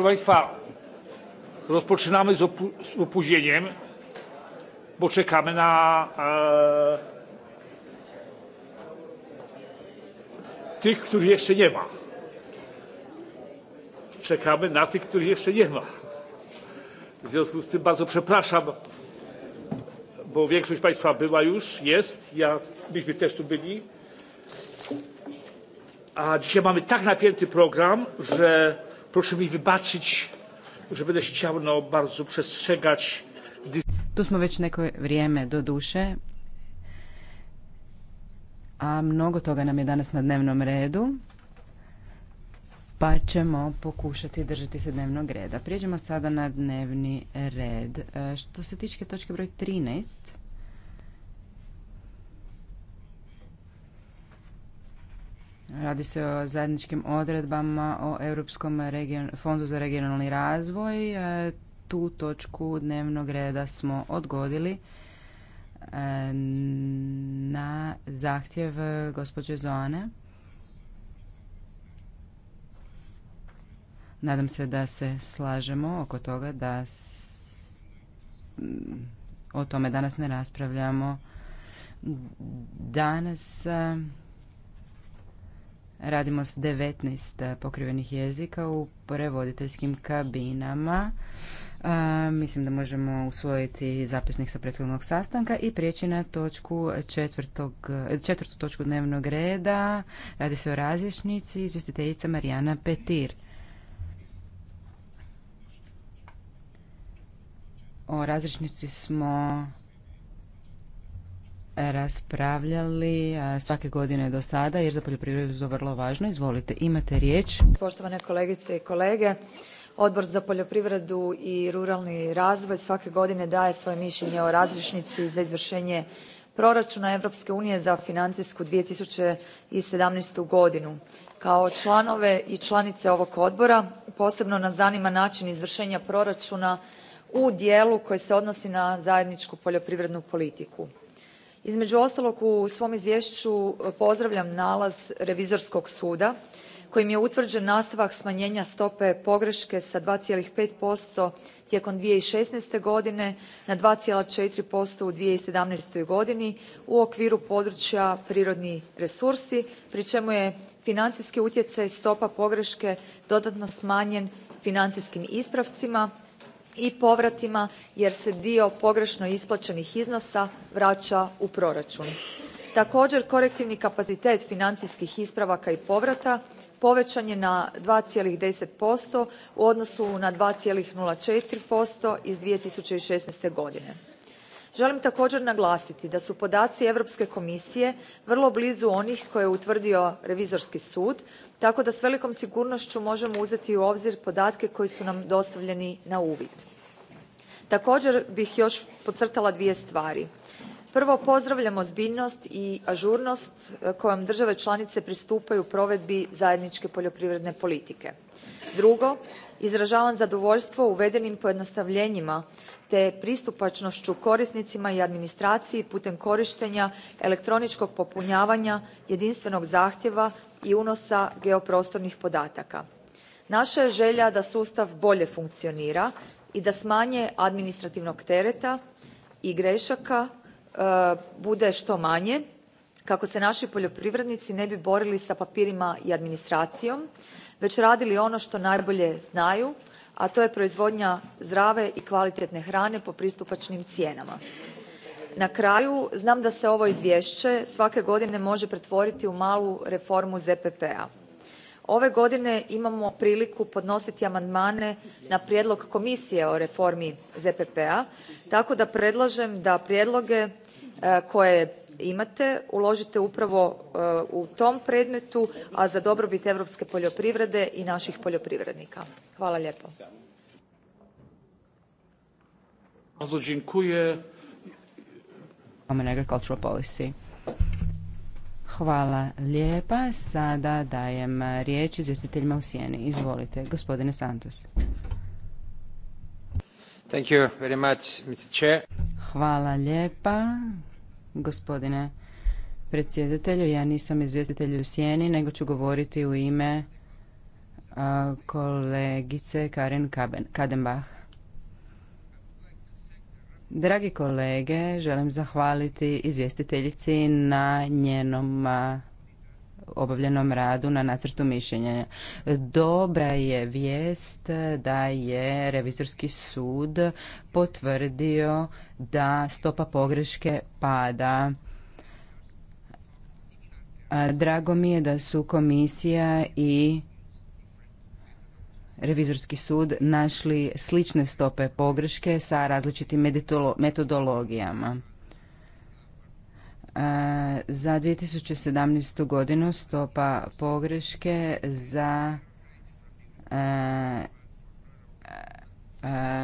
Proszę Państwa, rozpoczynamy z, opóźnieniem, bo czekamy na e, tych, których jeszcze nie ma. Czekamy na tych, których jeszcze nie ma. W związku z tym bardzo przepraszam, bo większość Państwa była już, jest, ja, myśmy też tu byli. A dzisiaj mamy tak napięty program, że Proszę mi wybaczyć, że będę chciał no, bardzo przestrzegać. Tu smo već neko vrijeme do duše, a mnogo toga nam je danas na dnevnom redu, pa ćemo pokušati držati se dnevnog reda. Prijeđemo sada na dnevni red. E, što se tiče točke broj 13, Radi se o zajedničkim odredbama o Europskom region, fondu za regionalni razvoj. E, tu točku dnevnog reda smo odgodili e, na zahtjev gospođe Zoane. Nadam se da se slažemo oko toga da o tome danas ne raspravljamo. Danas Radimo s 19 eh, pokrivenih jezika u prevoditeljskim kabinama. Eh, mislim da možemo usvojiti zapisnik sa prethodnog sastanka i prijeći na točku eh, četvrtu točku dnevnog reda. Radi se o razješnici izvjestiteljica Marijana Petir. O razrešnici smo raspravljali svake godine do sada jer za poljoprivredu je to vrlo važno. Izvolite, imate riječ. Poštovane kolegice i kolege, Odbor za poljoprivredu i ruralni razvoj svake godine daje svoje mišljenje o razrješnici za izvršenje proračuna Europske unije za financijsku 2017. godinu. Kao članove i članice ovog odbora posebno nas zanima način izvršenja proračuna u dijelu koji se odnosi na zajedničku poljoprivrednu politiku. Između ostalog u svom izvješću e, pozdravljam nalaz Revizorskog suda kojim je utvrđen nastavak smanjenja stope pogreške sa 2,5% tijekom 2016. godine na 2,4% u 2017. godini u okviru područja prirodni resursi pri čemu je financijski utjecaj stopa pogreške dodatno smanjen financijskim ispravcima i povratima jer se dio pogrešno isplaćenih iznosa vraća u proračun. Također korektivni kapacitet financijskih ispravaka i povrata povećan je na 2,10% u odnosu na 2,04% iz 2016. godine želim također naglasiti da su podaci europske komisije vrlo blizu onih koje je utvrdio revizorski sud tako da s velikom sigurnošću možemo uzeti u obzir podatke koji su nam dostavljeni na uvid. također bih još podcrtala dvije stvari. prvo pozdravljam ozbiljnost i ažurnost e, kojom države članice pristupaju provedbi zajedničke poljoprivredne politike. drugo izražavam zadovoljstvo uvedenim pojednostavljenjima te pristupačnošću korisnicima i administraciji putem korištenja elektroničkog popunjavanja jedinstvenog zahtjeva i unosa geoprostornih podataka. naša je želja da sustav bolje funkcionira i da smanje administrativnog tereta i grešaka e, bude što manje kako se naši poljoprivrednici ne bi borili sa papirima i administracijom već radili ono što najbolje znaju a to je proizvodnja zdrave i kvalitetne hrane po pristupačnim cijenama. Na kraju, znam da se ovo izvješće svake godine može pretvoriti u malu reformu ZPP-a. Ove godine imamo priliku podnositi amandmane na prijedlog Komisije o reformi ZPP-a tako da predlažem da prijedloge e, koje imate uložite upravo e, u tom predmetu, a za dobrobit europske poljoprivrede i naših poljoprivrednika. Hvala lijepo. Hvala lijepa. Sada dajem riječ izvjestiteljima u sjeni. Izvolite, gospodine Santos. Thank you very much, Mr. Chair. Hvala lijepa, gospodine predsjedatelju. Ja nisam izvjestitelj u sjeni, nego ću govoriti u ime kolegice Karin Kadenbach. Dragi kolege, želim zahvaliti izvjestiteljici na njenom obavljenom radu na nacrtu mišljenja. Dobra je vijest da je revizorski sud potvrdio da stopa pogreške pada. Drago mi je da su komisija i revizorski sud našli slične stope pogreške sa različitim metodologijama. E, za 2017. godinu stopa pogreške za e, e,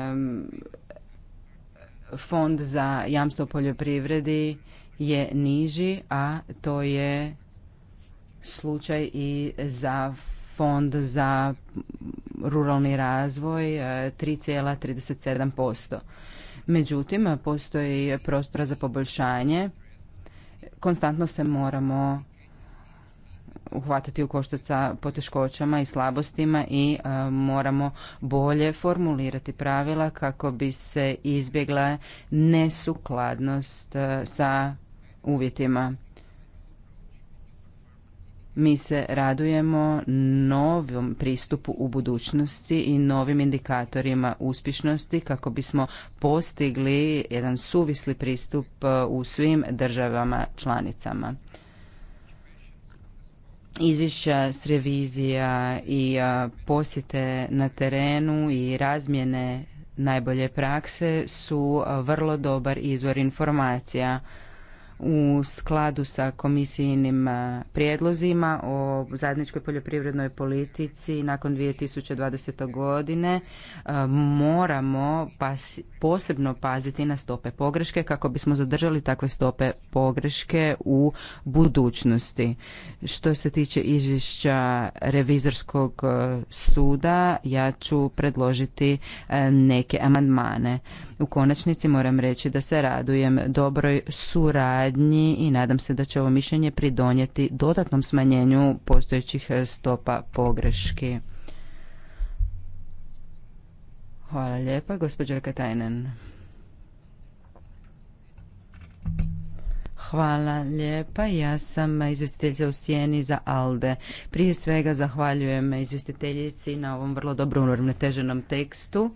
fond za jamstvo poljoprivredi je niži, a to je slučaj i za fond za ruralni razvoj 3,37%. Međutim, postoji prostora za poboljšanje konstantno se moramo uhvatiti u koštac sa poteškoćama i slabostima i e, moramo bolje formulirati pravila kako bi se izbjegla nesukladnost e, sa uvjetima mi se radujemo novom pristupu u budućnosti i novim indikatorima uspješnosti kako bismo postigli jedan suvisli pristup e, u svim državama članicama izvješća s revizija i e, posjete na terenu i razmjene najbolje prakse su e, vrlo dobar izvor informacija u skladu sa komisijinim prijedlozima o zajedničkoj poljoprivrednoj politici nakon 2020. godine moramo posebno paziti na stope pogreške kako bismo zadržali takve stope pogreške u budućnosti. Što se tiče izvješća revizorskog suda, ja ću predložiti neke amandmane. U konačnici moram reći da se radujem dobroj suradnji i nadam se da će ovo mišljenje pridonijeti dodatnom smanjenju postojećih stopa pogreški. Hvala lijepa, gospođo Katajnen. Hvala lijepa. Ja sam izvjestiteljica u Sijeni za ALDE. Prije svega zahvaljujem izvjestiteljici na ovom vrlo dobro uravnoteženom tekstu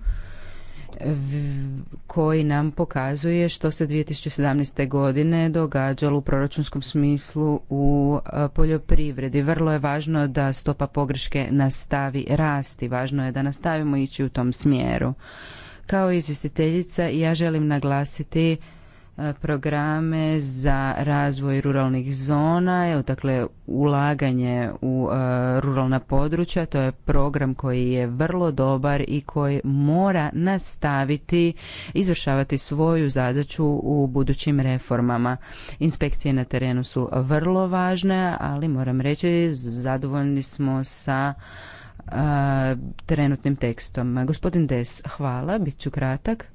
koji nam pokazuje što se 2017. godine događalo u proračunskom smislu u poljoprivredi. Vrlo je važno da stopa pogreške nastavi rasti, važno je da nastavimo ići u tom smjeru. Kao izvjestiteljica ja želim naglasiti E, programe za razvoj ruralnih zona, dakle ulaganje u e, ruralna područja, to je program koji je vrlo dobar i koji mora nastaviti izvršavati svoju zadaću u budućim reformama. Inspekcije na terenu su vrlo važne, ali moram reći zadovoljni smo sa e, trenutnim tekstom. Gospodin Des, hvala, bit ću kratak.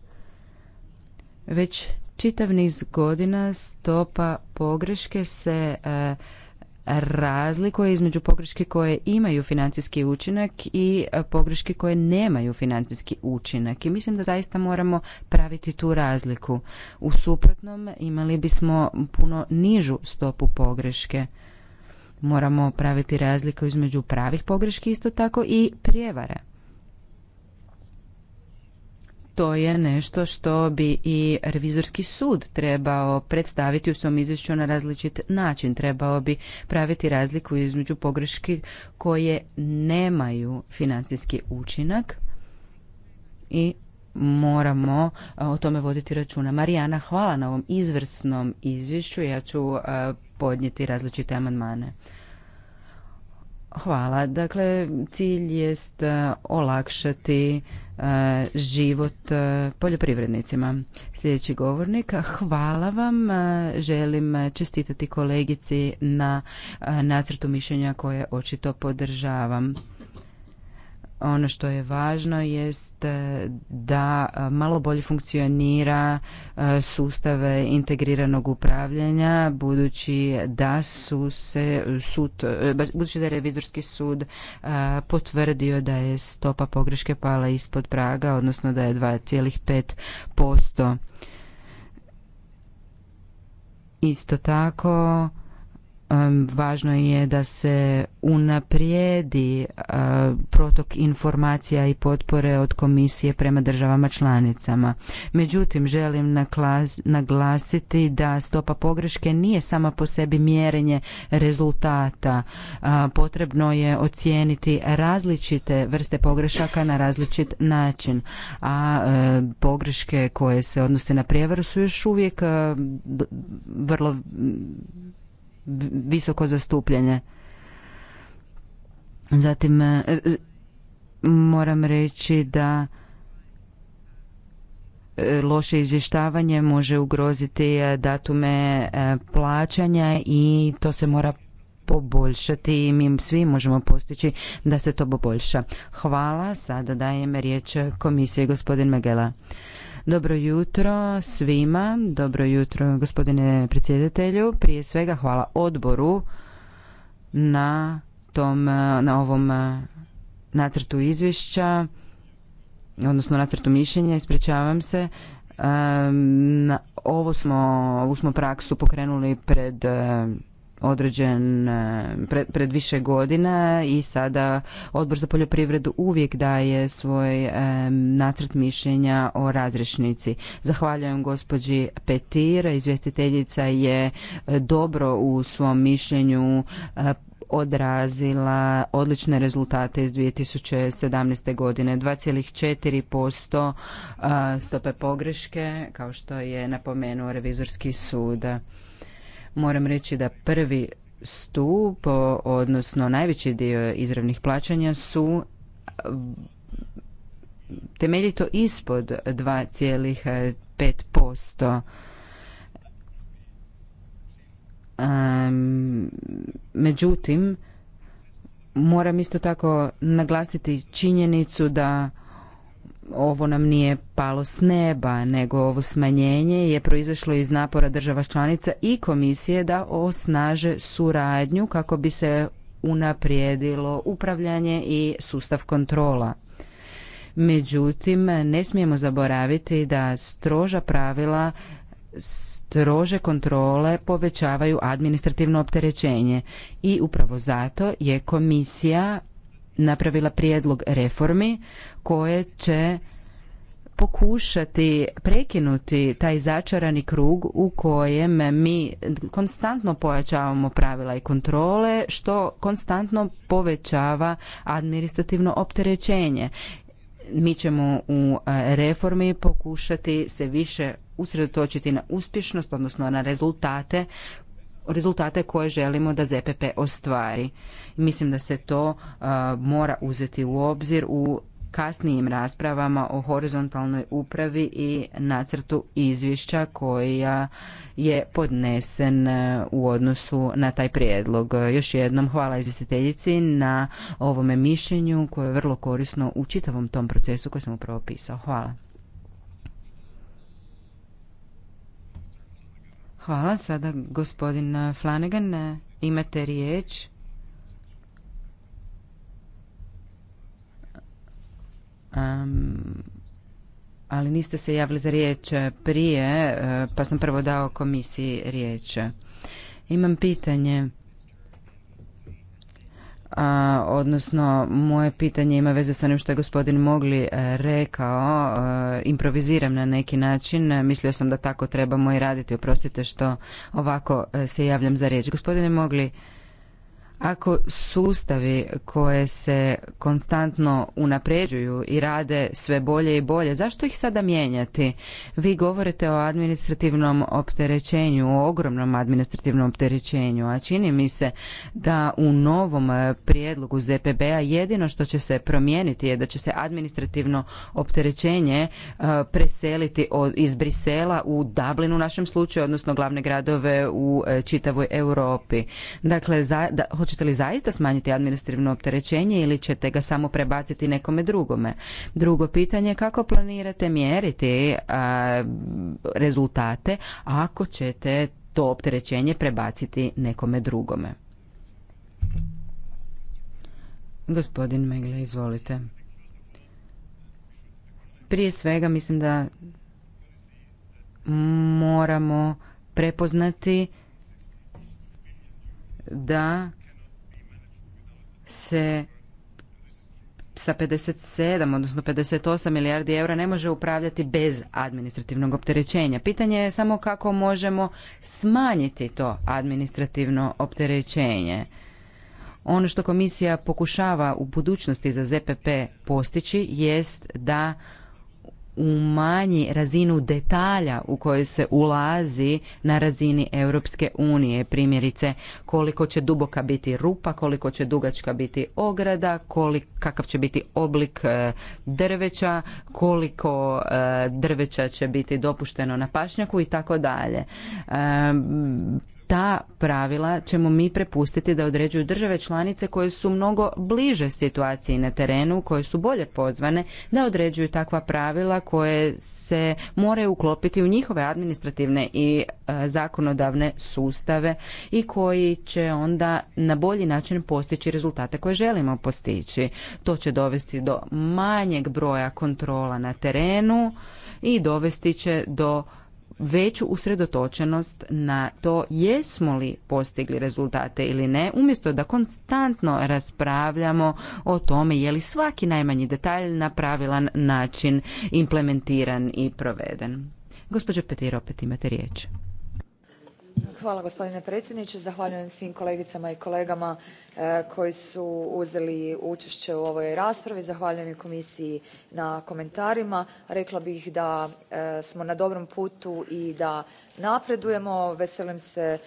Već Čitav niz godina stopa pogreške se e, razlikuje između pogreške koje imaju financijski učinak i e, pogreške koje nemaju financijski učinak. I mislim da zaista moramo praviti tu razliku. U suprotnom imali bismo puno nižu stopu pogreške. Moramo praviti razliku između pravih pogreški isto tako i prijevara to je nešto što bi i revizorski sud trebao predstaviti u svom izvješću na različit način. Trebao bi praviti razliku između pogreški koje nemaju financijski učinak i moramo e, o tome voditi računa. Marijana, hvala na ovom izvrsnom izvješću. Ja ću e, podnijeti različite amandmane. Hvala. Dakle, cilj jest e, olakšati E, život e, poljoprivrednicima. Sljedeći govornik, hvala vam. E, želim čestitati kolegici na nacrtu mišljenja koje očito podržavam ono što je važno jest e, da e, malo bolje funkcionira e, sustave integriranog upravljanja budući da su se sud, budući da je revizorski sud potvrdio da je stopa pogreške pala ispod praga odnosno da je 2,5% isto tako važno je da se unaprijedi e, protok informacija i potpore od komisije prema državama članicama. Međutim, želim naglasiti da stopa pogreške nije sama po sebi mjerenje rezultata. E, potrebno je ocijeniti različite vrste pogrešaka na različit način. A e, pogreške koje se odnose na prijevaru su još uvijek vrlo visoko zastupljene. Zatim e, e, moram reći da e, loše izvještavanje može ugroziti datume plaćanja i to se mora poboljšati i mi svi možemo postići da se to poboljša. Hvala, sada dajem riječ komisiji gospodin Megela. Dobro jutro svima, dobro jutro gospodine predsjedatelju. Prije svega hvala odboru na tom, na ovom eh, nacrtu izvješća, odnosno nacrtu mišljenja, ispričavam se. ovo smo, ovu smo praksu pokrenuli pred eh, određen e, pred više godina i sada odbor za poljoprivredu uvijek daje svoj e, nacrt mišljenja o razrešnici. Zahvaljujem gospođi Petir, izvjestiteljica je e, dobro u svom mišljenju odrazila odlične rezultate iz 2017. godine 2,4% stope pogreške kao što je napomenuo revizorski sud Moram reći da prvi stup, odnosno najveći dio izravnih plaćanja su temeljito ispod 2,5%. posto međutim, moram isto tako naglasiti činjenicu da ovo nam nije palo s neba, nego ovo smanjenje je proizašlo iz napora država članica i komisije da osnaže suradnju kako bi se unaprijedilo upravljanje i sustav kontrola. Međutim, ne smijemo zaboraviti da stroža pravila strože kontrole povećavaju administrativno opterećenje i upravo zato je komisija napravila prijedlog reformi koje će pokušati prekinuti taj začarani krug u kojem mi konstantno pojačavamo pravila i kontrole što konstantno povećava administrativno opterećenje. Mi ćemo u e, reformi pokušati se više usredotočiti na uspješnost, odnosno na rezultate rezultate koje želimo da ZPP ostvari. Mislim da se to uh, mora uzeti u obzir u kasnijim raspravama o horizontalnoj upravi i nacrtu izvješća koja je podnesen uh, u odnosu na taj prijedlog. Još jednom hvala izvjestiteljici na ovome mišljenju koje je vrlo korisno u čitavom tom procesu koji sam upravo pisao. Hvala. Hvala. Sada gospodin Flanagan, imate riječ. ali niste se javili za riječ prije, eh, pa sam prvo dao komisiji riječ. Imam pitanje a, odnosno moje pitanje ima veze sa onim što je gospodin Mogli e, rekao, e, improviziram na neki način, e, mislio sam da tako trebamo i raditi, oprostite što ovako se javljam za riječ. Gospodine Mogli, ako sustavi koje se konstantno unapređuju i rade sve bolje i bolje, zašto ih sada mijenjati? Vi govorite o administrativnom opterećenju, o ogromnom administrativnom opterećenju, a čini mi se da u novom prijedlogu ZPB-a jedino što će se promijeniti je da će se administrativno opterećenje e, preseliti iz Brisela u Dublin u našem slučaju, odnosno glavne gradove u e, čitavoj Europi. Dakle, za, hoće hoćete li zaista smanjiti administrativno opterećenje ili ćete ga samo prebaciti nekome drugome? Drugo pitanje, kako planirate mjeriti rezultate ako ćete to opterećenje prebaciti nekome drugome? Gospodin Megle, izvolite. Prije svega mislim da moramo prepoznati da se sa 57, odnosno 58 milijardi eura ne može upravljati bez administrativnog opterećenja. Pitanje je samo kako možemo smanjiti to administrativno opterećenje. Ono što komisija pokušava u budućnosti za ZPP postići jest da umanji razinu detalja u koje se ulazi na razini Europske unije. Primjerice koliko će duboka biti rupa, koliko će dugačka biti ograda, kolik, kakav će biti oblik e, drveća, koliko e, drveća će biti dopušteno na pašnjaku i tako dalje. E, ta pravila ćemo mi prepustiti da određuju države članice koje su mnogo bliže situaciji na terenu, koje su bolje pozvane da određuju takva pravila koje se moraju uklopiti u njihove administrativne i e, zakonodavne sustave i koji će onda na bolji način postići rezultate koje želimo postići. To će dovesti do manjeg broja kontrola na terenu i dovesti će do veću usredotočenost na to jesmo li postigli rezultate ili ne, umjesto da konstantno raspravljamo o tome je li svaki najmanji detalj na pravilan način implementiran i proveden. Gospođo Petir, opet imate riječ. Hvala gospodine predsjedniče, zahvaljujem svim kolegicama i kolegama e, koji su uzeli učešće u ovoj raspravi zahvaljujem i komisiji na komentarima. rekla bih da e, smo na dobrom putu i da napredujemo veselim se e,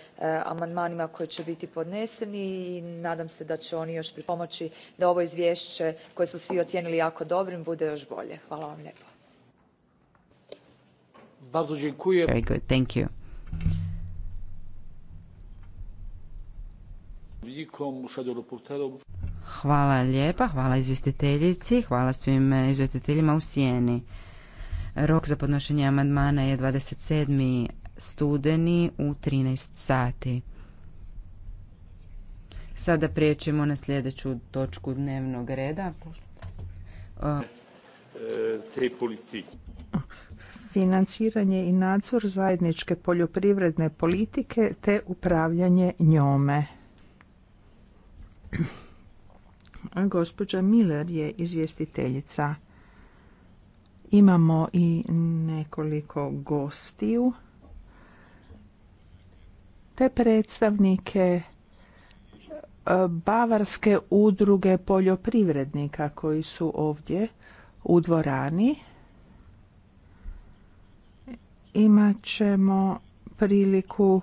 amandmanima koji će biti podneseni i nadam se da će oni još pripomoći da ovo izvješće koje su svi ocijenili jako dobrim bude još bolje. hvala vam Hvala lijepa, hvala izvjestiteljici, hvala svim izvjestiteljima u Sijeni. Rok za podnošenje amandmana je 27. studeni u 13 sati. Sada prijećemo na sljedeću točku dnevnog reda. E, te Financiranje i nadzor zajedničke poljoprivredne politike te upravljanje njome. Gospođa Miller je izvjestiteljica. Imamo i nekoliko gostiju te predstavnike e, Bavarske udruge poljoprivrednika koji su ovdje u dvorani. Imat ćemo priliku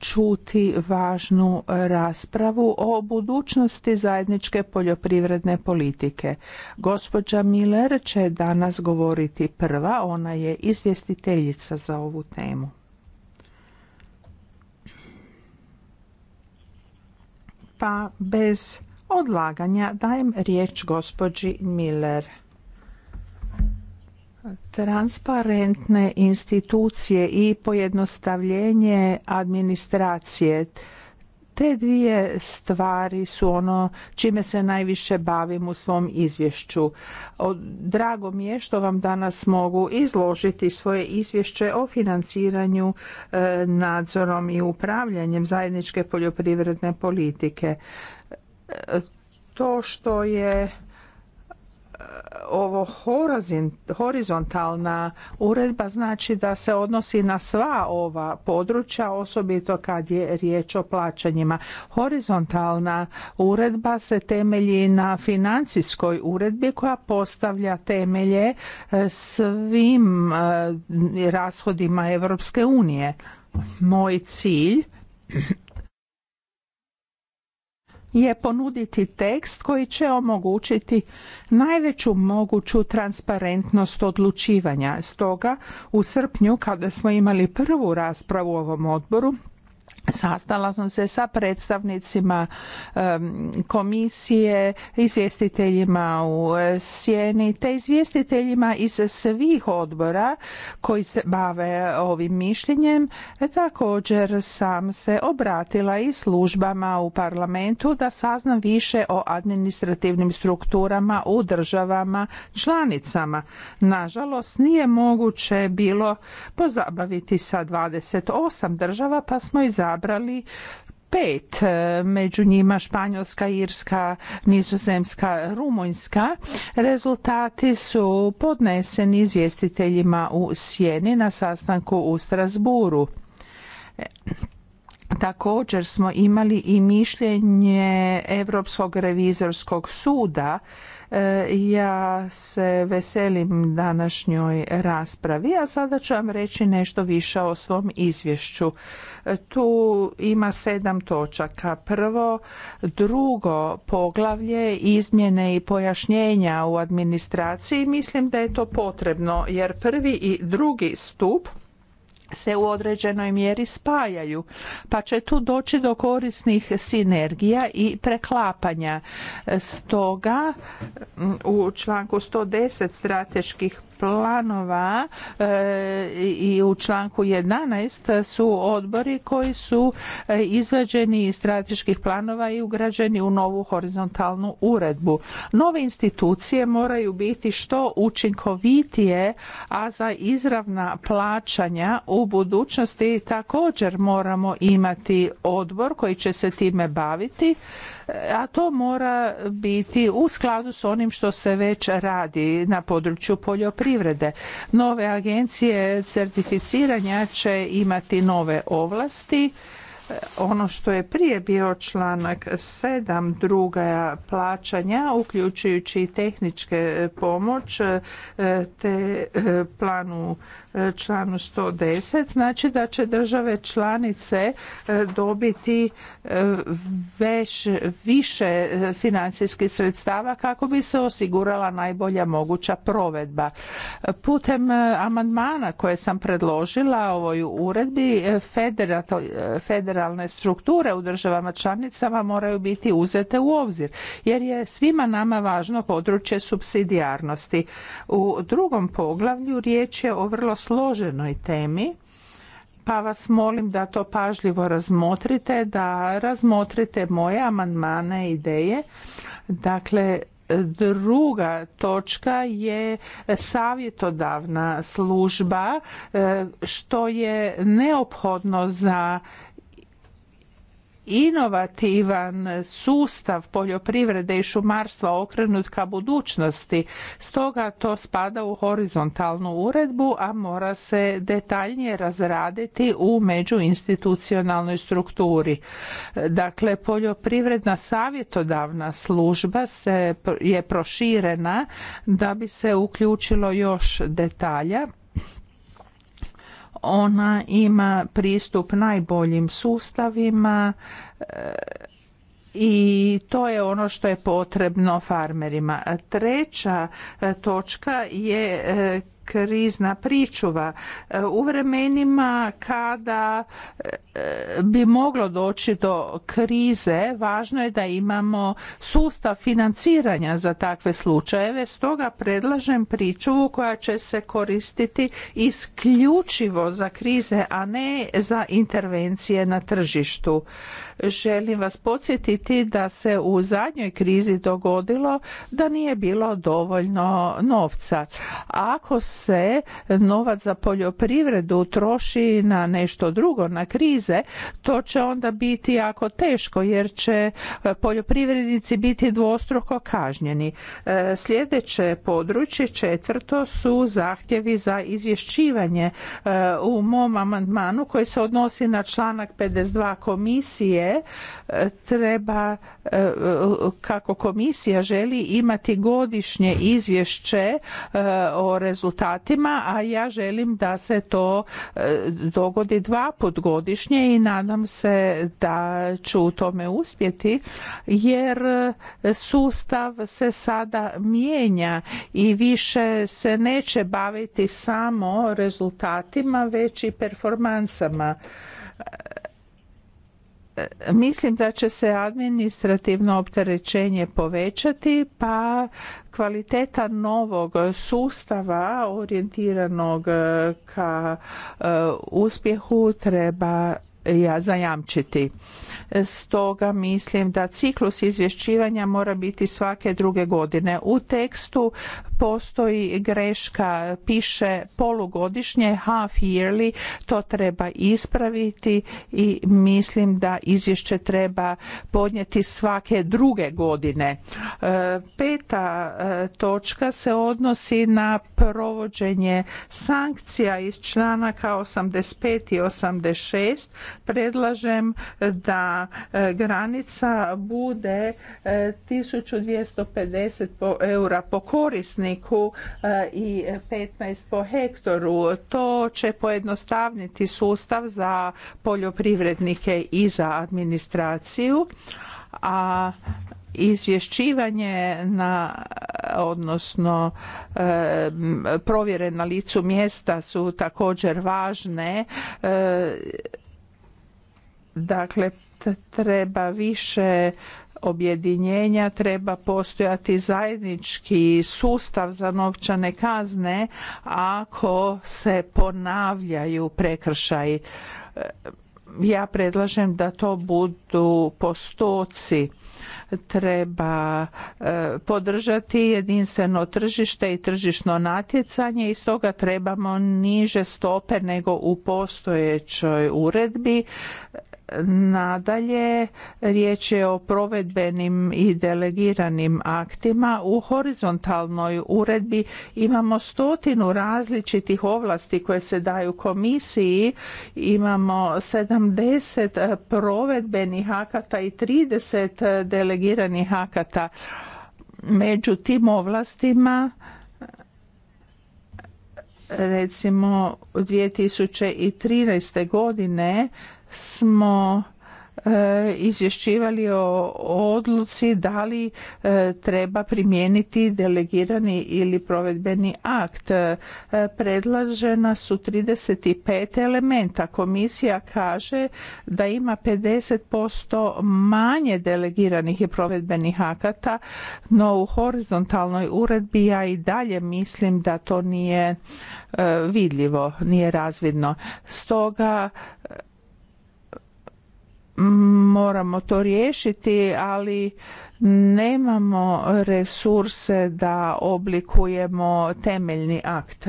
čuti važnu raspravu o budućnosti zajedničke poljoprivredne politike. Gospođa Miller će danas govoriti prva, ona je izvjestiteljica za ovu temu. Pa bez odlaganja dajem riječ gospođi Miller transparentne institucije i pojednostavljenje administracije te dvije stvari su ono čime se najviše bavim u svom izvješću. Drago mi je što vam danas mogu izložiti svoje izvješće o financiranju e, nadzorom i upravljanjem zajedničke poljoprivredne politike. E, to što je ovo horizontalna uredba znači da se odnosi na sva ova područja, osobito kad je riječ o plaćanjima. Horizontalna uredba se temelji na financijskoj uredbi koja postavlja temelje e, svim e, rashodima Europske unije. Moj cilj je ponuditi tekst koji će omogućiti najveću moguću transparentnost odlučivanja. Stoga u srpnju kada smo imali prvu raspravu u ovom odboru Sastala sam se sa predstavnicima komisije, izvjestiteljima u e, sjeni te izvjestiteljima iz svih odbora koji se bave ovim mišljenjem. E, također sam se obratila i službama u parlamentu da saznam više o administrativnim strukturama u državama članicama. Nažalost nije moguće bilo pozabaviti sa 28 država pa smo izabrali izabrali pet, e, među njima Španjolska, Irska, Nizozemska, Rumunjska. Rezultati su podneseni izvjestiteljima u Sjeni na sastanku u Strasburu. E, također smo imali i mišljenje Europskog revizorskog suda E, ja se veselim današnjoj raspravi, a sada ću vam reći nešto više o svom izvješću. E, tu ima sedam točaka. Prvo, drugo poglavlje izmjene i pojašnjenja u administraciji. Mislim da je to potrebno jer prvi i drugi stup se u određenoj mjeri spajaju, pa će tu doći do korisnih sinergija i preklapanja. Stoga u članku 110 strateških planova eh, i u članku 11 su odbori koji su eh, izvađeni iz strateških planova i ugrađeni u novu horizontalnu uredbu. Nove institucije moraju biti što učinkovitije, a za izravna plaćanja u budućnosti također moramo imati odbor koji će se time baviti a to mora biti u skladu s onim što se već radi na području poljoprivrede. Nove agencije certificiranja će imati nove ovlasti ono što je prije bio članak 7 druga plaćanja uključujući i tehničke pomoć e, te e, planu e, članu 110 znači da će države članice dobiti već više financijskih sredstava kako bi se osigurala najbolja moguća provedba. Putem amandmana koje sam predložila ovoj uredbi federal federalne strukture u državama članicama moraju biti uzete u obzir jer je svima nama važno područje subsidijarnosti. U drugom poglavlju riječ je o vrlo složenoj temi pa vas molim da to pažljivo razmotrite, da razmotrite moje amandmane ideje. Dakle, Druga točka je savjetodavna služba e, što je neophodno za inovativan sustav poljoprivrede i šumarstva okrenut ka budućnosti. Stoga to spada u horizontalnu uredbu, a mora se detaljnije razraditi u međuinstitucionalnoj strukturi. Dakle, poljoprivredna savjetodavna služba se je proširena da bi se uključilo još detalja ona ima pristup najboljim sustavima e, i to je ono što je potrebno farmerima. Treća e, točka je e, krizna pričuva e, u vremenima kada e, bi moglo doći do krize važno je da imamo sustav financiranja za takve slučajeve stoga predlažem pričuvu koja će se koristiti isključivo za krize a ne za intervencije na tržištu Želim vas podsjetiti da se u zadnjoj krizi dogodilo da nije bilo dovoljno novca. Ako se novac za poljoprivredu troši na nešto drugo, na krize, to će onda biti jako teško jer će poljoprivrednici biti dvostruko kažnjeni. E, sljedeće područje, četvrto, su zahtjevi za izvješćivanje e, u mom amandmanu koji se odnosi na članak 52 komisije treba e, kako komisija želi imati godišnje izvješće e, o rezultatima, a ja želim da se to e, dogodi dva put godišnje i nadam se da ću u tome uspjeti jer sustav se sada mijenja i više se neće baviti samo rezultatima već i performansama mislim da će se administrativno opterećenje povećati pa kvaliteta novog sustava orijentiranog e, ka e, uspjehu treba ja zajamčiti. Stoga mislim da ciklus izvješćivanja mora biti svake druge godine. U tekstu postoji greška, piše polugodišnje, half yearly, to treba ispraviti i mislim da izvješće treba podnijeti svake druge godine. E, peta e, točka se odnosi na provođenje sankcija iz članaka 85 i 86. Predlažem da e, granica bude 1250 eura po korisni E, i 15 po hektoru. To će pojednostavniti sustav za poljoprivrednike i za administraciju, a izvješćivanje na odnosno e, provjere na licu mjesta su također važne e, dakle treba više objedinjenja treba postojati zajednički sustav za novčane kazne ako se ponavljaju prekršaji. E, ja predlažem da to budu postoci treba e, podržati jedinstveno tržište i tržišno natjecanje i stoga trebamo niže stope nego u postojećoj uredbi Nadalje, riječ je o provedbenim i delegiranim aktima. U horizontalnoj uredbi imamo stotinu različitih ovlasti koje se daju komisiji. Imamo 70 provedbenih akata i 30 delegiranih akata. Među tim ovlastima recimo 2013. godine smo e, izvješćivali o odluci da li e, treba primijeniti delegirani ili provedbeni akt. E, Predlažena su 35 elementa. Komisija kaže da ima 50% manje delegiranih i provedbenih akata, no u horizontalnoj uredbi ja i dalje mislim da to nije vidljivo, nije razvidno. Stoga moramo to riješiti, ali nemamo resurse da oblikujemo temeljni akt.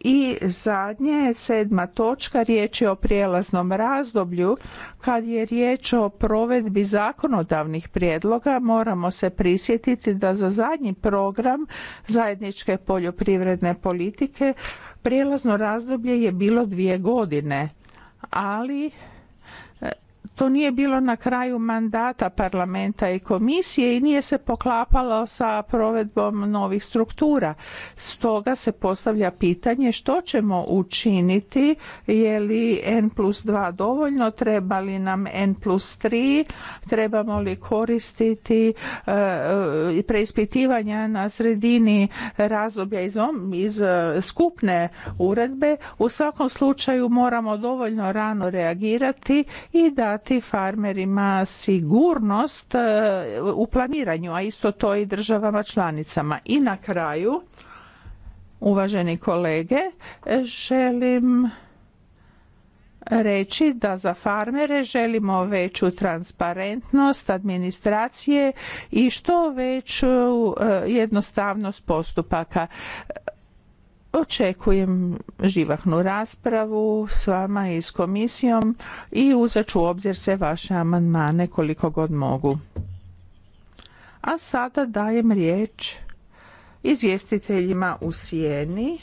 I zadnje, sedma točka, riječ je o prijelaznom razdoblju. Kad je riječ o provedbi zakonodavnih prijedloga, moramo se prisjetiti da za zadnji program zajedničke poljoprivredne politike prijelazno razdoblje je bilo dvije godine, ali to nije bilo na kraju mandata parlamenta i komisije i nije se poklapalo sa provedbom novih struktura. Stoga se postavlja pitanje što ćemo učiniti, je li N plus 2 dovoljno, treba li nam N plus 3, trebamo li koristiti e, e, preispitivanja na sredini razdoblja iz, iz e, skupne uredbe. U svakom slučaju moramo dovoljno rano reagirati i da dati farmerima sigurnost e, u planiranju, a isto to i državama članicama. I na kraju, uvaženi kolege, želim reći da za farmere želimo veću transparentnost administracije i što veću e, jednostavnost postupaka. Očekujem živahnu raspravu s vama i s komisijom i uzet ću u obzir sve vaše amandmane koliko god mogu. A sada dajem riječ izvjestiteljima u sjeni.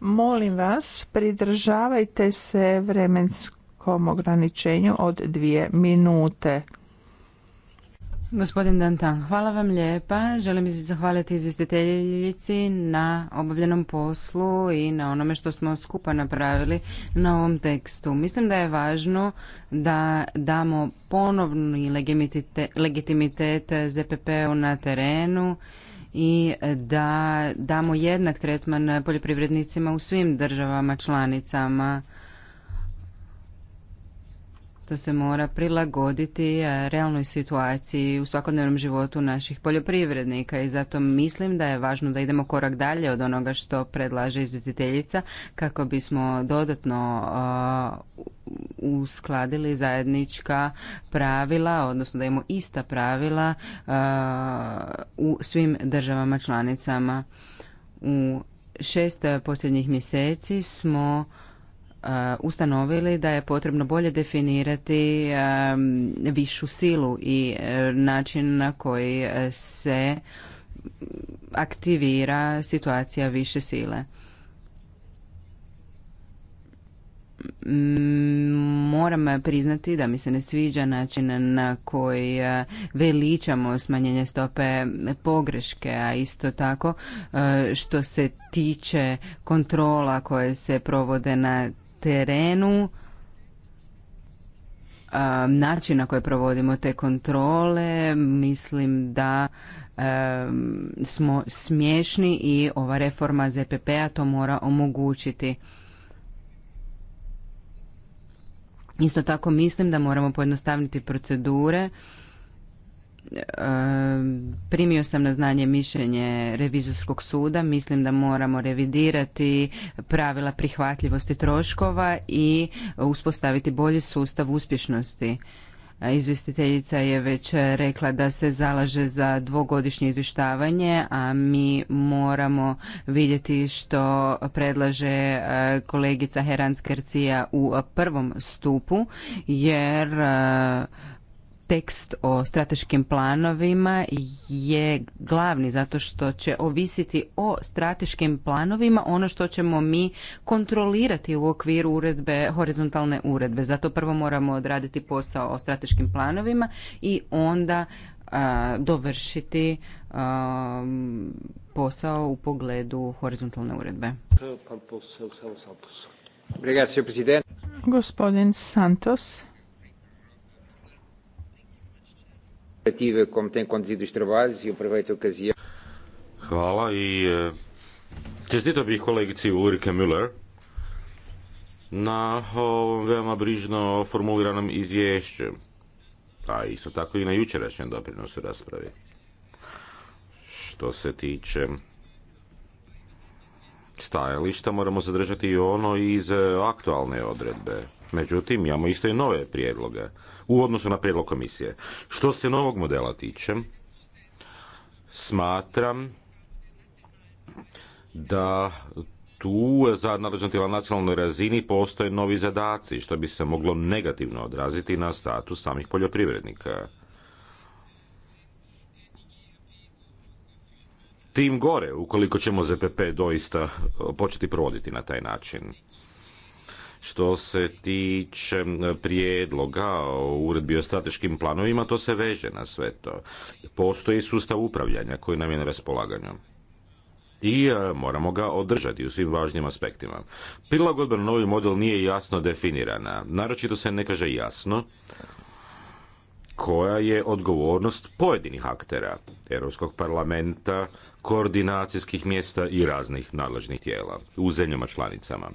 Molim vas, pridržavajte se vremenskom ograničenju od dvije minute. Gospodin Dantan, hvala vam lijepa. Želim zahvaliti izvjestiteljici na obavljenom poslu i na onome što smo skupa napravili na ovom tekstu. Mislim da je važno da damo ponovni legitimitet ZPP-u na terenu i da damo jednak tretman poljoprivrednicima u svim državama članicama to se mora prilagoditi e, realnoj situaciji u svakodnevnom životu naših poljoprivrednika i zato mislim da je važno da idemo korak dalje od onoga što predlaže izvjetiteljica kako bismo dodatno uskladili zajednička pravila, odnosno da imamo ista pravila u svim državama članicama. U šest posljednjih mjeseci smo E, ustanovili da je potrebno bolje definirati e, višu silu i e, način na koji se aktivira situacija više sile. Mm, moram priznati da mi se ne sviđa način na koji veličamo smanjenje stope pogreške, a isto tako što se tiče kontrola koje se provode na terenu, način na koji provodimo te kontrole, mislim da smo smiješni i ova reforma ZPP-a to mora omogućiti. Isto tako mislim da moramo pojednostaviti procedure primio sam na znanje mišljenje revizorskog suda. Mislim da moramo revidirati pravila prihvatljivosti troškova i uspostaviti bolji sustav uspješnosti. Izvjestiteljica je već rekla da se zalaže za dvogodišnje izvještavanje, a mi moramo vidjeti što predlaže e, kolegica heranskercija u prvom stupu, jer e, tekst o strateškim planovima je glavni zato što će ovisiti o strateškim planovima ono što ćemo mi kontrolirati u okviru uredbe, horizontalne uredbe. Zato prvo moramo odraditi posao o strateškim planovima i onda dovršiti posao u pogledu horizontalne uredbe. Gospodin Santos. Hvala i eh, čestito bih kolegici Ulrike Müller na ovom veoma brižno formuliranom izvješću, a isto tako i na jučerašnjem doprinosu raspravi. Što se tiče stajališta, moramo zadržati i ono iz eh, aktualne odredbe. Međutim, imamo isto i nove prijedloge u odnosu na prijedlog komisije. Što se novog modela tiče, smatram da tu za nadležno tijela nacionalnoj razini postoje novi zadaci što bi se moglo negativno odraziti na status samih poljoprivrednika. Tim gore ukoliko ćemo ZPP doista početi provoditi na taj način. Što se tiče prijedloga o uredbi o strateškim planovima, to se veže na sve to. Postoji sustav upravljanja koji nam je na raspolaganju i e, moramo ga održati u svim važnim aspektima. Prilagodba na novi model nije jasno definirana, naročito se ne kaže jasno koja je odgovornost pojedinih aktera Europskog parlamenta, koordinacijskih mjesta i raznih nadležnih tijela u zemljama članicama.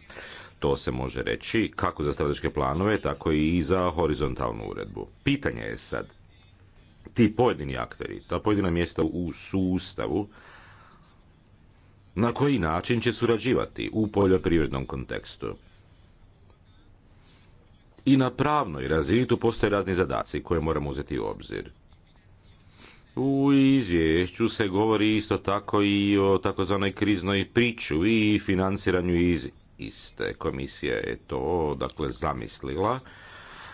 To se može reći kako za strateške planove, tako i za horizontalnu uredbu. Pitanje je sad, ti pojedini akteri, ta pojedina mjesta u sustavu, na koji način će surađivati u poljoprivrednom kontekstu. I na pravnoj razini tu postoje razni zadaci koje moramo uzeti u obzir. U izvješću se govori isto tako i o takozvanoj kriznoj priču i financiranju iz iste komisije je to dakle zamislila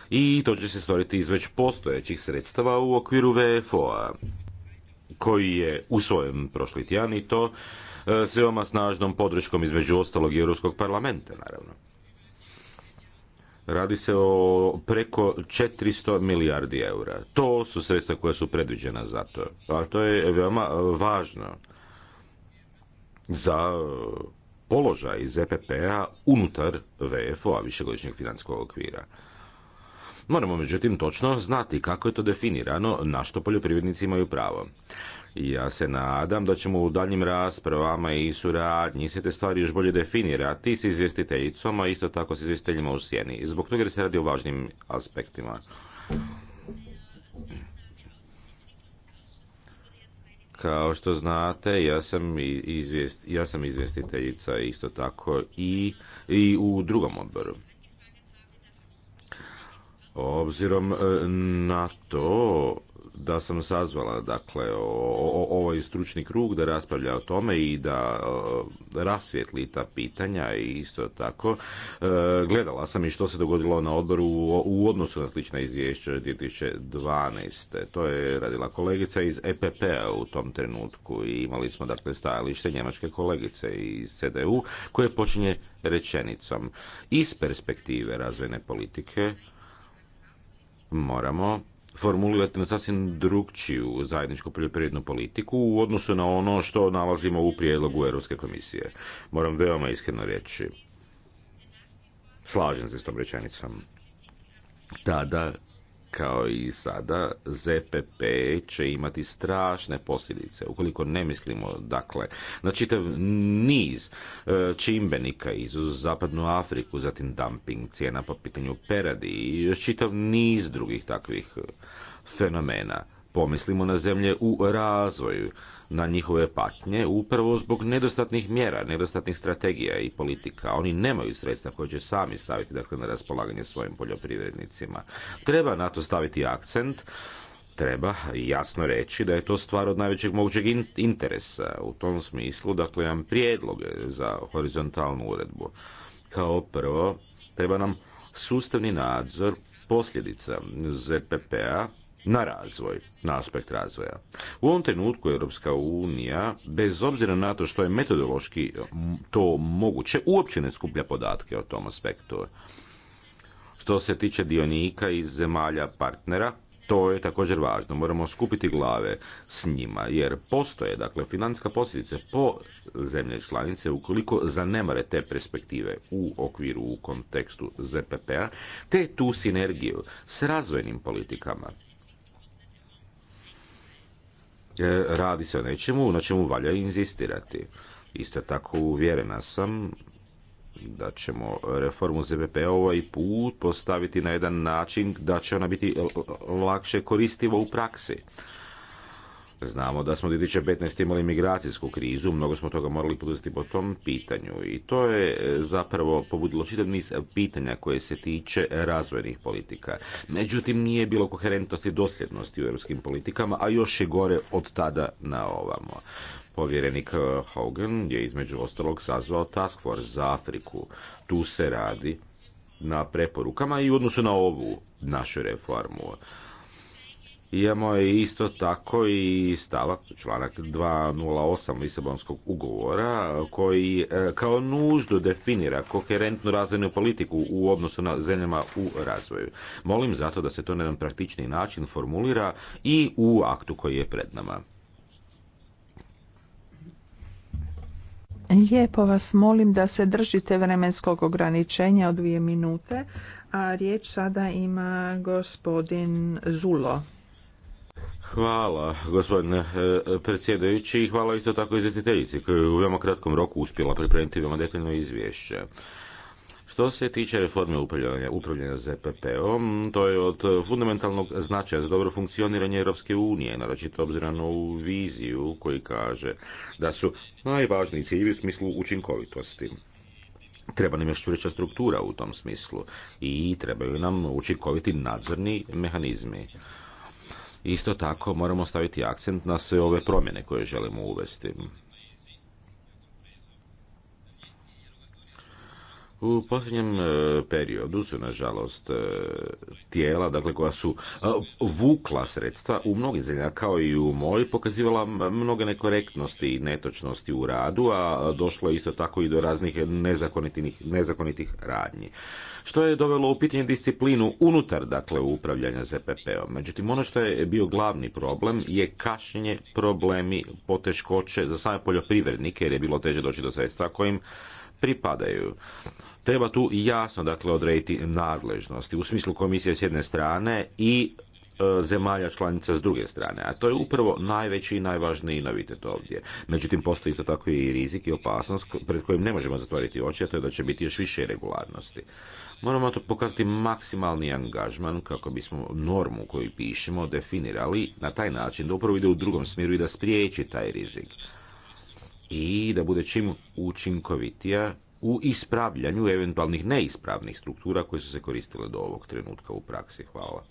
i to će se stvoriti iz već postojećih sredstava u okviru VFO-a koji je svojem prošli tjedan i to e, s veoma snažnom podrškom između ostalog i Europskog parlamenta naravno. Radi se o preko 400 milijardi eura. To su sredstva koja su predviđena za to. A to je veoma važno za položaj ZPP-a e unutar VFO-a, višegodišnjeg financijskog okvira. Moramo međutim točno znati kako je to definirano, na što poljoprivrednici imaju pravo. Ja se nadam da ćemo u daljnjim raspravama i suradnji se te stvari još bolje definirati s izvjestiteljicom, a isto tako s izvjestiteljima u sjeni. Zbog toga jer se radi o važnim aspektima. Kao što znate, ja sam, ja sam izvjestiteljica isto tako i, i u drugom odboru. Obzirom e, na to, da sam sazvala dakle o, o, ovaj stručni krug da raspravlja o tome i da rasvjetli ta pitanja i isto tako e, gledala sam i što se dogodilo na odboru u, odnosu na slična izvješća 2012. To je radila kolegica iz epp p-a u tom trenutku i imali smo dakle stajalište njemačke kolegice iz CDU koje počinje rečenicom iz perspektive razvojne politike moramo formulirati na sasvim drugčiju zajedničku poljoprivrednu politiku u odnosu na ono što nalazimo u prijedlogu Europske komisije. Moram veoma iskreno reći. Slažem se s tom rečenicom. Tada kao i sada, ZPP će imati strašne posljedice. Ukoliko ne mislimo, dakle, na čitav niz e, čimbenika iz Zapadnu Afriku, zatim dumping, cijena po pitanju peradi i još čitav niz drugih takvih e, fenomena. Pomislimo na zemlje u razvoju na njihove patnje upravo zbog nedostatnih mjera, nedostatnih strategija i politika. Oni nemaju sredstva koje će sami staviti dakle, na raspolaganje svojim poljoprivrednicima. Treba na to staviti akcent, treba jasno reći da je to stvar od najvećeg mogućeg interesa. U tom smislu, dakle, imam prijedlog za horizontalnu uredbu. Kao prvo, treba nam sustavni nadzor posljedica ZPP-a na razvoj, na aspekt razvoja. U ovom trenutku Europska unija, bez obzira na to što je metodološki to moguće, uopće ne skuplja podatke o tom aspektu. Što se tiče dionika iz zemalja partnera, to je također važno. Moramo skupiti glave s njima, jer postoje, dakle, financijska posljedica po zemlje članice ukoliko zanemare te perspektive u okviru, u kontekstu ZPP-a, te tu sinergiju s razvojnim politikama. E, radi se o nečemu na čemu valja inzistirati. Isto tako uvjerena sam da ćemo reformu ZPP p-a ovaj put postaviti na jedan način da će ona biti lakše koristiva u praksi. Znamo da smo 2015. imali migracijsku krizu, mnogo smo toga morali poduzeti po tom pitanju i to je e, zapravo pobudilo čitav niz pitanja koje se tiče razvojnih politika. Međutim, nije bilo koherentnosti i dosljednosti u europskim politikama, a još je gore od tada na ovamo. Povjerenik e, Hogan je između ostalog sazvao Task Force za Afriku. Tu se radi na preporukama i u odnosu na ovu našu reformu. Imamo isto tako i stavak članak 208 Lisabonskog ugovora koji e, kao nuždu definira koherentnu razvojnu politiku u odnosu na zemljama u razvoju. Molim zato da se to na jedan praktični način formulira i u aktu koji je pred nama. Lijepo vas molim da se držite vremenskog ograničenja od dvije minute, a riječ sada ima gospodin Zulo. Hvala gospodine e, predsjedajući i hvala isto tako izvjestiteljici koja je u veoma kratkom roku uspjela pripremiti veoma detaljno izvješće. Što se tiče reforme upravljanja, upravljanja ZPP-om, to je od fundamentalnog značaja za dobro funkcioniranje Europske unije, naročito obzirom na ovu viziju koji kaže da su najvažniji ciljevi u smislu učinkovitosti. Treba nam još čvrća struktura u tom smislu i trebaju nam učinkoviti nadzorni mehanizmi. Isto tako moramo staviti akcent na sve ove promjene koje želimo uvesti. U posljednjem e, periodu su, nažalost, e, tijela dakle, koja su e, vukla sredstva u mnogim zemljama, kao i u moj, pokazivala mnoge nekorektnosti i netočnosti u radu, a došlo je isto tako i do raznih nezakonitih, nezakonitih radnji što je dovelo u pitanje disciplinu unutar dakle upravljanja ZPP-om. Međutim, ono što je bio glavni problem je kašnjenje, problemi, poteškoće za same poljoprivrednike jer je bilo teže doći do sredstva kojim pripadaju. Treba tu jasno dakle odrediti nadležnosti u smislu komisije s jedne strane i e, zemalja članica s druge strane. A to je upravo najveći i najvažniji novitet ovdje. Međutim, postoji isto tako i rizik i opasnost pred kojim ne možemo zatvoriti oči, a to je da će biti još više regularnosti. Moramo to pokazati maksimalni angažman kako bismo normu koju pišemo definirali na taj način da upravo ide u drugom smjeru i da spriječi taj rizik i da bude čim učinkovitija u ispravljanju eventualnih neispravnih struktura koje su se koristile do ovog trenutka u praksi. Hvala.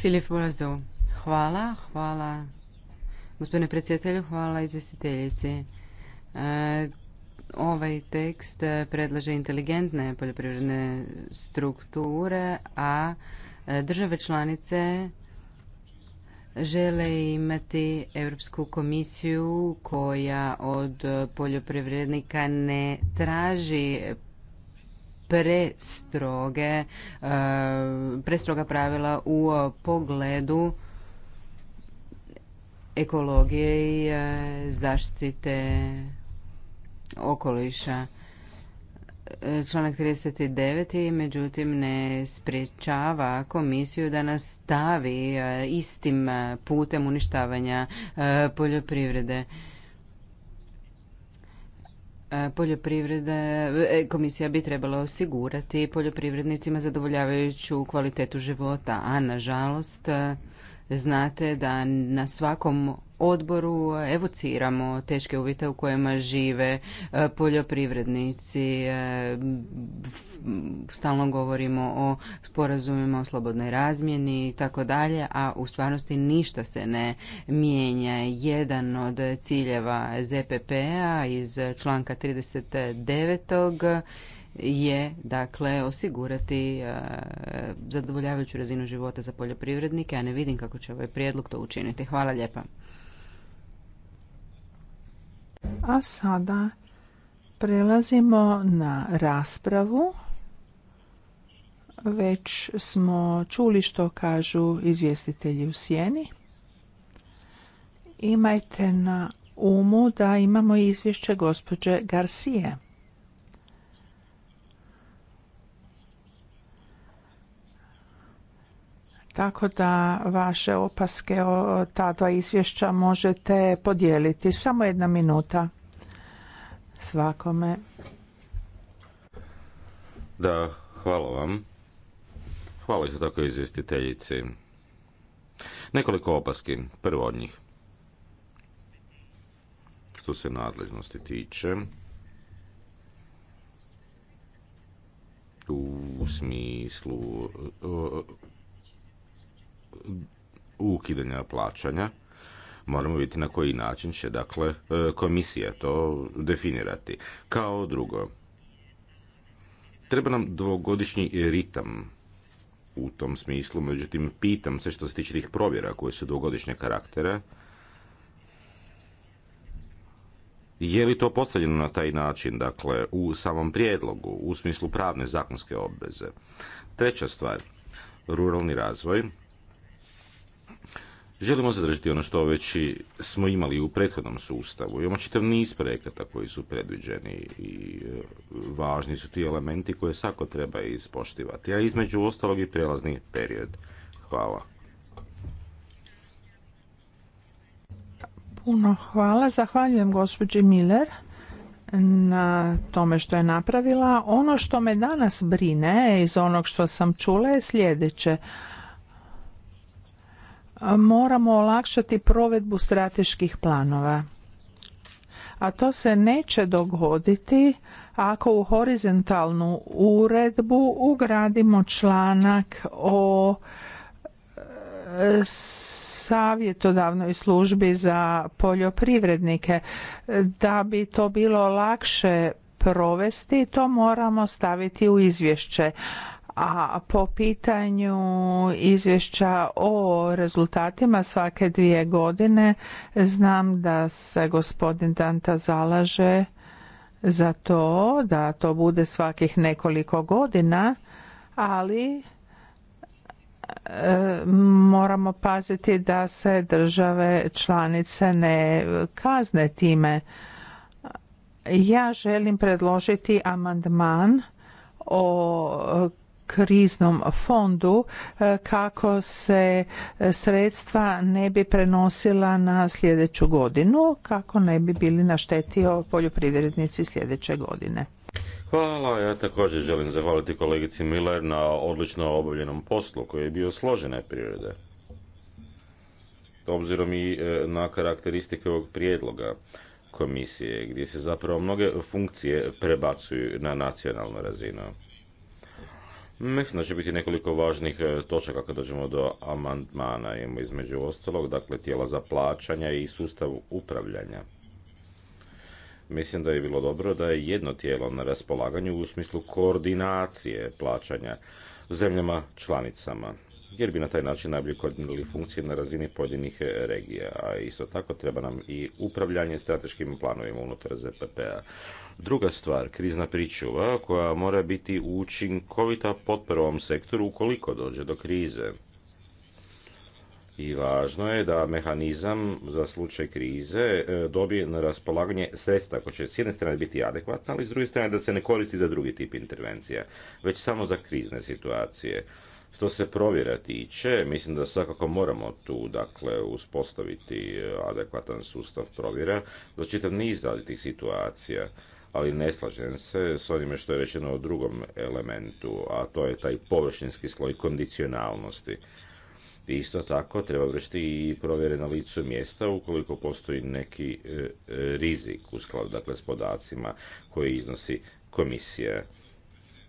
Filip hvala, hvala gospodine predsjedatelju, hvala izvjestiteljici. E, Ovaj tekst e, predlaže inteligentne poljoprivredne strukture, a e, države članice žele imati Europsku komisiju koja od poljoprivrednika ne traži prestroge, e, prestroga pravila u pogledu ekologije i zaštite okoliša. E, članak 39. međutim ne spriječava komisiju da nastavi e, istim putem uništavanja e, poljoprivrede poljoprivreda, komisija bi trebala osigurati poljoprivrednicima zadovoljavajuću kvalitetu života, a nažalost znate da na svakom odboru evociramo teške uvjete u kojima žive e, poljoprivrednici. E, stalno govorimo o sporazumima o slobodnoj razmjeni i tako dalje, a u stvarnosti ništa se ne mijenja. Jedan od ciljeva ZPP-a iz članka 39 je dakle osigurati e, zadovoljavajuću razinu života za poljoprivrednike, a ne vidim kako će ovaj prijedlog to učiniti. Hvala lijepa. A sada prelazimo na raspravu. Već smo čuli što kažu izvjestitelji u sjeni. Imajte na umu da imamo izvješće gospođe Garsije. Tako da vaše opaske o ta dva izvješća možete podijeliti. Samo jedna minuta svakome. Da, hvala vam. Hvala isto tako izvjestiteljici. Nekoliko opaski, prvo od njih. Što se nadležnosti tiče, u smislu ukidanja plaćanja, moramo vidjeti na koji način će dakle e, komisija to definirati. Kao drugo, treba nam dvogodišnji ritam u tom smislu, međutim pitam se što se tiče tih provjera koje su dvogodišnje karaktere, je li to postavljeno na taj način, dakle, u samom prijedlogu, u smislu pravne zakonske obveze? Treća stvar, ruralni razvoj Želimo zadržati ono što već smo imali u prethodnom sustavu. Imamo čitav niz projekata koji su predviđeni i e, važni su ti elementi koje svako treba ispoštivati, a između ostalog i prelazni period. Hvala. Puno hvala. Zahvaljujem gospođi Miller na tome što je napravila. Ono što me danas brine iz onog što sam čula je sljedeće moramo olakšati provedbu strateških planova. A to se neće dogoditi ako u horizontalnu uredbu ugradimo članak o e, savjetodavnoj službi za poljoprivrednike. Da bi to bilo lakše provesti, to moramo staviti u izvješće a po pitanju izvješća o rezultatima svake dvije godine znam da se gospodin Danta zalaže za to da to bude svakih nekoliko godina, ali e, moramo paziti da se države članice ne kazne time. Ja želim predložiti amandman o kriznom fondu e, kako se e, sredstva ne bi prenosila na sljedeću godinu, kako ne bi bili naštetio poljoprivrednici sljedeće godine. Hvala, ja također želim zahvaliti kolegici Miller na odlično obavljenom poslu koji je bio složene prirode. Obzirom i e, na karakteristike ovog prijedloga komisije, gdje se zapravo mnoge funkcije prebacuju na nacionalnu razinu. Mislim da će biti nekoliko važnih e, točaka kada dođemo do amandmana. Imamo između ostalog, dakle, tijela za plaćanja i sustav upravljanja. Mislim da je bilo dobro da je jedno tijelo na raspolaganju u smislu koordinacije plaćanja zemljama članicama jer bi na taj način najbolje koordinirali funkcije na razini pojedinih e, regija. A isto tako treba nam i upravljanje strateškim planovima unutar ZPP-a. Druga stvar, krizna pričuva koja mora biti učinkovita prvom sektoru ukoliko dođe do krize. I važno je da mehanizam za slučaj krize e, dobije na raspolaganje sredstva koja će s jedne strane biti adekvatna, ali s druge strane da se ne koristi za drugi tip intervencija, već samo za krizne situacije. Što se provjera tiče, mislim da svakako moramo tu dakle uspostaviti e, adekvatan sustav provjera za čitav niz različitih situacija, ali ne slažem se s onime što je rečeno o drugom elementu, a to je taj površinski sloj kondicionalnosti. Isto tako treba vršiti i provjere na licu mjesta ukoliko postoji neki e, rizik u skladu dakle, s podacima koje iznosi komisija.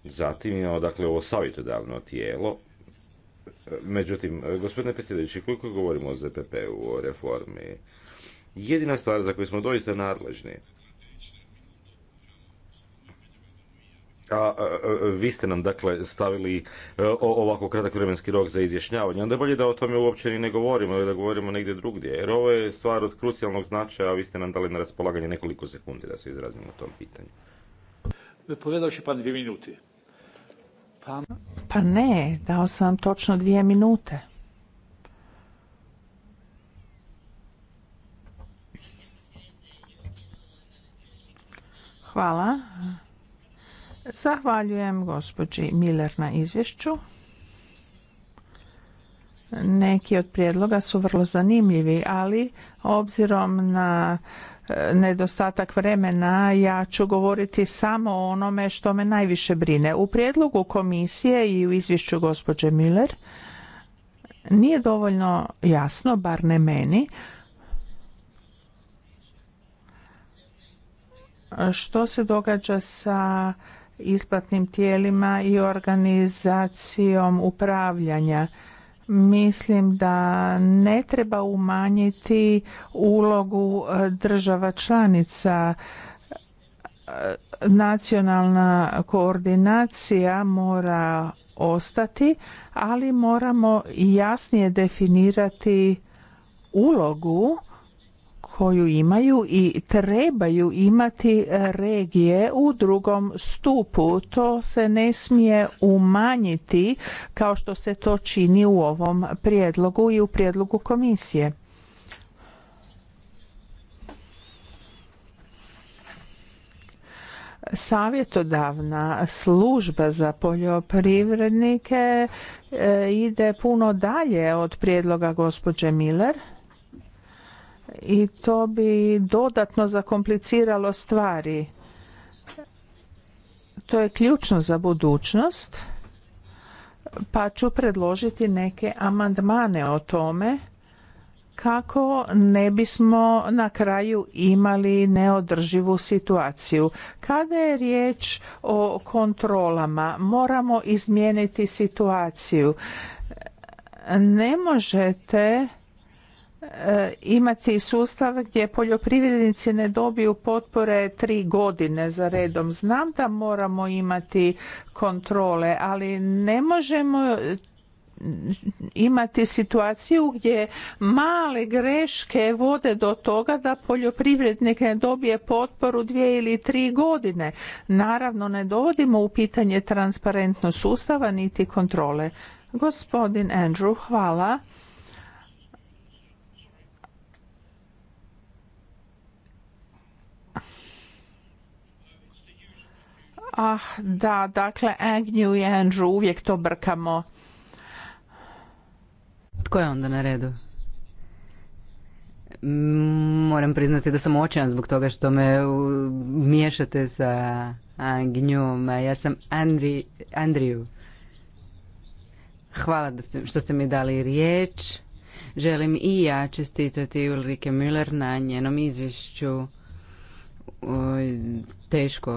Zatim je dakle ovo savjetodavno tijelo Međutim, e, gospodine predsjedajući, koliko govorimo o ZPP-u, o reformi, jedina stvar za koju smo doista nadležni, A, vi ste nam dakle stavili e, ovako kratak vremenski rok za izjašnjavanje, onda je bolje da o tome uopće ni ne govorimo ili da govorimo negdje drugdje, jer ovo je stvar od krucijalnog značaja, a vi ste nam dali na raspolaganje nekoliko sekundi da se izrazimo o tom pitanju. Povedao će pan dvije minuti. Pa ne, dao sam točno dvije minute. Hvala. Zahvaljujem gospođi Miller na izvješću. Neki od prijedloga su vrlo zanimljivi, ali obzirom na nedostatak vremena ja ću govoriti samo o onome što me najviše brine. U prijedlogu komisije i u izvješću gospođe Miller nije dovoljno jasno, bar ne meni, što se događa sa isplatnim tijelima i organizacijom upravljanja mislim da ne treba umanjiti ulogu e, država članica e, nacionalna koordinacija mora ostati ali moramo jasnije definirati ulogu koju imaju i trebaju imati regije u drugom stupu. To se ne smije umanjiti kao što se to čini u ovom prijedlogu i u prijedlogu komisije. savjetodavna služba za poljoprivrednike e, ide puno dalje od prijedloga gospođe Miller i to bi dodatno zakompliciralo stvari. To je ključno za budućnost, pa ću predložiti neke amandmane o tome kako ne bismo na kraju imali neodrživu situaciju. Kada je riječ o kontrolama, moramo izmijeniti situaciju. Ne možete imati sustav gdje poljoprivrednici ne dobiju potpore tri godine za redom. Znam da moramo imati kontrole, ali ne možemo imati situaciju gdje male greške vode do toga da poljoprivrednik ne dobije potporu dvije ili tri godine. Naravno ne dovodimo u pitanje transparentnost sustava niti kontrole. Gospodin Andrew, hvala. Ah, da, dakle, Agnew i Andrew, uvijek to brkamo. Tko je onda na redu? Moram priznati da sam očajan zbog toga što me miješate sa Agnjom. Ja sam Andriju. Hvala da ste, što ste mi dali riječ. Želim i ja čestitati Ulrike Müller na njenom izvješću teško,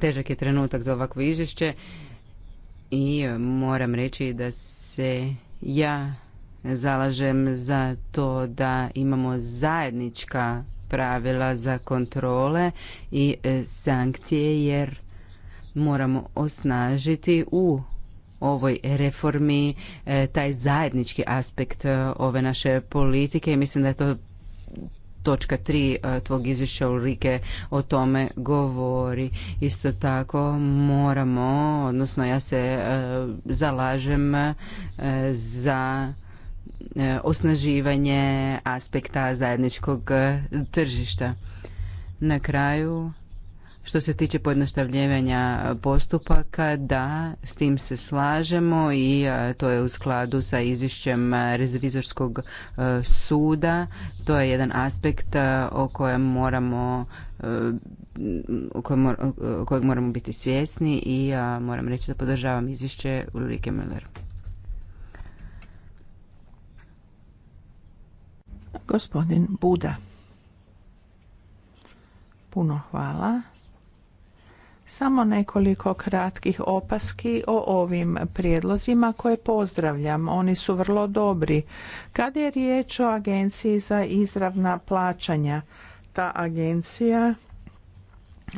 težak je trenutak za ovakvo izvješće i moram reći da se ja zalažem za to da imamo zajednička pravila za kontrole i e, sankcije jer moramo osnažiti u ovoj reformi e, taj zajednički aspekt e, ove naše politike i mislim da je to točka 3 e, tvog izvješća Ulrike o tome govori. Isto tako moramo, odnosno ja se e, zalažem e, za osnaživanje aspekta zajedničkog tržišta. Na kraju što se tiče pojednostavljivanja postupaka, da, s tim se slažemo i e, to je u skladu sa izvješćem revizorskog e, suda. To je jedan aspekt e, o kojem moramo kojeg moramo biti svjesni i moram reći da podržavam izvješće Ulrike Müller. Gospodin Buda. Puno hvala. Samo nekoliko kratkih opaski o ovim prijedlozima koje pozdravljam. Oni su vrlo dobri. Kad je riječ o agenciji za izravna plaćanja, ta agencija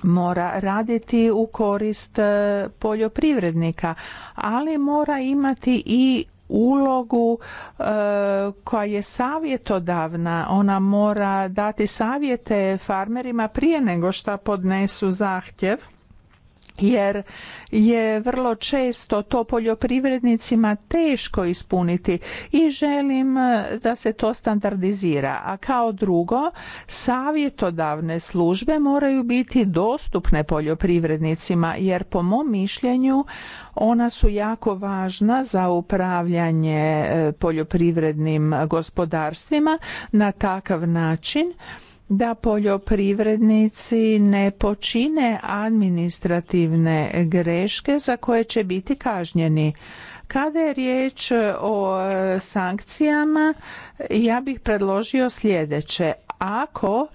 mora raditi u korist e, poljoprivrednika, ali mora imati i ulogu e, koja je savjetodavna ona mora dati savjete farmerima prije nego što podnesu zahtjev jer je vrlo često to poljoprivrednicima teško ispuniti i želim e, da se to standardizira. A kao drugo, savjetodavne službe moraju biti dostupne poljoprivrednicima jer po mom mišljenju ona su jako važna za upravljanje e, poljoprivrednim gospodarstvima na takav način da poljoprivrednici ne počine administrativne greške za koje će biti kažnjeni. Kada je riječ o e, sankcijama, ja bih predložio sljedeće. Ako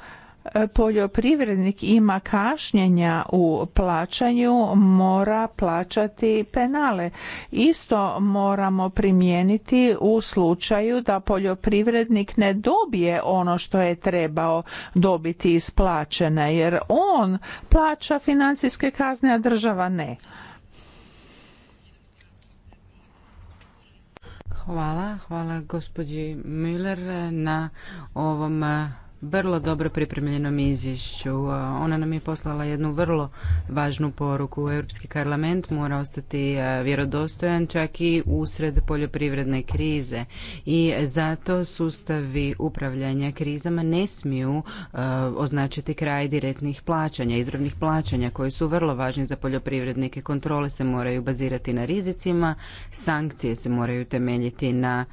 E, poljoprivrednik ima kašnjenja u plaćanju mora plaćati penale. Isto moramo primijeniti u slučaju da poljoprivrednik ne dobije ono što je trebao dobiti isplaćena jer on plaća financijske kazne, a država ne. Hvala, hvala gospođi Miller na ovom vrlo dobro pripremljenom izvješću. Ona nam je poslala jednu vrlo važnu poruku. Europski parlament mora ostati vjerodostojan čak i usred poljoprivredne krize i zato sustavi upravljanja krizama ne smiju označiti kraj direktnih plaćanja, izravnih plaćanja koji su vrlo važni za poljoprivrednike. Kontrole se moraju bazirati na rizicima, sankcije se moraju temeljiti na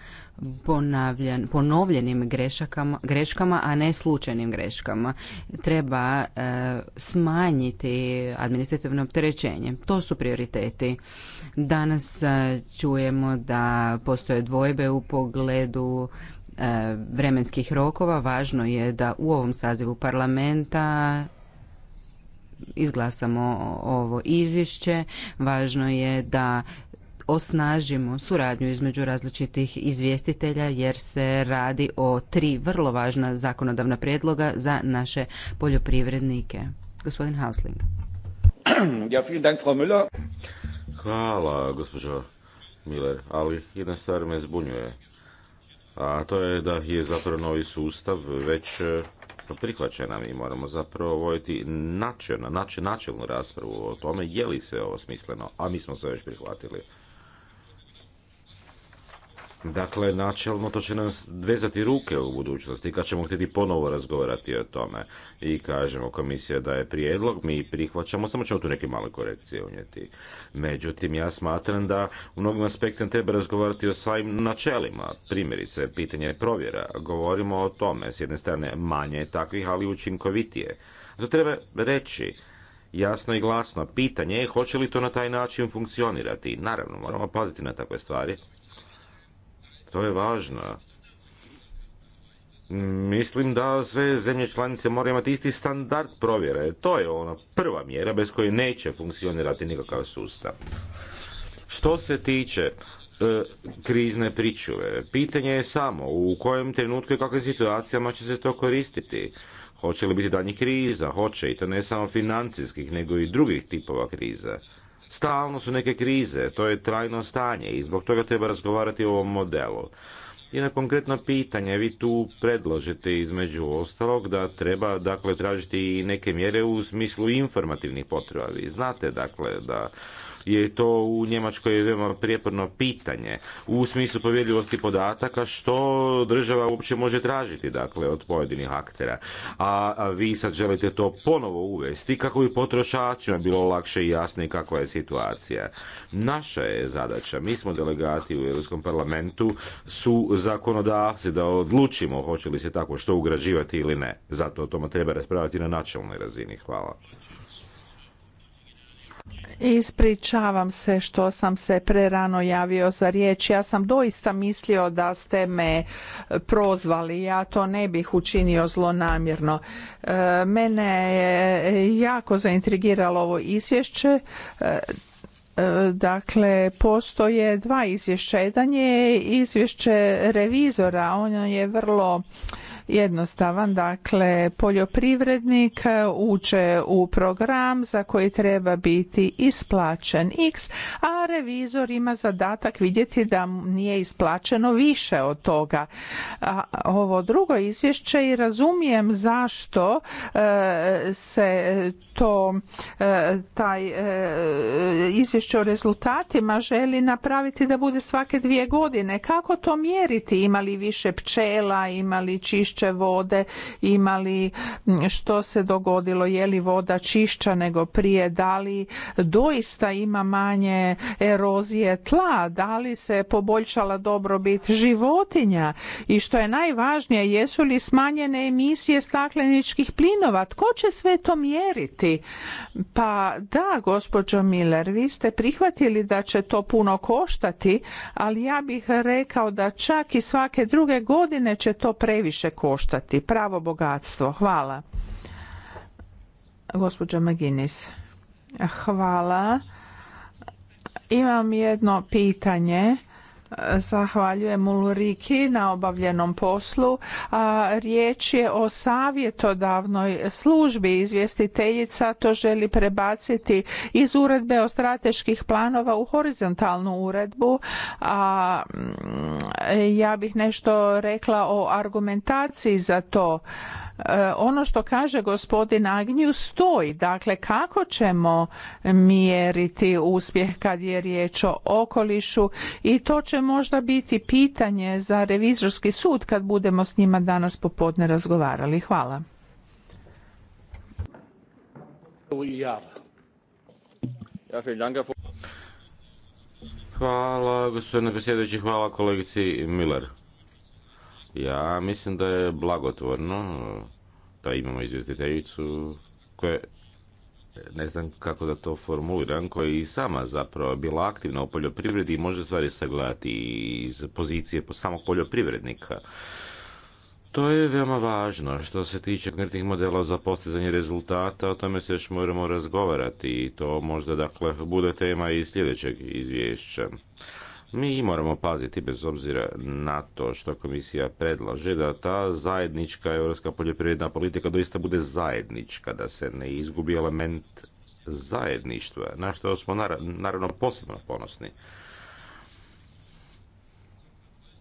ponavljan, ponovljenim grešakama, greškama, a ne slučajnim greškama. Treba e, smanjiti administrativno opterećenje. To su prioriteti. Danas e, čujemo da postoje dvojbe u pogledu e, vremenskih rokova. Važno je da u ovom sazivu parlamenta izglasamo ovo izvješće. Važno je da osnažimo suradnju između različitih izvjestitelja jer se radi o tri vrlo važna zakonodavna prijedloga za naše poljoprivrednike. Gospodin Hausling. Ja, vielen Dank, Frau Müller. Hvala, gospođo Miller, ali jedna stvar me zbunjuje. A to je da je zapravo novi sustav već e, prihvaćena. Mi moramo zapravo voditi načelnu, načelnu raspravu o tome je li sve ovo smisleno, a mi smo sve već prihvatili. Dakle, načelno to će nas vezati ruke u budućnosti kad ćemo htjeti ponovo razgovarati o tome i kažemo komisija da je prijedlog, mi prihvaćamo, samo ćemo tu neke male korekcije unijeti. Međutim, ja smatram da u mnogim aspektima treba razgovarati o svojim načelima. Primjerice, pitanje je provjera. Govorimo o tome, s jedne strane manje takvih, ali učinkovitije. To treba reći jasno i glasno. Pitanje je hoće li to na taj način funkcionirati. Naravno, moramo paziti na takve stvari to je važno. Mislim da sve zemlje članice moraju imati isti standard provjere. To je ona prva mjera bez koje neće funkcionirati nikakav sustav. Što se tiče e, krizne pričuve. Pitanje je samo u kojem trenutku i kakvim situacijama će se to koristiti. Hoće li biti danji kriza? Hoće i to ne samo financijskih, nego i drugih tipova kriza. Stalno su neke krize, to je trajno stanje i zbog toga treba razgovarati o ovom modelu. I na konkretno pitanje, vi tu predložite između ostalog da treba dakle tražiti i neke mjere u smislu informativnih potreba. Vi znate dakle da je to u Njemačkoj veoma prijeporno pitanje u smislu povjerljivosti podataka što država uopće može tražiti dakle od pojedinih aktera. A vi sad želite to ponovo uvesti kako bi potrošačima bilo lakše i jasnije kakva je situacija. Naša je zadaća, mi smo delegati u Europskom parlamentu, su zakonodavci da odlučimo hoće li se tako što ugrađivati ili ne. Zato o tome treba raspravljati na načelnoj razini. Hvala. Ispričavam se što sam se prerano javio za riječ. Ja sam doista mislio da ste me prozvali. Ja to ne bih učinio zlonamjerno. E, mene je jako zaintrigiralo ovo izvješće. E, e, dakle, postoje dva izvješća. Jedan je izvješće revizora. Ono je vrlo jednostavan. Dakle, poljoprivrednik uče u program za koji treba biti isplaćen x, a revizor ima zadatak vidjeti da nije isplaćeno više od toga. A ovo drugo izvješće i razumijem zašto e, se to e, taj e, izvješće o rezultatima želi napraviti da bude svake dvije godine. Kako to mjeriti? Ima li više pčela, ima li čišće čišće vode imali, što se dogodilo, je li voda čišća nego prije, da li doista ima manje erozije tla, da li se poboljšala dobrobit životinja i što je najvažnije, jesu li smanjene emisije stakleničkih plinova, tko će sve to mjeriti? Pa da, gospođo Miller, vi ste prihvatili da će to puno koštati, ali ja bih rekao da čak i svake druge godine će to previše koštati koštati. Pravo bogatstvo. Hvala. Gospođa Maginis. Hvala. Imam jedno pitanje Zahvaljujem Ulriki na obavljenom poslu. riječ je o savjetodavnoj službi. Izvjestiteljica to želi prebaciti iz uredbe o strateških planova u horizontalnu uredbu. A, mm, ja bih nešto rekla o argumentaciji za to. Eh, ono što kaže gospodin Agnju stoji. Dakle, kako ćemo mjeriti uspjeh kad je riječ o okolišu i to će možda biti pitanje za revizorski sud kad budemo s njima danas popodne razgovarali. Hvala. Hvala gospodine predsjedajući, hvala kolegici Miller. Ja mislim da je blagotvorno da imamo izvjestiteljicu koja ne znam kako da to formuliram, koja je i sama zapravo bila aktivna u poljoprivredi i može stvari sagledati iz pozicije samog poljoprivrednika. To je veoma važno. Što se tiče konkretnih modela za postizanje rezultata, o tome se još moramo razgovarati i to možda dakle bude tema i sljedećeg izvješća. Mi moramo paziti bez obzira na to što komisija predlaže da ta zajednička europska poljoprivredna politika doista bude zajednička, da se ne izgubi element zajedništva, na što smo naravno posebno ponosni.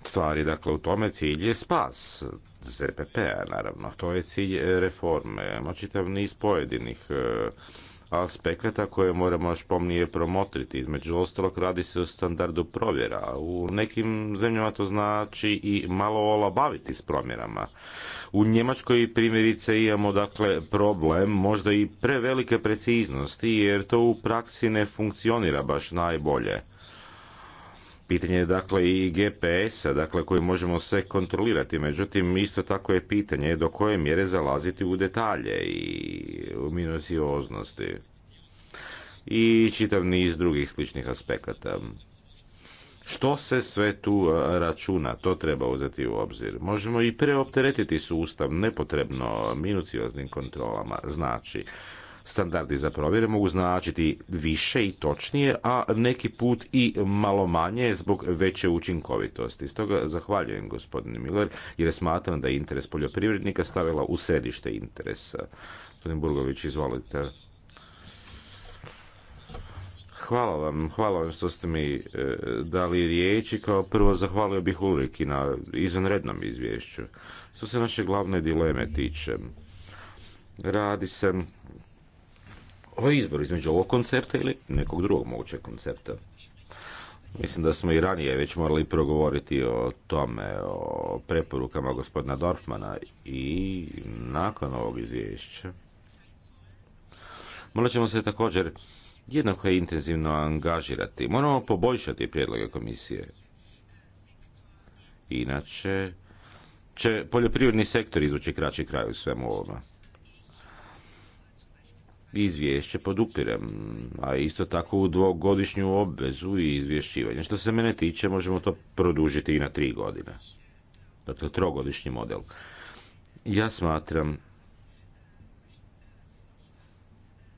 Stvari, dakle, u tome cilj je spas ZPP-a, naravno. To je cilj reforme. Moći čitav niz pojedinih e, aspekata koje moramo još pomnije promotriti. Između ostalog radi se o standardu provjera. U nekim zemljama to znači i malo olabaviti s promjerama. U Njemačkoj primjerice imamo dakle problem možda i prevelike preciznosti jer to u praksi ne funkcionira baš najbolje Pitanje je dakle i GPS-a, dakle koji možemo sve kontrolirati, međutim isto tako je pitanje do koje mjere zalaziti u detalje i u minucioznosti i čitav niz drugih sličnih aspekata. Što se sve tu e, računa, to treba uzeti u obzir. Možemo i preopteretiti sustav nepotrebno minucioznim kontrolama. Znači, Standardi za provjere mogu značiti više i točnije, a neki put i malo manje zbog veće učinkovitosti. Stoga zahvaljujem gospodine Miller jer smatram da je interes poljoprivrednika stavila u središte interesa. Gospodin Burgović, izvolite. Hvala vam, hvala vam što ste mi e, dali riječi. Kao prvo zahvalio bih i na izvanrednom izvješću. Što se naše glavne dileme tiče, radi se o ovaj izboru između ovog koncepta ili nekog drugog mogućeg koncepta. Mislim da smo i ranije već morali progovoriti o tome, o preporukama gospodina Dorfmana i nakon ovog izvješća. Morat ćemo se također jednako je intenzivno angažirati. Moramo poboljšati prijedloge komisije. Inače će poljoprivredni sektor izvući kraći kraj u svemu ovome izvješće podupirem, a isto tako u dvogodišnju obvezu i izvješćivanje. Što se mene tiče, možemo to produžiti i na tri godine. Dakle, trogodišnji model. Ja smatram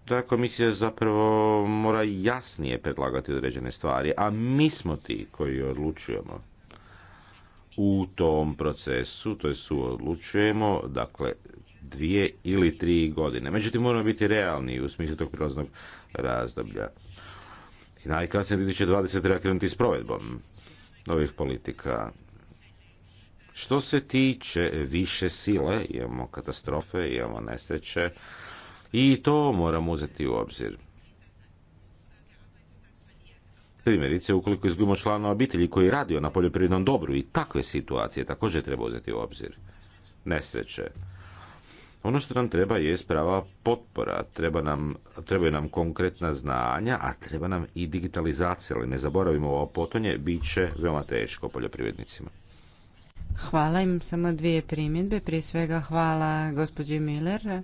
da komisija zapravo mora jasnije predlagati određene stvari, a mi smo ti koji odlučujemo u tom procesu, to je suodlučujemo, dakle, dvije ili tri godine. Međutim, moramo biti realni u smislu tog prilaznog razdoblja. I najkasnije 2020. treba krenuti s provedbom novih politika. Što se tiče više sile, imamo katastrofe, imamo nesreće i to moramo uzeti u obzir. Primjerice, ukoliko izgubimo člana obitelji koji radio na poljoprivrednom dobru i takve situacije također treba uzeti u obzir. Nesreće. Ono što nam treba je prava potpora, treba nam, trebaju nam konkretna znanja, a treba nam i digitalizacija, ali ne zaboravimo ovo potonje, bit će veoma teško poljoprivrednicima. Hvala, imam samo dvije primjedbe. Prije svega hvala gospođi Miller.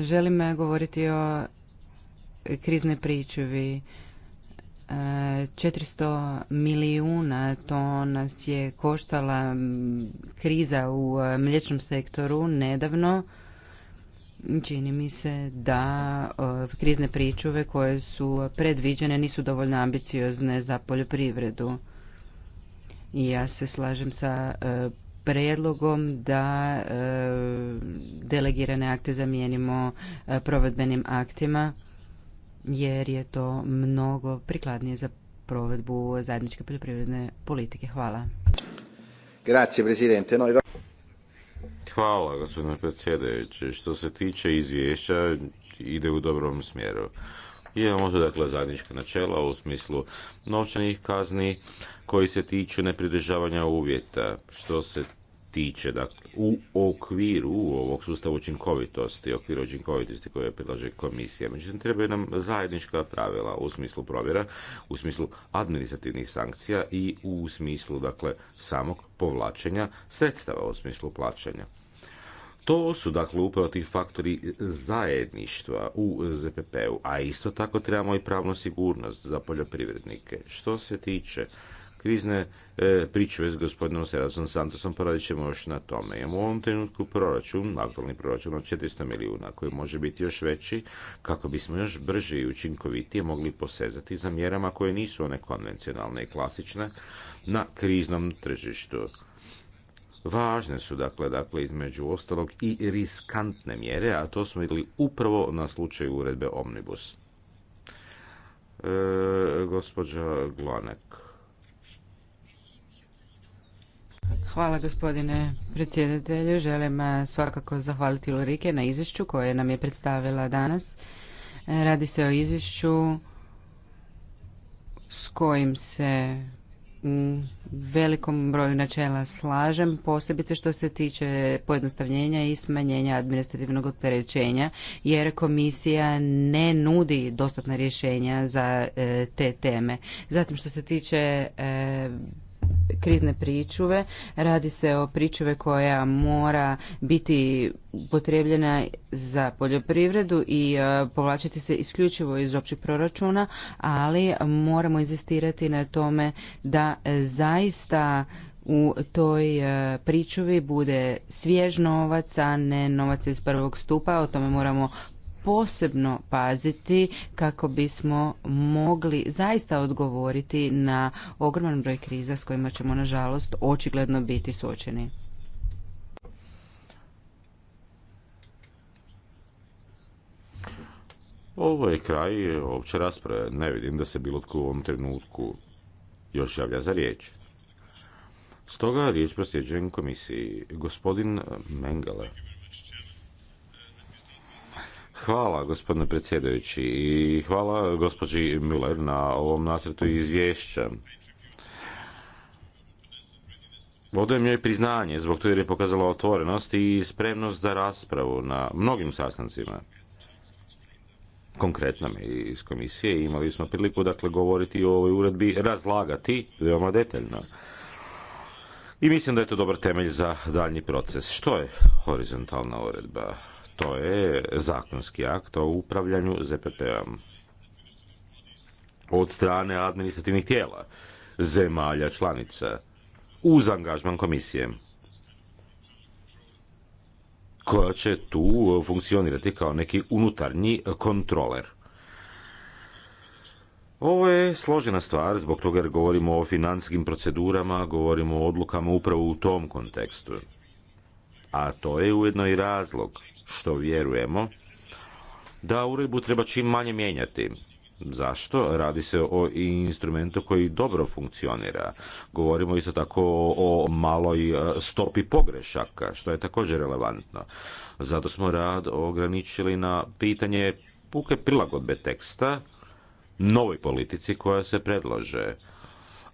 Želim eh, govoriti o kriznoj pričuvi. 400 milijuna to nas je koštala kriza u e, mliječnom sektoru nedavno. Čini mi se da e, krizne pričuve koje su predviđene nisu dovoljno ambiciozne za poljoprivredu. I ja se slažem sa e, predlogom da delegirane akte zamijenimo provedbenim aktima jer je to mnogo prikladnije za provedbu zajedničke poljoprivredne politike. Hvala. Grazie, presidente. Hvala, gospodine predsjedajući. Što se tiče izvješća, ide u dobrom smjeru. Imamo tu dakle zajednička načela u smislu novčanih kazni koji se tiču nepridržavanja uvjeta. Što se tiče, dakle, u okviru ovog sustava učinkovitosti, okviru učinkovitosti koje predlaže komisija. Međutim, treba nam zajednička pravila u smislu provjera, u smislu administrativnih sankcija i u smislu, dakle, samog povlačenja sredstava u smislu plaćanja. To su dakle upravo ti faktori zajedništva u ZPP-u, a isto tako trebamo i pravnu sigurnost za poljoprivrednike. Što se tiče krizne e, pričuje s gospodinom Serasom Santosom, poradit ćemo još na tome. Imamo u ovom trenutku proračun, aktualni proračun od 400 milijuna koji može biti još veći kako bismo još brže i učinkovitije mogli posezati za mjerama koje nisu one konvencionalne i klasične na kriznom tržištu. Važne su dakle, dakle između ostalog i riskantne mjere, a to smo vidjeli upravo na slučaju uredbe Omnibus. E, gospođa Glonek. Hvala gospodine predsjedatelju. Želim eh, svakako zahvaliti Lorike na izvješću koje nam je predstavila danas. Eh, radi se o izvješću s kojim se u velikom broju načela slažem, posebice što se tiče pojednostavljenja i smanjenja administrativnog opterećenja, jer komisija ne nudi dostatna rješenja za eh, te teme. Zatim što se tiče krizne pričuve. Radi se o pričuve koja mora biti potrebljena za poljoprivredu i e, povlačiti se isključivo iz općeg proračuna, ali moramo inzistirati na tome da zaista u toj e, pričuvi bude svjež novac, a ne novac iz prvog stupa. O tome moramo posebno paziti kako bismo mogli zaista odgovoriti na ogroman broj kriza s kojima ćemo nažalost očigledno biti suočeni. Ovo je kraj opće rasprave. Ne vidim da se bilo tko u ovom trenutku još javlja za riječ. Stoga riječ prosljeđujem komisiji. Gospodin Mengele. Hvala gospodine predsjedajući i hvala gospođi Müller na ovom nasretu izvješća. Odajem joj priznanje zbog toga jer je pokazala otvorenost i spremnost za raspravu na mnogim sastancima. Konkretno mi iz komisije imali smo priliku dakle govoriti o ovoj uredbi, razlagati veoma detaljno. I mislim da je to dobar temelj za daljnji proces. Što je horizontalna uredba? To je zakonski akt o upravljanju ZPP-om od strane administrativnih tijela zemalja članica uz angažman komisije koja će tu funkcionirati kao neki unutarnji kontroler. Ovo je složena stvar, zbog toga jer govorimo o financijskim procedurama, govorimo o odlukama upravo u tom kontekstu a to je ujedno i razlog što vjerujemo da uredbu treba čim manje mijenjati. Zašto? Radi se o instrumentu koji dobro funkcionira. Govorimo isto tako o maloj e, stopi pogrešaka, što je također relevantno. Zato smo rad ograničili na pitanje puke prilagodbe teksta novoj politici koja se predlaže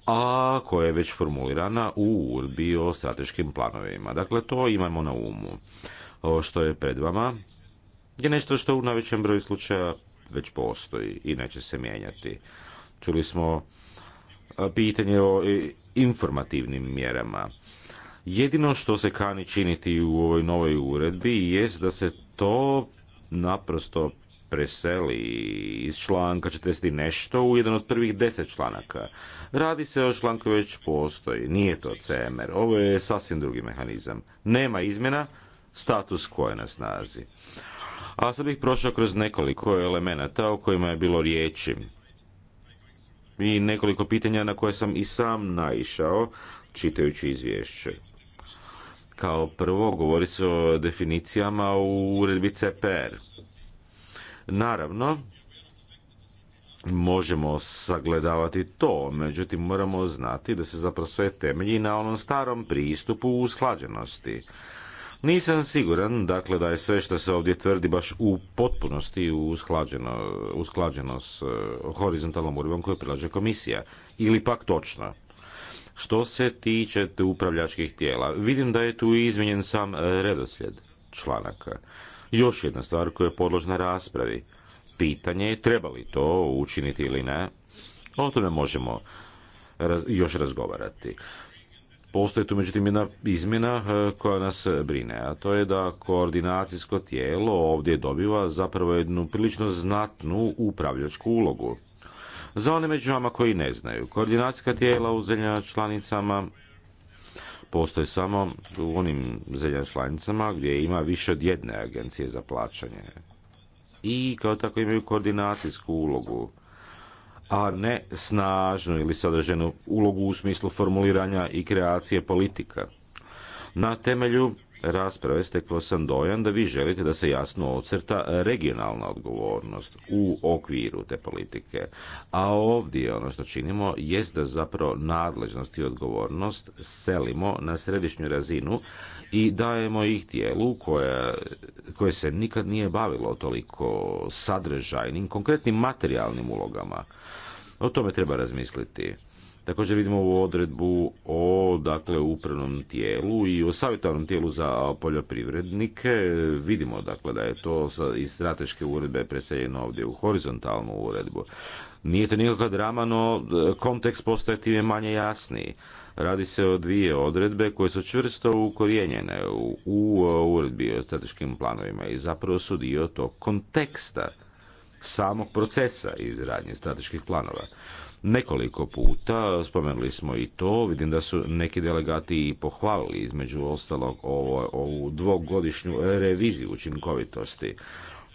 a koja je već formulirana u urbi o strateškim planovima. Dakle, to imamo na umu. Ovo što je pred vama je nešto što u najvećem broju slučaja već postoji i neće se mijenjati. Čuli smo pitanje o e, informativnim mjerama. Jedino što se kani činiti u ovoj novoj uredbi jest da se to naprosto preseli iz članka 40 nešto u jedan od prvih deset članaka. Radi se o članku već postoji, nije to CMR, ovo je sasvim drugi mehanizam. Nema izmjena, status koje je na snazi. A sad bih prošao kroz nekoliko elemenata o kojima je bilo riječi i nekoliko pitanja na koje sam i sam naišao čitajući izvješće. Kao prvo govori se o definicijama u uredbi CPR. Naravno, možemo sagledavati to, međutim moramo znati da se zapravo sve temelji na onom starom pristupu usklađenosti. Nisam siguran, dakle, da je sve što se ovdje tvrdi baš u potpunosti usklađeno, usklađeno s e, horizontalnom uredbom koju prilaže komisija. Ili pak točno. Što se tiče upravljačkih tijela, vidim da je tu izmijenjen sam redoslijed članaka. Još jedna stvar koja je podložna raspravi. Pitanje je treba li to učiniti ili ne. O tome možemo još razgovarati. Postoji tu međutim jedna izmjena e, koja nas brine, a to je da koordinacijsko tijelo ovdje dobiva zapravo jednu prilično znatnu upravljačku ulogu. Za one među vama koji ne znaju, koordinacijska tijela u zemljama članicama Postoje samo u onim zemljama članicama gdje ima više od jedne agencije za plaćanje. I kao tako imaju koordinacijsku ulogu, a ne snažnu ili sadrženu ulogu u smislu formuliranja i kreacije politika. Na temelju rasprave stekao sam dojam da vi želite da se jasno ocrta regionalna odgovornost u okviru te politike. A ovdje ono što činimo jest da zapravo nadležnost i odgovornost selimo na središnju razinu i dajemo ih tijelu koja koje se nikad nije bavilo toliko sadržajnim, konkretnim materijalnim ulogama. O tome treba razmisliti. Također vidimo u odredbu o dakle, upravnom tijelu i o savjetovanom tijelu za poljoprivrednike. Vidimo dakle, da je to iz strateške uredbe preseljeno ovdje u horizontalnu uredbu. Nije to nikakva drama, no kontekst postaje time manje jasniji. Radi se o dvije odredbe koje su čvrsto ukorijenjene u, u uh, uredbi o strateškim planovima i zapravo su dio tog konteksta samog procesa izradnje strateških planova nekoliko puta. Spomenuli smo i to. Vidim da su neki delegati i pohvalili između ostalog ovu, ovu dvogodišnju reviziju učinkovitosti.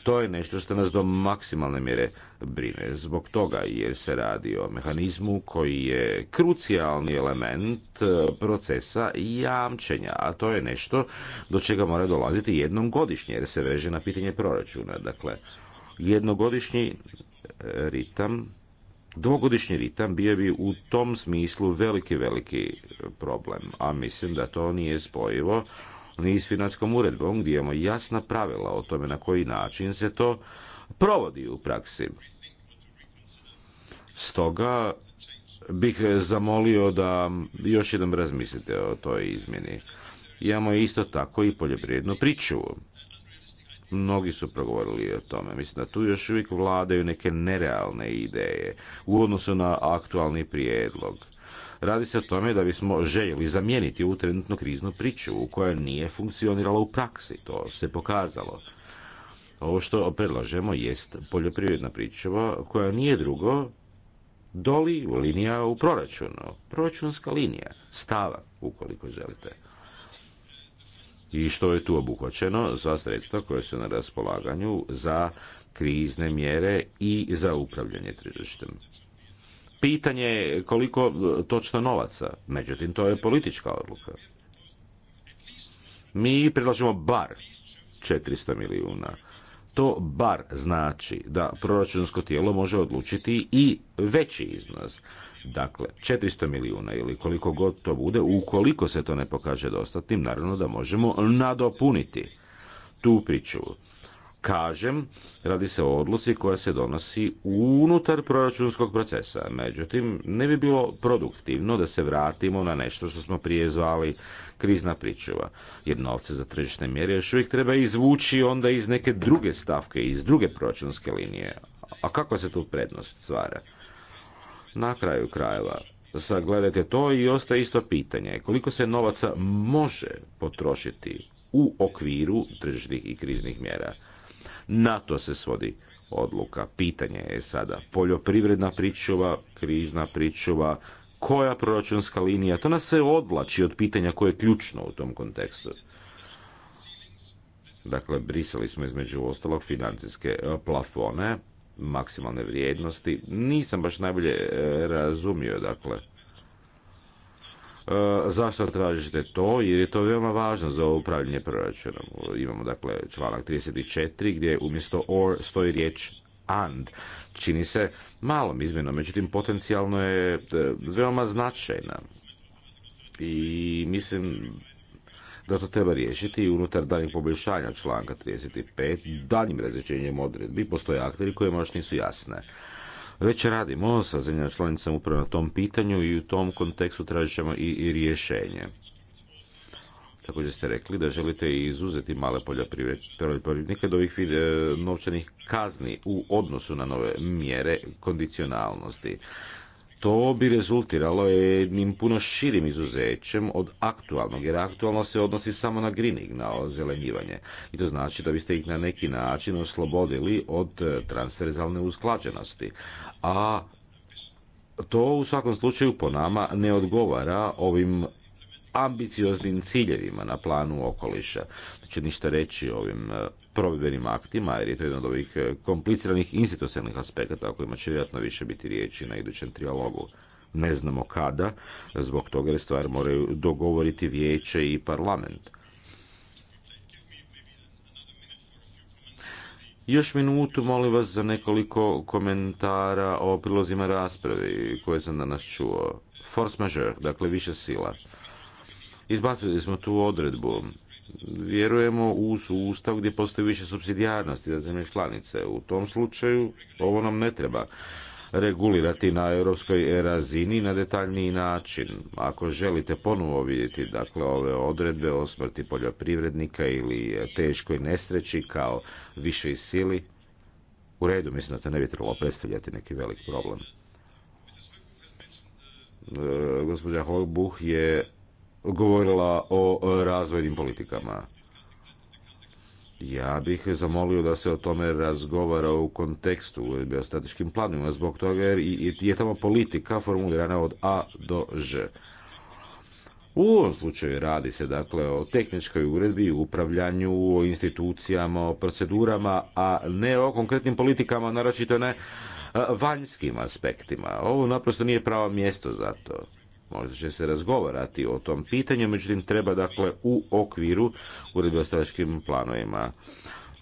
To je nešto što nas do maksimalne mjere brine. Zbog toga jer se radi o mehanizmu koji je krucijalni element e, procesa jamčenja, a to je nešto do čega mora dolaziti jednom godišnje jer se veže na pitanje proračuna. Dakle, jednogodišnji ritam Dvogodišnji ritam bio bi u tom smislu veliki, veliki e, problem, a mislim da to nije spojivo ni s financijskom uredbom gdje imamo jasna pravila o tome na koji način se to provodi u praksi. Stoga bih zamolio da još jednom razmislite o toj izmjeni. Imamo isto tako i poljoprivrednu priču. Mnogi su progovorili o tome. Mislim da tu još uvijek vladaju neke nerealne ideje u odnosu na aktualni prijedlog. Radi se o tome da bismo željeli zamijeniti u trenutnu kriznu priču koja nije funkcionirala u praksi. To se pokazalo. Ovo što predlažemo jest poljoprivredna pričuva koja nije drugo doli linija u proračunu. Proračunska linija, stava ukoliko želite i što je tu obuhvaćeno za sredstva koje su na raspolaganju za krizne mjere i za upravljanje tržištem. Pitanje je koliko e, točno novaca, međutim to je politička odluka. Mi predlažemo bar 400 milijuna. To bar znači da proračunsko tijelo može odlučiti i veći iznos. Dakle, 400 milijuna ili koliko god to bude, ukoliko se to ne pokaže dostatnim, naravno da možemo nadopuniti tu priču. Kažem, radi se o odluci koja se donosi unutar proračunskog procesa. Međutim, ne bi bilo produktivno da se vratimo na nešto što smo prije zvali krizna pričuva. Jer novce za tržišne mjere još uvijek treba izvući onda iz neke druge stavke, iz druge proračunske linije. A kakva se tu prednost stvara? Na kraju krajeva, sagledajte to i ostaje isto pitanje. Koliko se novaca može potrošiti u okviru tržišnih i kriznih mjera? Na to se svodi odluka. Pitanje je sada poljoprivredna pričuva, krizna pričuva, koja proračunska linija, to nas sve odvlači od pitanja koje je ključno u tom kontekstu. Dakle, brisali smo između ostalog financijske e, plafone, maksimalne vrijednosti. Nisam baš najbolje e, razumio, dakle, e, zašto tražite to? Jer je to veoma važno za upravljanje proračunom. Imamo dakle članak 34 gdje umjesto or stoji riječ and. Čini se malom izmjenom, međutim potencijalno je e, veoma značajna. I mislim da to treba riješiti i unutar daljnjeg poboljšanja članka 35 daljnjim razređenjem odredbi postoje akteri koje možda nisu jasne. Već radimo sa zemljama članicama upravo na tom pitanju i u tom kontekstu tražit ćemo i, i rješenje. Također ste rekli da želite izuzeti male poljoprivrednike od ovih novčanih kazni u odnosu na nove mjere kondicionalnosti to bi rezultiralo jednim puno širim izuzećem od aktualnog, jer aktualno se odnosi samo na greening, na ozelenjivanje. I to znači da biste ih na neki način oslobodili od e, transverzalne usklađenosti. A to u svakom slučaju po nama ne odgovara ovim ambicioznim ciljevima na planu okoliša će ništa reći o ovim e, provedbenim aktima, jer je to jedan od ovih e, kompliciranih institucionalnih aspekata o kojima će vjerojatno više biti riječi na idućem trijalogu. Ne znamo kada, zbog toga jer stvar moraju dogovoriti vijeće i parlament. Još minutu, molim vas, za nekoliko komentara o prilozima raspravi koje sam danas čuo. Force majeure, dakle više sila. Izbacili smo tu odredbu vjerujemo u sustav gdje postoji više subsidijarnosti za zemlje članice. U tom slučaju ovo nam ne treba regulirati na europskoj razini na detaljniji način. Ako želite ponovo vidjeti dakle ove odredbe o smrti poljoprivrednika ili teškoj nesreći kao višoj sili, u redu mislim da to ne bi trebalo predstavljati neki velik problem. E, gospođa Holbuh je govorila o razvojnim politikama. Ja bih zamolio da se o tome razgovara u kontekstu uredbe o strateškim zbog toga jer je tamo politika formulirana od A do Ž. U ovom slučaju radi se dakle o tehničkoj uredbi, upravljanju, o institucijama, o procedurama, a ne o konkretnim politikama, naročito ne vanjskim aspektima. Ovo naprosto nije pravo mjesto za to. Možda će se razgovarati o tom pitanju, međutim treba dakle u okviru u o planovima.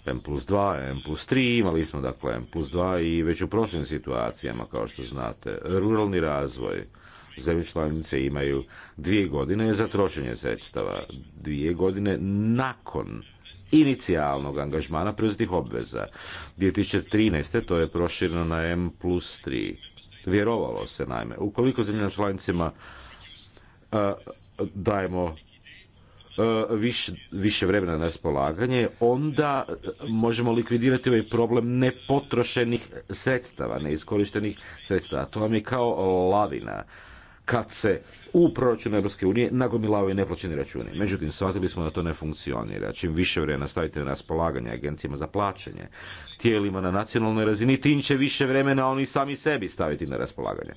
M plus 2, M plus 3, imali smo dakle M plus 2 i već u prošlim situacijama kao što znate. Ruralni razvoj, zemlje članice imaju dvije godine za trošenje sredstava, dvije godine nakon inicijalnog angažmana preuzetih obveza. 2013. to je prošireno na M plus Vjerovalo se naime. Ukoliko zemljama članicima e, dajemo e, Više, više vremena na raspolaganje, onda možemo likvidirati ovaj problem nepotrošenih sredstava, neiskorištenih sredstava. To vam je kao lavina kad se u proračun Europske unije nagomilavaju neplaćeni računi. Međutim, shvatili smo da to ne funkcionira. Čim više vremena stavite na raspolaganje agencijama za plaćanje, tijelima na nacionalnoj razini, tim će više vremena oni sami sebi staviti na raspolaganje.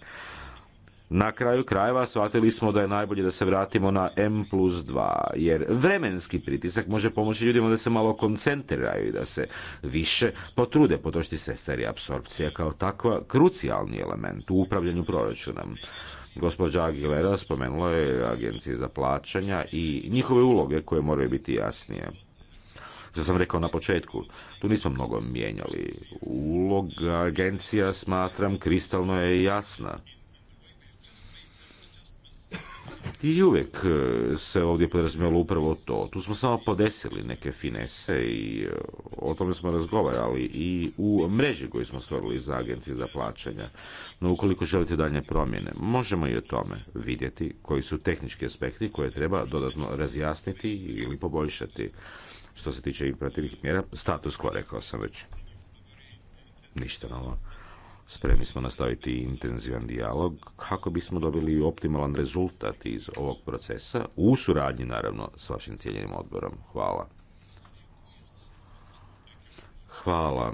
Na kraju krajeva shvatili smo da je najbolje da se vratimo na M plus 2, jer vremenski pritisak može pomoći ljudima da se malo koncentriraju i da se više potrude. potrošiti sestari apsorpcija kao takva krucijalni element u upravljanju proračunom. Gospođa Aguilera spomenula je agencije za plaćanja i njihove uloge koje moraju biti jasnije. Što sam rekao na početku, tu nismo mnogo mijenjali. Uloga agencija, smatram, kristalno je jasna i uvijek e, se ovdje podrazumijelo upravo to. Tu smo samo podesili neke finese i e, o tome smo razgovarali i u mreži koju smo stvorili za agencije za plaćanja. No ukoliko želite dalje promjene, možemo i o tome vidjeti koji su tehnički aspekti koje treba dodatno razjasniti ili poboljšati. Što se tiče imperativnih mjera, status quo rekao sam već. Ništa novo. Spremni smo nastaviti intenzivan dijalog kako bismo dobili optimalan rezultat iz ovog procesa u suradnji naravno s vašim cijeljenim odborom. Hvala. Hvala.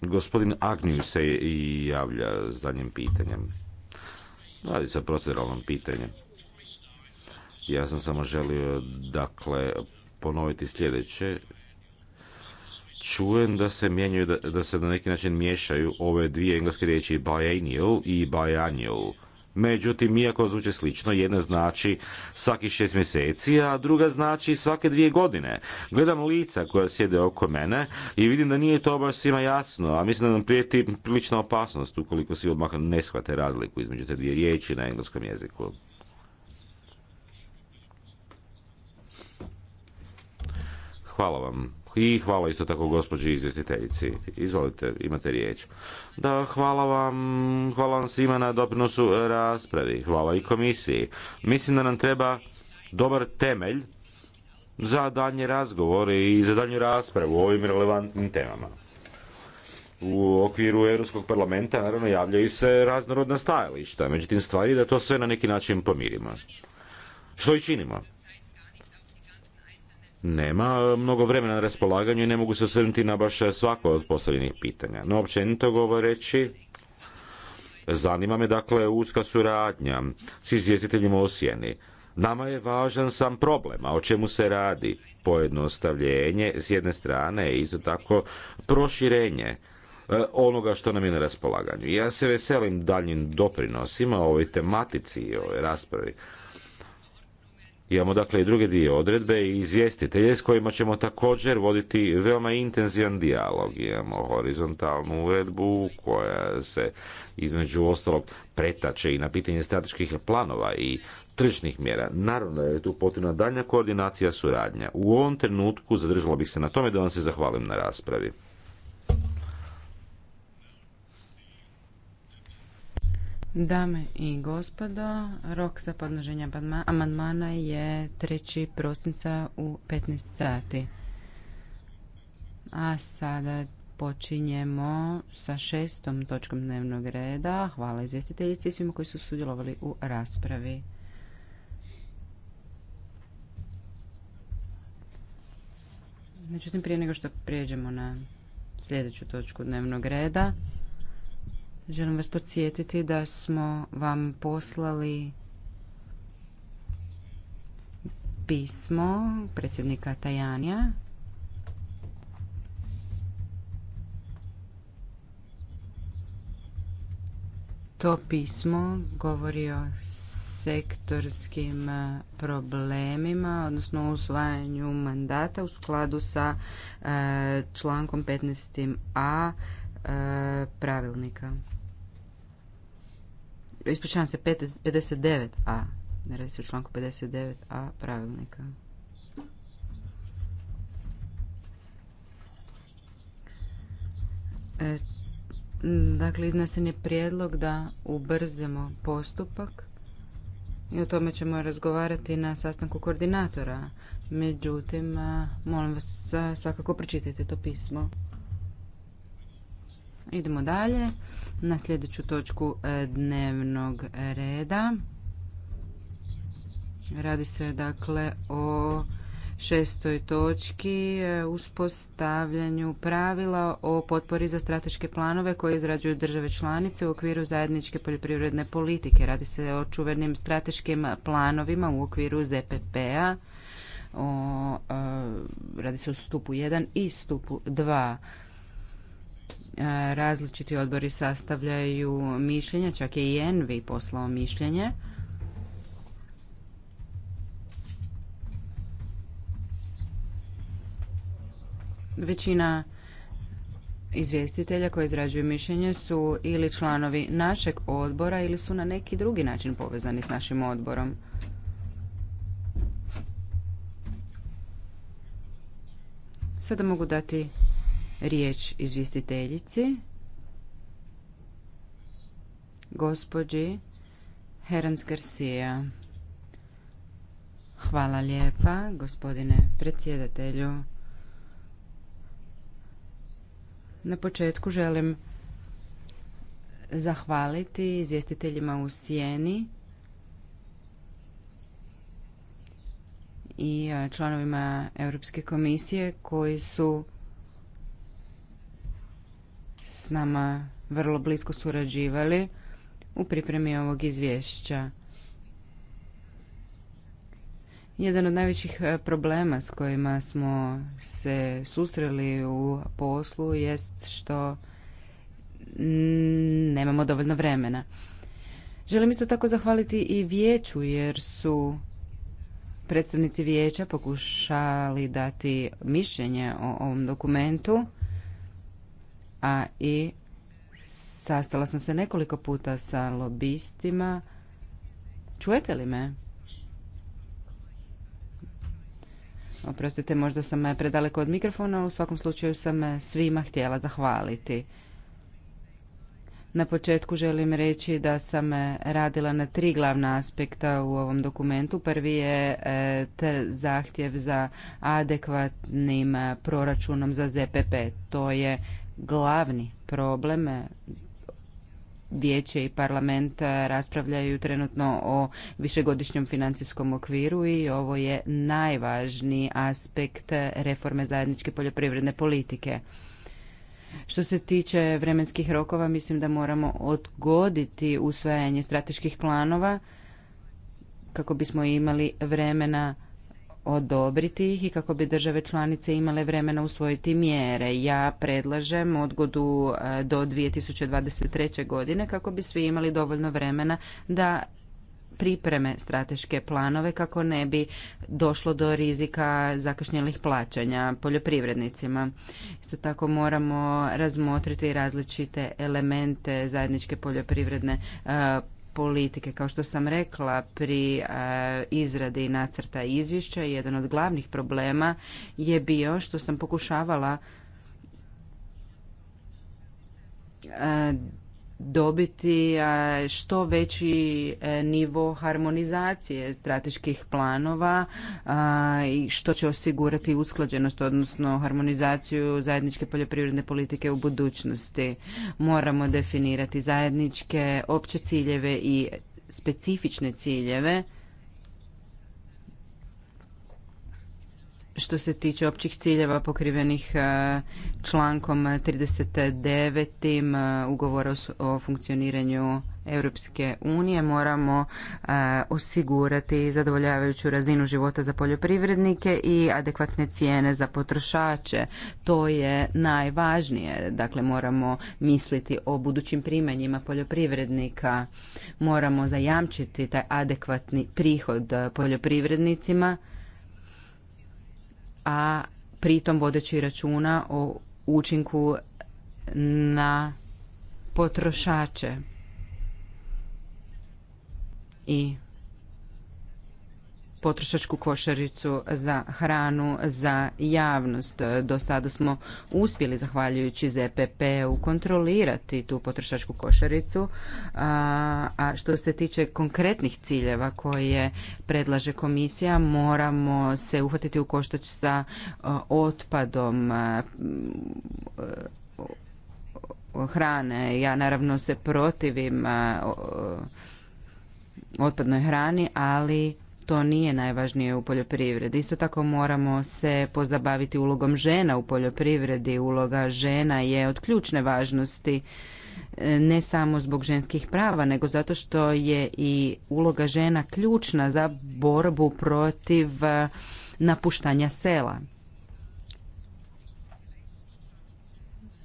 Gospodin Agniju se i javlja s danjem pitanjem. Radi se proceduralnom pitanjem. Ja sam samo želio, dakle, ponoviti sljedeće čujem da se mijenjaju, da, se na neki način miješaju ove dvije engleske riječi biennial i biannual. Međutim, iako zvuče slično, jedna znači svaki šest mjeseci, a druga znači svake dvije godine. Gledam lica koja sjede oko mene i vidim da nije to baš svima jasno, a mislim da nam prijeti prilična opasnost ukoliko svi odmah ne shvate razliku između te dvije riječi na engleskom jeziku. Hvala vam. I hvala isto tako gospođi izvjestiteljici. Izvolite, imate riječ. Da, hvala vam, hvala vam svima na doprinosu raspravi. Hvala i komisiji. Mislim da nam treba dobar temelj za daljnje razgovore i za daljnju raspravu o ovim relevantnim temama. U okviru Europskog parlamenta naravno javljaju se raznorodna stajališta, međutim stvari da to sve na neki način pomirimo. Što i činimo nema e, mnogo vremena na raspolaganju i ne mogu se osvrnuti na baš e, svako od postavljenih pitanja. No, općenito govoreći, zanima me dakle uska suradnja s izvjestiteljima o sjeni. Nama je važan sam problem, a o čemu se radi? Pojednostavljenje s jedne strane i isto tako proširenje e, onoga što nam je na raspolaganju. Ja se veselim daljnjim doprinosima ovoj tematici i ovoj raspravi. Imamo dakle i druge dvije odredbe i izvjestitelje s kojima ćemo također voditi veoma intenzivan dijalog. Imamo horizontalnu uredbu koja se između ostalog pretače i na pitanje strateških planova i tržišnih mjera. Naravno je tu potrebna daljnja koordinacija suradnja. U ovom trenutku zadržalo bih se na tome da vam se zahvalim na raspravi. Dame i gospodo, rok za podnoženje amandmana je 3. prosinca u 15 sati. A sada počinjemo sa šestom točkom dnevnog reda. Hvala izvjestiteljici i svima koji su sudjelovali u raspravi. Međutim, prije nego što prijeđemo na sljedeću točku dnevnog reda, Želim vas podsjetiti da smo vam poslali pismo predsjednika Tajanja to pismo govori o sektorskim e, problemima, odnosno o usvajanju mandata u skladu sa e, člankom 15a e, pravilnika ispričavam se 59a ne radi se o članku 59a pravilnika e, dakle iznesen je prijedlog da ubrzemo postupak i o tome ćemo razgovarati na sastanku koordinatora međutim molim vas svakako pročitajte to pismo Idemo dalje na sljedeću točku e, dnevnog reda. Radi se dakle o šestoj točki e, uspostavljanju pravila o potpori za strateške planove koje izrađuju države članice u okviru zajedničke poljoprivredne politike. Radi se o čuvenim strateškim planovima u okviru ZPP-a. E, radi se o stupu 1 i stupu 2. E, različiti odbori sastavljaju mišljenja, čak je i Envi poslao mišljenje. Većina izvjestitelja koji izrađuju mišljenje su ili članovi našeg odbora ili su na neki drugi način povezani s našim odborom. Sada mogu dati riječ izvjestiteljici, gospođi Herans Garcia. Hvala lijepa, gospodine predsjedatelju. Na početku želim zahvaliti izvjestiteljima u Sijeni i članovima Europske komisije koji su s nama vrlo blisko surađivali u pripremi ovog izvješća. Jedan od najvećih e, problema s kojima smo se susreli u poslu jest što nemamo dovoljno vremena. Želim isto tako zahvaliti i vijeću jer su predstavnici vijeća pokušali dati mišljenje o ovom dokumentu a i sastala sam se nekoliko puta sa lobistima. Čujete li me? Oprostite, možda sam eh, predaleko od mikrofona, u svakom slučaju sam eh, svima htjela zahvaliti. Na početku želim reći da sam eh, radila na tri glavna aspekta u ovom dokumentu. Prvi je te zahtjev za adekvatnim proračunom za ZPP. To je glavni problem e, vijeće i parlament e, raspravljaju trenutno o višegodišnjem financijskom okviru i ovo je najvažniji aspekt e, reforme zajedničke poljoprivredne politike. Što se tiče vremenskih rokova, mislim da moramo odgoditi usvajanje strateških planova kako bismo imali vremena odobriti ih i kako bi države članice imale vremena usvojiti mjere. Ja predlažem odgodu e, do 2023. godine kako bi svi imali dovoljno vremena da pripreme strateške planove kako ne bi došlo do rizika zakašnjelih plaćanja poljoprivrednicima. Isto tako moramo razmotriti različite elemente zajedničke poljoprivredne e, politike. Kao što sam rekla pri eh, izradi nacrta izvješća, jedan od glavnih problema je bio što sam pokušavala eh, dobiti što veći e, nivo harmonizacije strateških planova i što će osigurati usklađenost, odnosno harmonizaciju zajedničke poljoprivredne politike u budućnosti. Moramo definirati zajedničke opće ciljeve i specifične ciljeve što se tiče općih ciljeva pokrivenih e, člankom 39. E, ugovora o funkcioniranju Europske unije moramo e, osigurati zadovoljavajuću razinu života za poljoprivrednike i adekvatne cijene za potrošače. To je najvažnije. Dakle, moramo misliti o budućim primanjima poljoprivrednika. Moramo zajamčiti taj adekvatni prihod poljoprivrednicima a pritom vodeći računa o učinku na potrošače i potrošačku košaricu za hranu za javnost. Do sada smo uspjeli, zahvaljujući ZPP-u, kontrolirati tu potrošačku košaricu. A što se tiče konkretnih ciljeva koje predlaže komisija, moramo se uhvatiti u koštač sa otpadom hrane. Ja naravno se protivim otpadnoj hrani, ali to nije najvažnije u poljoprivredi. Isto tako moramo se pozabaviti ulogom žena u poljoprivredi. Uloga žena je od ključne važnosti e, ne samo zbog ženskih prava, nego zato što je i uloga žena ključna za borbu protiv e, napuštanja sela.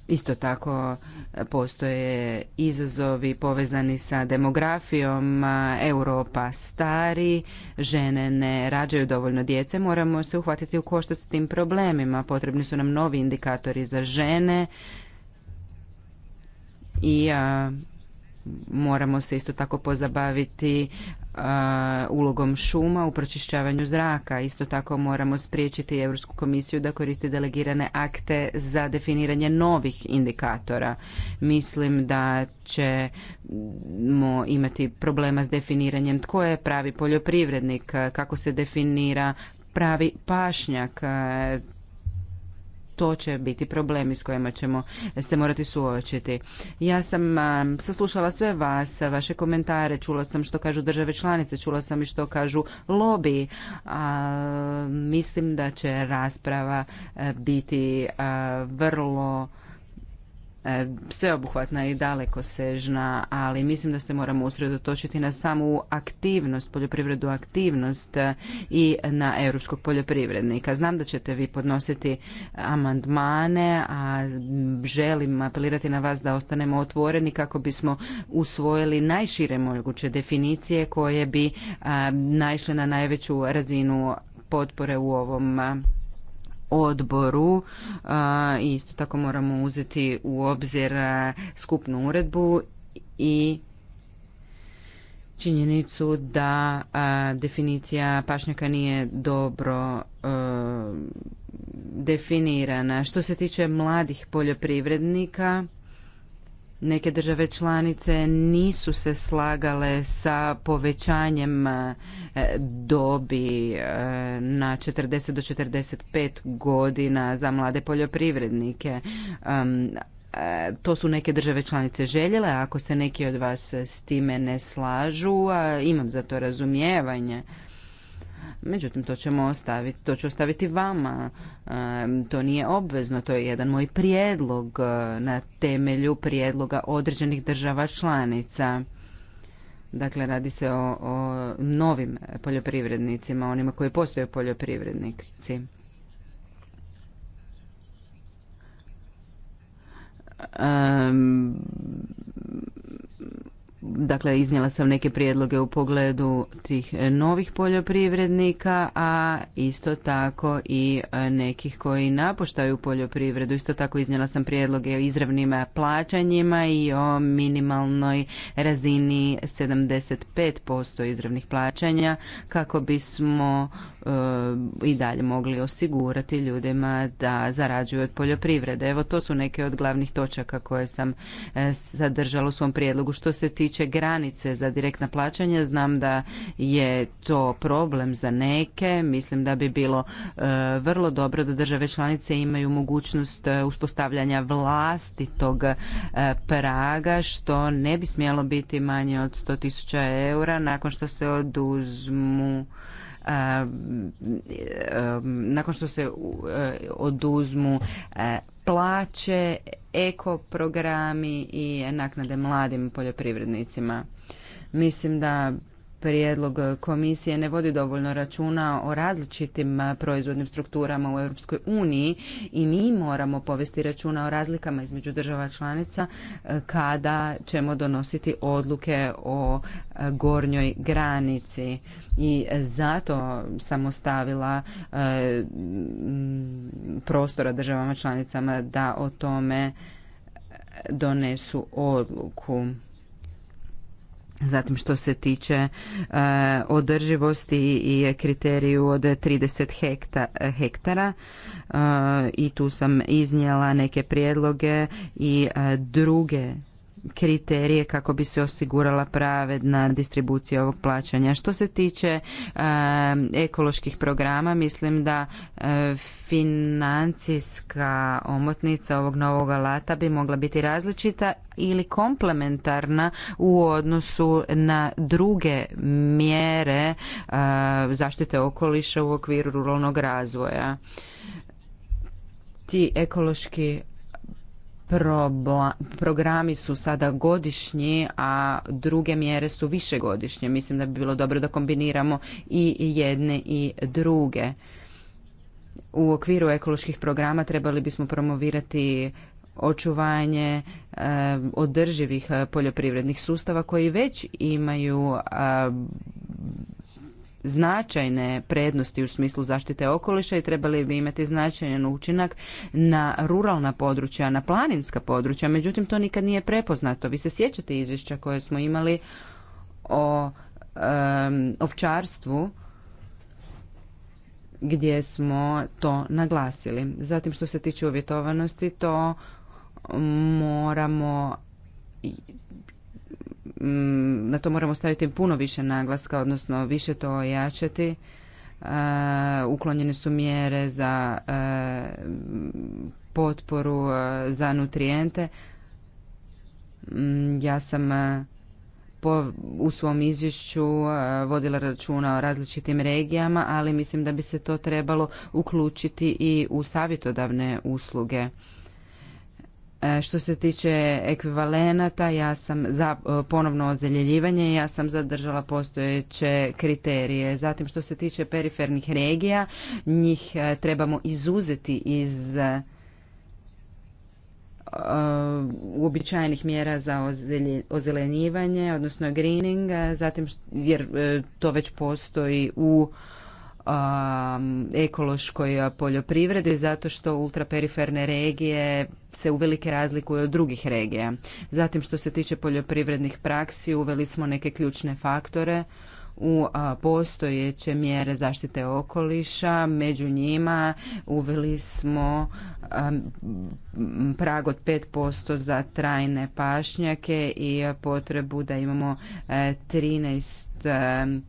Isto tako e, postoje izazovi povezani sa demografijom, Europa stari, žene ne rađaju dovoljno djece, moramo se uhvatiti u koštac s tim problemima, potrebni su nam novi indikatori za žene i moramo se isto tako pozabaviti ulogom šuma u pročišćavanju zraka. Isto tako moramo spriječiti Europsku komisiju da koristi delegirane akte za definiranje novih indikatora. Mislim da ćemo imati problema s definiranjem tko je pravi poljoprivrednik, kako se definira pravi pašnjak, to će biti problemi s kojima ćemo se morati suočiti. Ja sam saslušala sve vas, vaše komentare, čula sam što kažu države članice, čula sam i što kažu lobiji. A, mislim da će rasprava biti vrlo E, sveobuhvatna i dalekosežna, ali mislim da se moramo usredotočiti na samu aktivnost, poljoprivredu aktivnost e, i na europskog poljoprivrednika. Znam da ćete vi podnositi amandmane, a želim apelirati na vas da ostanemo otvoreni kako bismo usvojili najšire moguće definicije koje bi e, naišle na najveću razinu potpore u ovom odboru i isto tako moramo uzeti u obzir skupnu uredbu i činjenicu da definicija pašnjaka nije dobro definirana. Što se tiče mladih poljoprivrednika, Neke države članice nisu se slagale sa povećanjem e, dobi e, na 40 do 45 godina za mlade poljoprivrednike. E, to su neke države članice željele, ako se neki od vas s time ne slažu, imam za to razumijevanje. Međutim, to ćemo ostaviti, to ću ostaviti vama. to nije obvezno, to je jedan moj prijedlog eh, na temelju prijedloga određenih država članica. Dakle, radi se o, novim poljoprivrednicima, onima koji postoje poljoprivrednici. Dakle, iznijela sam neke prijedloge u pogledu tih novih poljoprivrednika, a isto tako i e, nekih koji napuštaju poljoprivredu. Isto tako iznijela sam prijedloge o izravnim plaćanjima i o minimalnoj razini 75% izravnih plaćanja kako bismo e, i dalje mogli osigurati ljudima da zarađuju od poljoprivrede. Evo to su neke od glavnih točaka koje sam e, sadržala u svom prijedlogu. Što se tiče granice za direktna plaćanja, znam da je to problem za neke. Mislim da bi bilo e, vrlo dobro da države članice imaju mogućnost e, uspostavljanja vlastitog e, praga, što ne bi smjelo biti manje od 100.000 eura nakon što se oduzmu nakon što se e, oduzmu e, plaće, ekoprogrami i naknade mladim poljoprivrednicima. Mislim da prijedlog komisije ne vodi dovoljno računa o različitim proizvodnim strukturama u Europskoj uniji i mi moramo povesti računa o razlikama između država članica kada ćemo donositi odluke o gornjoj granici i zato sam ostavila prostora državama članicama da o tome donesu odluku. Zatim što se tiče e, održivosti i kriteriju od 30 hektara e, i tu sam iznijela neke prijedloge i e, druge kriterije kako bi se osigurala pravedna distribucija ovog plaćanja. Što se tiče e, ekoloških programa, mislim da e, financijska omotnica ovog novog alata bi mogla biti različita ili komplementarna u odnosu na druge mjere e, zaštite okoliša u okviru ruralnog razvoja. Ti ekološki programi su sada godišnji, a druge mjere su višegodišnje. Mislim da bi bilo dobro da kombiniramo i jedne i druge. U okviru ekoloških programa trebali bismo promovirati očuvanje e, održivih e, poljoprivrednih sustava koji već imaju e, značajne prednosti u smislu zaštite okoliša i trebali bi imati značajan učinak na ruralna područja, na planinska područja, međutim to nikad nije prepoznato. Vi se sjećate izvješća koje smo imali o ovčarstvu gdje smo to naglasili. Zatim što se tiče uvjetovanosti, to moramo Mm, na to moramo staviti puno više naglaska, odnosno više to ojačati. E, uklonjene su mjere za e, potporu e, za nutrijente. Mm, ja sam po, u svom izvješću vodila računa o različitim regijama, ali mislim da bi se to trebalo uključiti i u savjetodavne usluge. E, što se tiče ekvivalenata, ja sam za e, ponovno ozeljeljivanje, ja sam zadržala postojeće kriterije. Zatim što se tiče perifernih regija, njih e, trebamo izuzeti iz uobičajenih mjera za ozelenjivanje, odnosno greening, zatim jer to već postoji u ekološkoj poljoprivredi zato što ultraperiferne regije se uvelike razlikuju od drugih regija. Zatim što se tiče poljoprivrednih praksi uveli smo neke ključne faktore u postojeće mjere zaštite okoliša. Među njima uveli smo prag od 5% za trajne pašnjake i potrebu da imamo 13 e,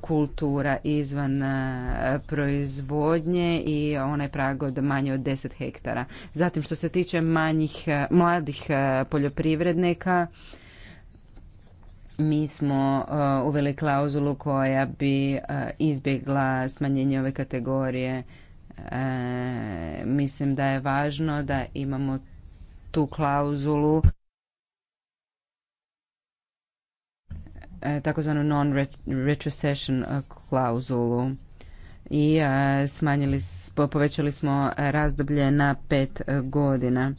kultura izvan e, proizvodnje i onaj prag od manje od 10 hektara. Zatim što se tiče manjih, e, mladih e, poljoprivrednika, mi smo uveli klauzulu koja bi izbjegla smanjenje ove kategorije. Mislim da je važno da imamo tu klauzulu E, takozvanu non-retrocession e, klauzulu i e, smanjili, povećali smo razdoblje na pet godina.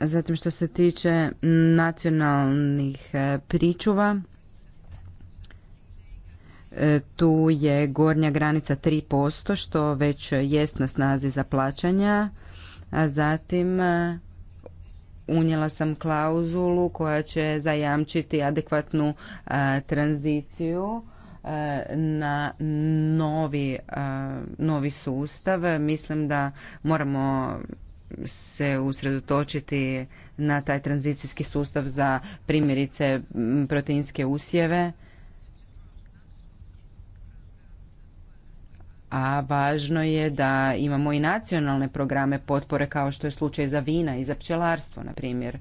Zatim što se tiče nacionalnih pričuva, tu je gornja granica 3%, što već jest na snazi za plaćanja, a zatim unijela sam klauzulu koja će zajamčiti adekvatnu e, tranziciju e, na novi, e, novi sustav. Mislim da moramo se usredotočiti na taj tranzicijski sustav za primjerice proteinske usjeve a važno je da imamo i nacionalne programe potpore kao što je slučaj za vina i za pčelarstvo, na primjer.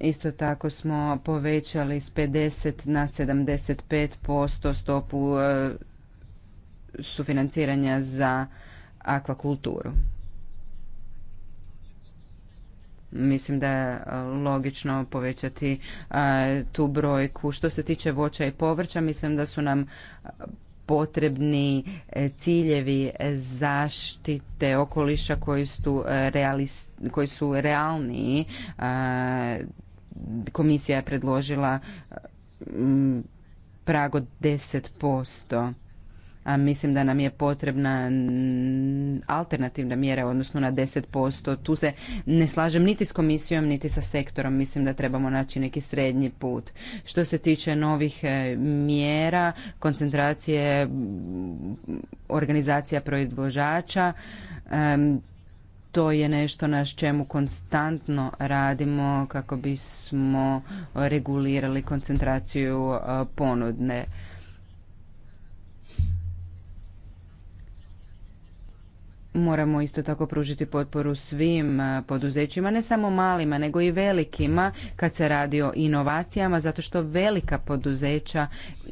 Isto tako smo povećali s 50 na 75% stopu e, sufinanciranja za akvakulturu. Mislim da je e, logično povećati e, tu brojku. Što se tiče voća i povrća, mislim da su nam potrebni e, ciljevi zaštite okoliša koji su, e, realni koji su realniji. E, komisija je predložila prag od 10% a mislim da nam je potrebna alternativna mjera odnosno na 10%. Tu se ne slažem niti s komisijom, niti sa sektorom. Mislim da trebamo naći neki srednji put. Što se tiče novih e, mjera, koncentracije organizacija proizvođača, to je nešto na čemu konstantno radimo kako bismo regulirali koncentraciju e, ponudne Moramo isto tako pružiti potporu svim e, poduzećima, ne samo malima, nego i velikima kad se radi o inovacijama, zato što velika poduzeća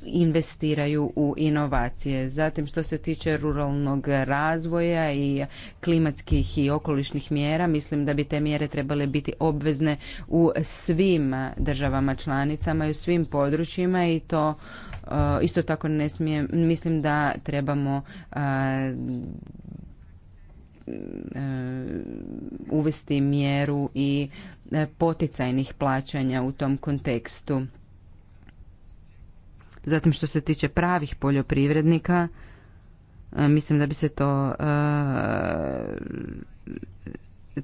investiraju u inovacije. Zatim što se tiče ruralnog razvoja i klimatskih i okolišnih mjera, mislim da bi te mjere trebale biti obvezne u svim državama članicama i u svim područjima i to e, isto tako ne smije, mislim da trebamo e, E, uvesti mjeru i e, poticajnih plaćanja u tom kontekstu. Zatim što se tiče pravih poljoprivrednika, e, mislim da bi se to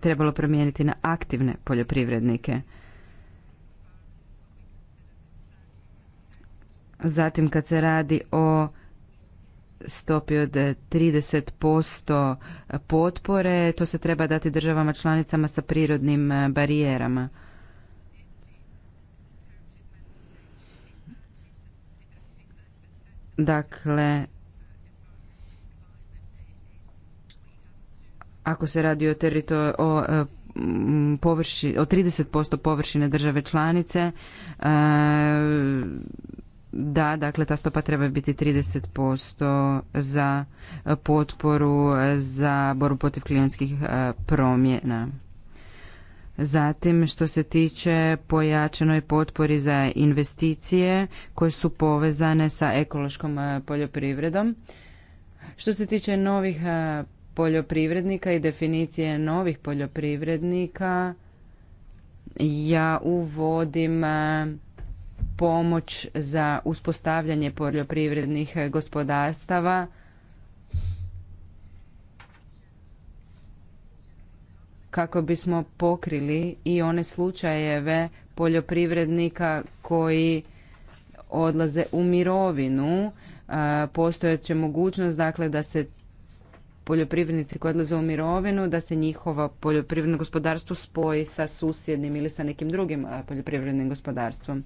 trebalo promijeniti na aktivne poljoprivrednike. Zatim kad se radi o stopi od 30% eh, potpore, to se treba dati državama članicama sa prirodnim eh, barijerama. Dakle, ako se radi o teritoriju, o eh, površi, o 30% površine države članice, da, dakle ta stopa treba biti 30% za potporu za borbu protiv klimatskih e, promjena. Zatim što se tiče pojačanoj potpori za investicije koje su povezane sa ekološkom e, poljoprivredom. Što se tiče novih e, poljoprivrednika i definicije novih poljoprivrednika, ja uvodim pomoć za uspostavljanje poljoprivrednih gospodarstava kako bismo pokrili i one slučajeve poljoprivrednika koji odlaze u mirovinu. Postojeće mogućnost dakle da se poljoprivrednici koji odlaze u mirovinu, da se njihovo poljoprivredno gospodarstvo spoji sa susjednim ili sa nekim drugim poljoprivrednim gospodarstvom.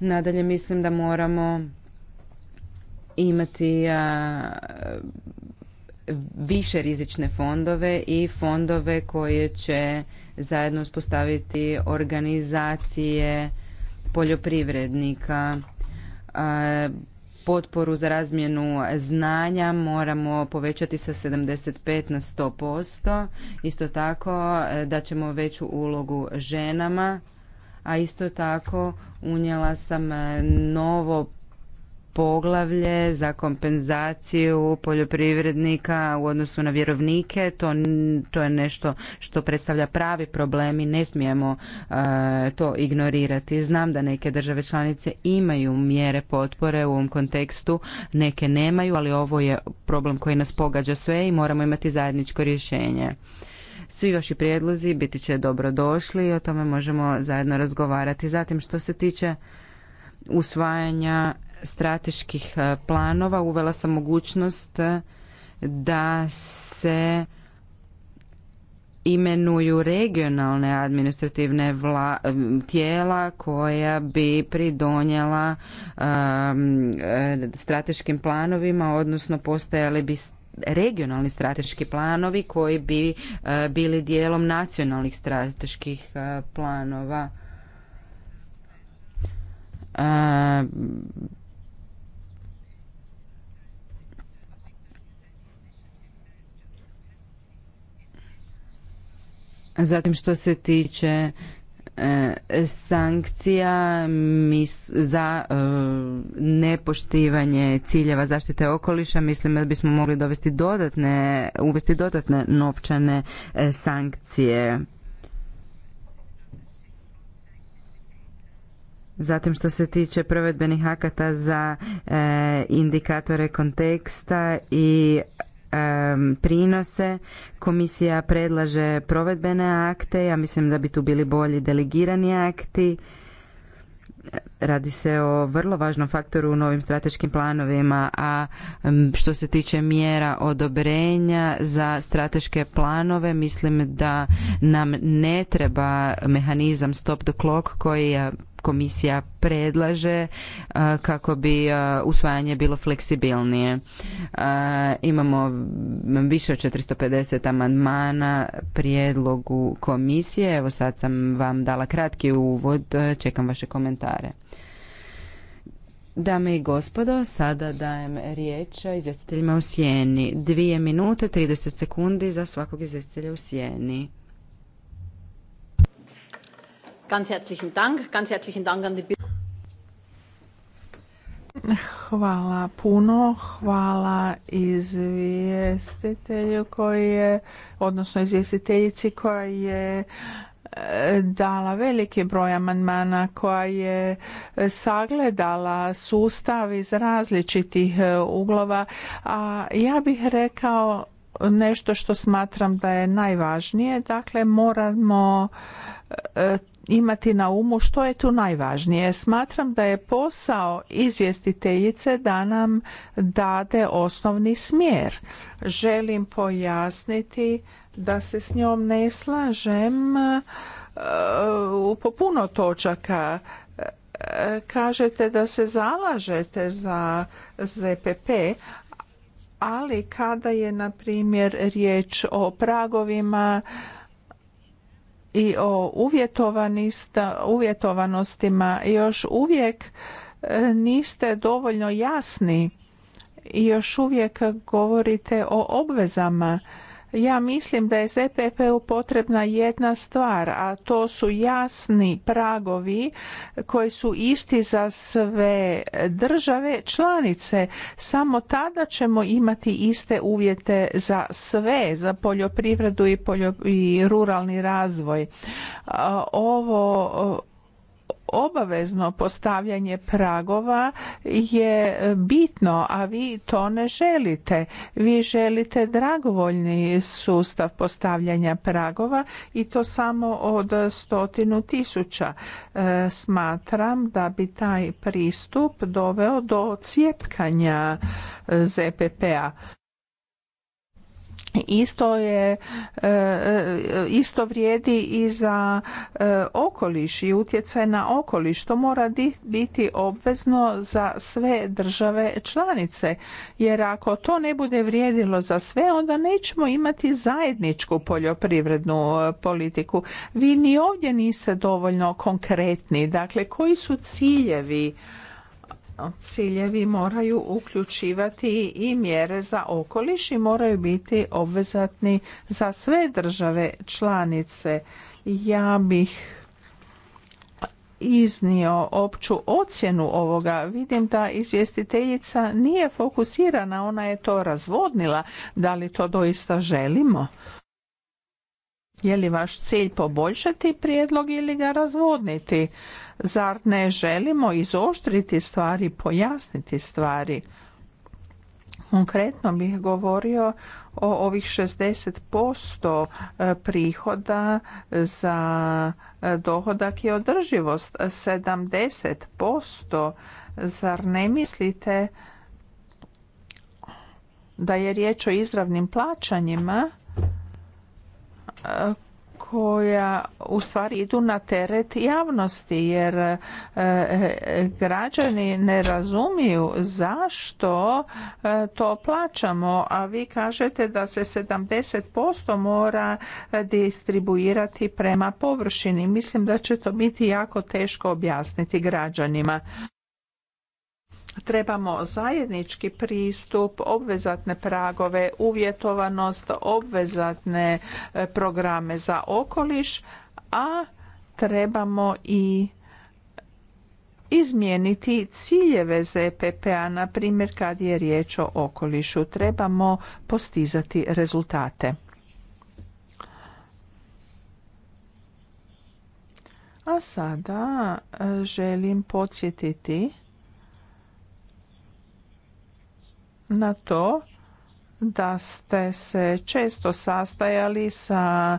Nadalje mislim da moramo imati više rizične fondove i fondove koje će zajedno uspostaviti organizacije poljoprivrednika. Potporu za razmjenu znanja moramo povećati sa 75 na 100%. Isto tako da ćemo veću ulogu ženama a isto tako unijela sam e, novo poglavlje za kompenzaciju poljoprivrednika u odnosu na vjerovnike. To, to je nešto što predstavlja pravi problem i ne smijemo e, to ignorirati. Znam da neke države članice imaju mjere potpore u ovom kontekstu, neke nemaju, ali ovo je problem koji nas pogađa sve i moramo imati zajedničko rješenje. Svi vaši prijedlozi biti će dobrodošli i o tome možemo zajedno razgovarati. Zatim što se tiče usvajanja strateških e, planova uvela sam mogućnost e, da se imenuju regionalne administrativne vla, e, tijela koja bi pridonjela strateškim planovima, odnosno postajali bi regionalni strateški planovi koji bi e, bili dijelom nacionalnih strateških e, planova. E, zatim što se tiče E, sankcija za e, nepoštivanje ciljeva zaštite okoliša mislim da bismo mogli dovesti dodatne uvesti dodatne novčane e, sankcije Zatim što se tiče provedbenih akata za indikatore konteksta i prinose. Komisija predlaže provedbene akte, ja mislim da bi tu bili bolji delegirani akti. Radi se o vrlo važnom faktoru u novim strateškim planovima, a što se tiče mjera odobrenja za strateške planove, mislim da nam ne treba mehanizam stop the clock koji je komisija predlaže e, kako bi e, usvajanje bilo fleksibilnije. E, imamo više od 450 amandmana prijedlogu komisije. Evo sad sam vam dala kratki uvod, čekam vaše komentare. Dame i gospodo, sada dajem riječ izvjestiteljima u sjeni. Dvije minute, 30 sekundi za svakog izvjestitelja u sjeni. Ganz herzlichen Dank. Ganz herzlichen Dank an die Hvala puno, hvala izvjestitelju koji je, odnosno izvjestiteljici koja je eh, dala veliki broj amandmana koja je eh, sagledala sustav iz različitih eh, uglova, a ja bih rekao nešto što smatram da je najvažnije. Dakle, moramo imati na umu što je tu najvažnije. Smatram da je posao izvjestiteljice da nam dade osnovni smjer. Želim pojasniti da se s njom ne slažem e, po puno točaka. E, kažete da se zalažete za ZPP, ali kada je na primjer riječ o pragovima, i o uvjetovanostima još uvijek e, niste dovoljno jasni i još uvijek govorite o obvezama ja mislim da je ZPP-u potrebna jedna stvar, a to su jasni pragovi koji su isti za sve države članice. Samo tada ćemo imati iste uvjete za sve, za poljoprivredu i, i ruralni razvoj. Ovo obavezno postavljanje pragova je bitno, a vi to ne želite. Vi želite dragovoljni sustav postavljanja pragova i to samo od stotinu tisuća. E, smatram da bi taj pristup doveo do cijepkanja ZPP-a. Isto je, e, e, isto vrijedi i za e, okoliš i utjecaj na okoliš. To mora biti obvezno za sve države članice. Jer ako to ne bude vrijedilo za sve, onda nećemo imati zajedničku poljoprivrednu politiku. Vi ni ovdje niste dovoljno konkretni. Dakle, koji su ciljevi Ciljevi moraju uključivati i mjere za okoliš i moraju biti obvezatni za sve države članice. Ja bih iznio opću ocjenu ovoga. Vidim da izvjestiteljica nije fokusirana, ona je to razvodnila. Da li to doista želimo? Je li vaš cilj poboljšati prijedlog ili ga razvodniti? Zar ne želimo izoštriti stvari, pojasniti stvari? Konkretno bih govorio o ovih 60% e, prihoda za e, dohodak i održivost, 70%. Zar ne mislite da je riječ o izravnim plaćanjima? koja u stvari idu na teret javnosti jer e, građani ne razumiju zašto e, to plaćamo, a vi kažete da se 70% mora distribuirati prema površini. Mislim da će to biti jako teško objasniti građanima trebamo zajednički pristup, obvezatne pragove, uvjetovanost, obvezatne e, programe za okoliš, a trebamo i izmijeniti ciljeve ZPP-a, na primjer kad je riječ o okolišu. Trebamo postizati rezultate. A sada e, želim podsjetiti na to da ste se često sastajali sa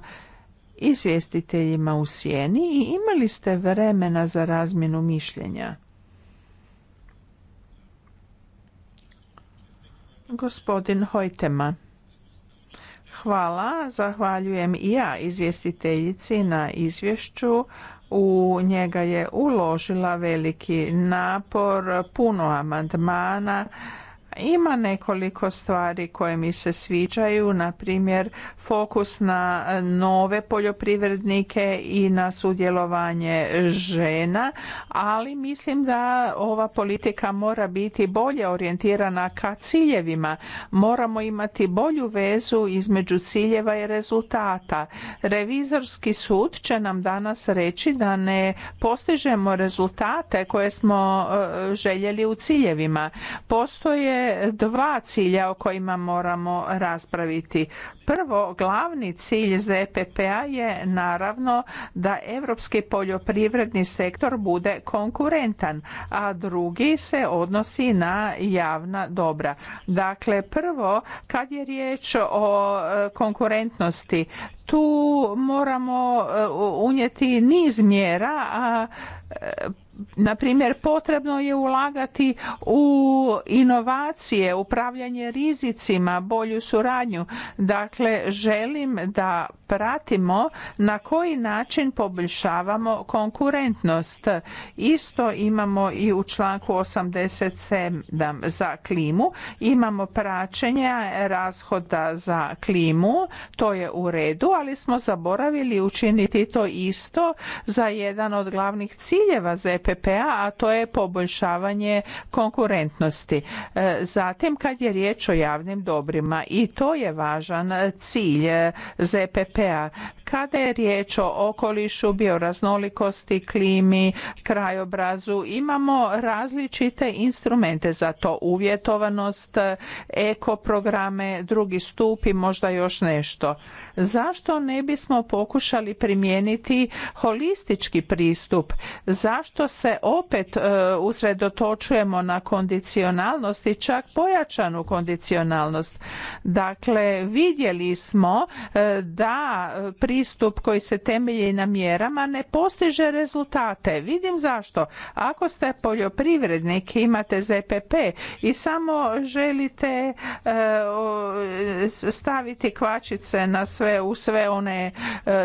izvjestiteljima u sjeni i imali ste vremena za razmjenu mišljenja. Gospodin Hojtema. Hvala, zahvaljujem i ja izvjestiteljici na izvješću. U njega je uložila veliki napor, puno amandmana ima nekoliko stvari koje mi se sviđaju, na primjer fokus na nove poljoprivrednike i na sudjelovanje žena, ali mislim da ova politika mora biti bolje orijentirana ka ciljevima. Moramo imati bolju vezu između ciljeva i rezultata. Revizorski sud će nam danas reći da ne postižemo rezultate koje smo e, željeli u ciljevima. Postoje dva cilja o kojima moramo raspraviti. Prvo, glavni cilj zpp p-a je naravno da europski poljoprivredni sektor bude konkurentan, a drugi se odnosi na javna dobra. Dakle, prvo, kad je riječ o e, konkurentnosti, tu moramo e, unijeti niz mjera, a e, na primjer potrebno je ulagati u inovacije, upravljanje rizicima, bolju suradnju. Dakle, želim da pratimo na koji način poboljšavamo konkurentnost. Isto imamo i u članku 87 za klimu. Imamo praćenje rashoda za klimu, to je u redu, ali smo zaboravili učiniti to isto za jedan od glavnih ciljeva za a to je poboljšavanje konkurentnosti. E, zatim kad je riječ o javnim dobrima i to je važan cilj e, ZPP-a. Kada je riječ o okolišu, bioraznolikosti, klimi, krajobrazu, imamo različite instrumente za to, uvjetovanost, e, ekoprograme, drugi stup i možda još nešto. Zašto ne bismo pokušali primijeniti holistički pristup? Zašto se opet e, usredotočujemo na kondicionalnost i čak pojačanu kondicionalnost. Dakle, vidjeli smo e, da pristup koji se temelji na mjerama ne postiže rezultate. Vidim zašto. Ako ste poljoprivrednik, imate ZPP i samo želite e, staviti kvačice na sve u sve one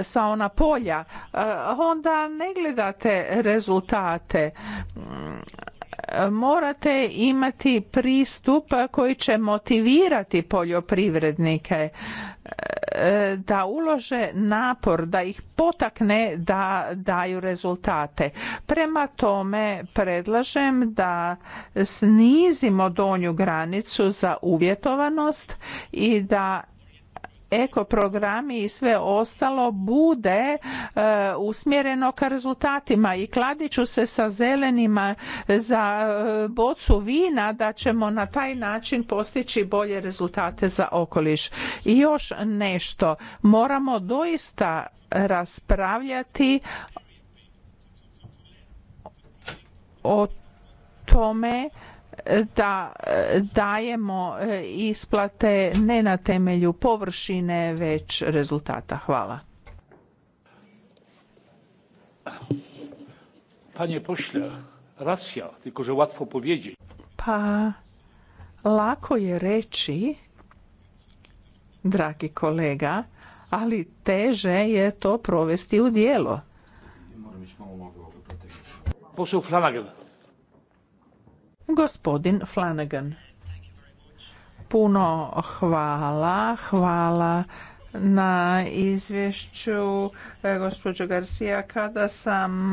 sva ona polja, onda ne gledate rezultate Mm, morate imati pristup koji će motivirati poljoprivrednike e, da ulože napor, da ih potakne da daju rezultate. Prema tome predlažem da snizimo donju granicu za uvjetovanost i da ekoprogrami i sve ostalo bude e, usmjereno ka rezultatima i kladit ću se sa zelenima za e, bocu vina da ćemo na taj način postići bolje rezultate za okoliš. I još nešto, moramo doista raspravljati o tome da e, dajemo e, isplate ne na temelju površine već rezultata. Hvala. Panie pośle, racja, tylko że łatwo powiedzieć. Pa, lako je reći, dragi kolega, ali teže je to provesti u dijelo. Poseł Flanagan. Gospodin Flanagan. Puno hvala, hvala na izvješću e, gospođo Garcia kada sam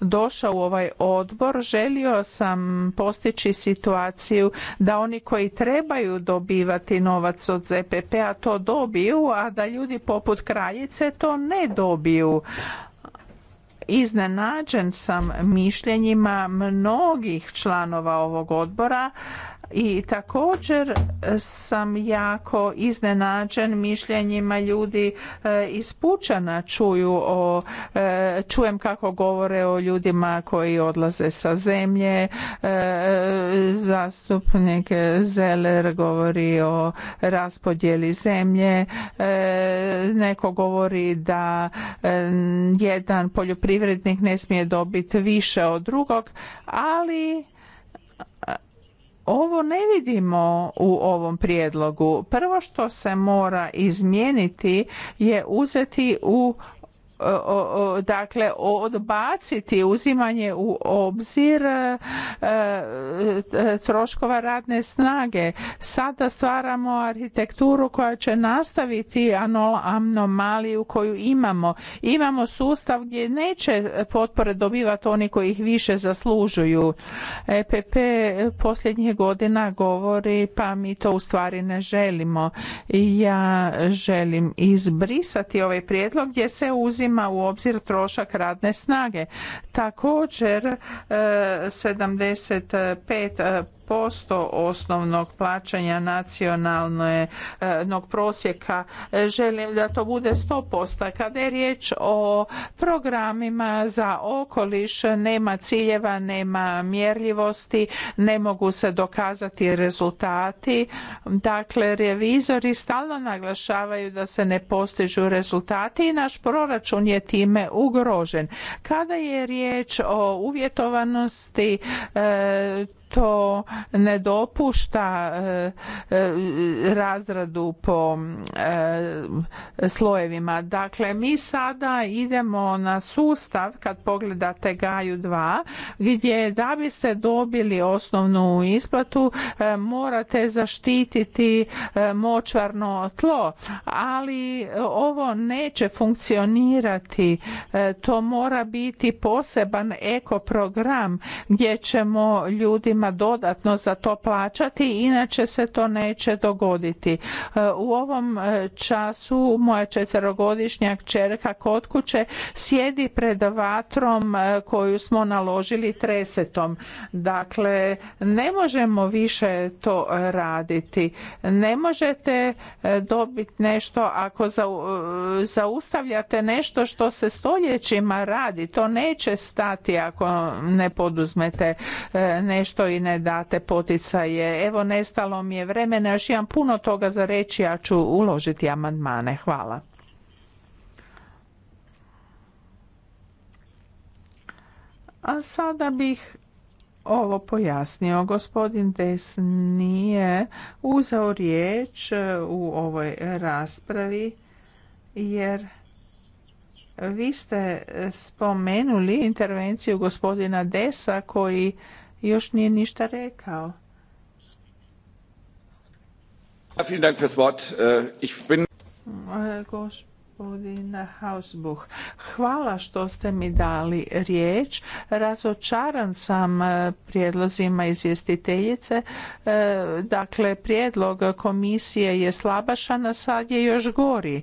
došao u ovaj odbor želio sam postići situaciju da oni koji trebaju dobivati novac od ZPP-a to dobiju, a da ljudi poput kraljice to ne dobiju. Iznenađen sam mišljenjima mnogih članova ovog odbora i također e, sam jako iznenađen mišljenjima ljudi e, iz Pučana čuju o, e, čujem kako govore o ljudima koji odlaze sa zemlje zastupnik Zeller govori o raspodjeli zemlje neko govori da jedan poljoprivrednik ne smije dobiti više od drugog ali ovo ne vidimo u ovom prijedlogu. Prvo što se mora izmijeniti je uzeti u dakle odbaciti uzimanje u obzir e, e, troškova radne snage. Sada stvaramo arhitekturu koja će nastaviti anomaliju koju imamo. Imamo sustav gdje neće potpore dobivati oni koji ih više zaslužuju. EPP posljednjih godina govori pa mi to u stvari ne želimo. Ja želim izbrisati ovaj prijedlog gdje se uzima ima u obzir trošak radne snage. Također 75 eh, posto osnovnog plaćanja nacionalnog e, prosjeka. E, želim da to bude 100%. Kada je riječ o programima za okoliš, nema ciljeva, nema mjerljivosti, ne mogu se dokazati rezultati. Dakle, revizori stalno naglašavaju da se ne postižu rezultati i naš proračun je time ugrožen. Kada je riječ o uvjetovanosti, e, to ne dopušta e, e, razradu po e, slojevima. Dakle, mi sada idemo na sustav, kad pogledate Gaju 2, gdje da biste dobili osnovnu isplatu morate zaštititi močvarno tlo, ali ovo neće funkcionirati. To mora biti poseban ekoprogram gdje ćemo ljudi dodatno za to plaćati, inače se to neće dogoditi. E, u ovom e, času moja četverogodišnja kćerka kod kuće sjedi pred vatrom e, koju smo naložili tresetom. Dakle, ne možemo više to raditi. Ne možete dobiti nešto ako zaustavljate nešto što se stoljećima radi. To neće stati ako ne poduzmete nešto i ne date poticaje? Evo nestalo mi je vremena, još imam puno toga za reći, ja ću uložiti amandmane. Hvala. A sada bih ovo pojasnio. Gospodin Des nije uzeo riječ e, u ovoj raspravi jer vi ste spomenuli intervenciju gospodina Desa koji još nije ništa rekao. Äh, e, gospodin Hausbuch, hvala što ste mi dali riječ. Razočaran sam e, prijedlozima izvjestiteljice. E, dakle, prijedlog komisije je slabašan, a sad je još gori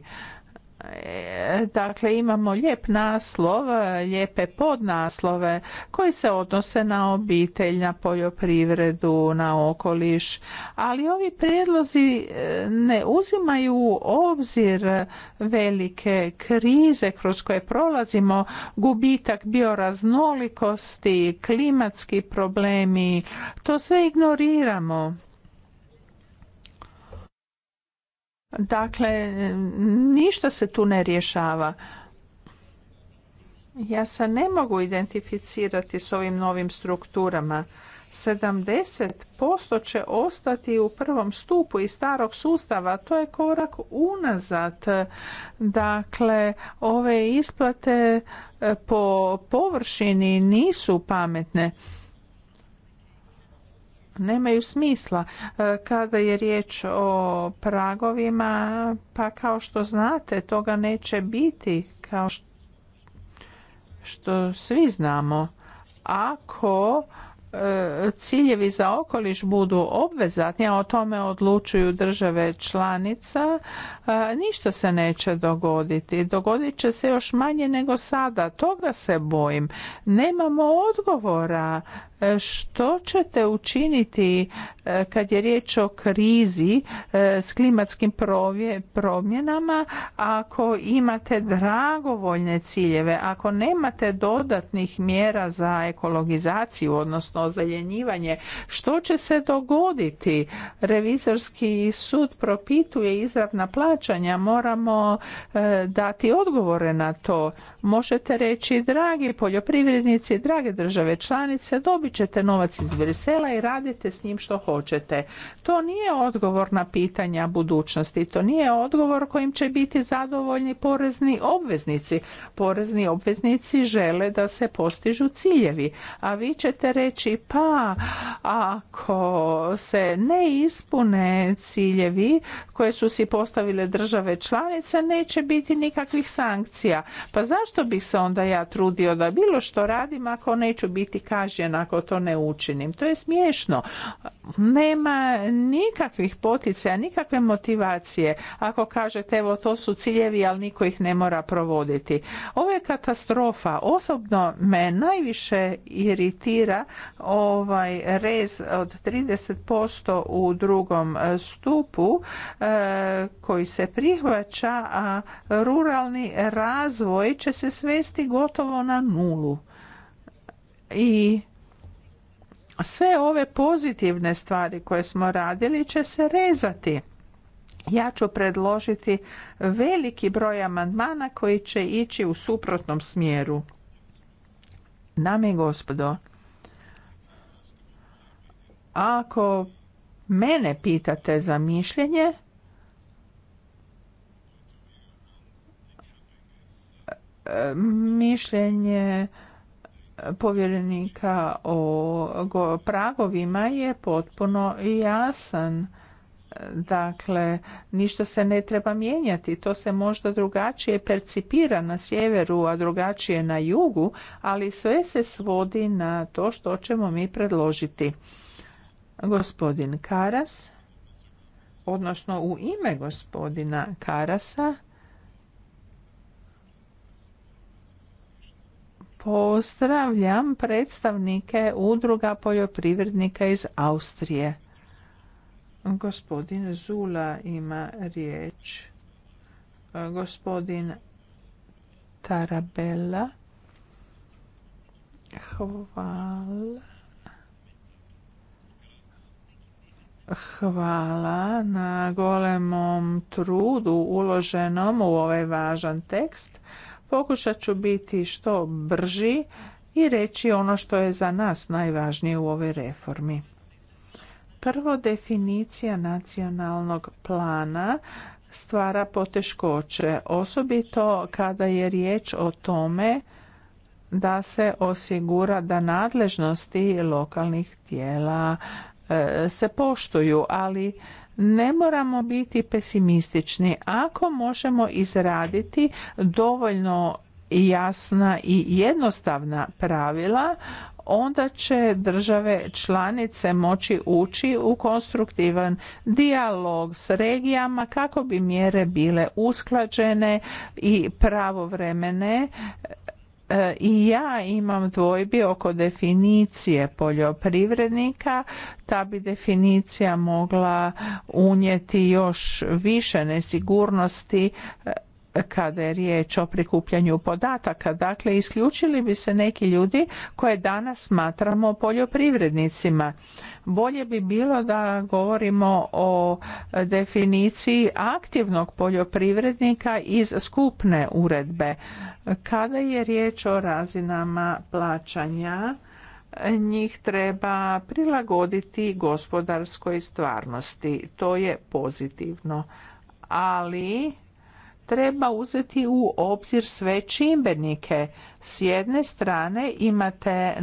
E, dakle, imamo lijep naslov, lijepe podnaslove koji se odnose na obitelj, na poljoprivredu, na okoliš, ali ovi prijedlozi e, ne uzimaju u obzir velike krize kroz koje prolazimo, gubitak bioraznolikosti, klimatski problemi, to sve ignoriramo. Dakle, ništa se tu ne rješava. Ja se ne mogu identificirati s ovim novim strukturama. 70% će ostati u prvom stupu iz starog sustava. To je korak unazad. Dakle, ove isplate eh, po površini nisu pametne nemaju smisla. E, kada je riječ o pragovima, pa kao što znate, toga neće biti, kao što, svi znamo. Ako e, ciljevi za okoliš budu obvezatni, a o tome odlučuju države članica, e, ništa se neće dogoditi. Dogodit će se još manje nego sada. Toga se bojim. Nemamo odgovora E, što ćete učiniti e, kad je riječ o krizi e, s klimatskim promjenama ako imate dragovoljne ciljeve, ako nemate dodatnih mjera za ekologizaciju, odnosno ozeljenjivanje, što će se dogoditi? Revizorski sud propituje izravna plaćanja, moramo dati odgovore na to. Možete reći, dragi poljoprivrednici, drage države članice, dobit ćete novac iz Brisela i radite s njim što hoćete. To nije odgovor na pitanja budućnosti, to nije odgovor kojim će biti zadovoljni porezni obveznici. Porezni obveznici žele da se postižu ciljevi, a vi ćete reći pa ako se ne ispune ciljevi koje su si postavile države članice, neće biti nikakvih sankcija. Pa zašto bih se onda ja trudio da bilo što radim ako neću biti kažnjen ako to ne učinim. To je smiješno. Nema nikakvih poticaja, nikakve motivacije. Ako kažete evo to su ciljevi, ali niko ih ne mora provoditi. Ovo je katastrofa. Osobno me najviše iritira ovaj rez od 30% u drugom stupu e, koji se prihvaća, a ruralni razvoj će se svesti gotovo na nulu. I sve ove pozitivne stvari koje smo radili će se rezati. Ja ću predložiti veliki broj amandmana koji će ići u suprotnom smjeru. Dame gospodo, ako mene pitate za mišljenje, mišljenje povjerenika o pragovima je potpuno jasan. Dakle, ništa se ne treba mijenjati. To se možda drugačije percipira na sjeveru, a drugačije na jugu, ali sve se svodi na to što ćemo mi predložiti. Gospodin Karas, odnosno u ime gospodina Karasa, pozdravljam predstavnike udruga poljoprivrednika iz Austrije. Gospodin Zula ima riječ. Gospodin Tarabella. Hvala. Hvala na golemom trudu uloženom u ovaj važan tekst. Pokušat ću biti što brži i reći ono što je za nas najvažnije u ovoj reformi. Prvo, definicija nacionalnog plana stvara poteškoće, osobito kada je riječ o tome da se osigura da nadležnosti lokalnih tijela e, se poštuju, ali ne moramo biti pesimistični. Ako možemo izraditi dovoljno jasna i jednostavna pravila, onda će države članice moći ući u konstruktivan dijalog s regijama kako bi mjere bile usklađene i pravovremene E, i ja imam dvojbi oko definicije poljoprivrednika. Ta bi definicija mogla unijeti još više nesigurnosti e, kada je riječ o prikupljanju podataka. Dakle, isključili bi se neki ljudi koje danas smatramo poljoprivrednicima. Bolje bi bilo da govorimo o definiciji aktivnog poljoprivrednika iz skupne uredbe kada je riječ o razinama plaćanja, njih treba prilagoditi gospodarskoj stvarnosti. To je pozitivno. Ali treba uzeti u obzir sve čimbenike. S jedne strane imate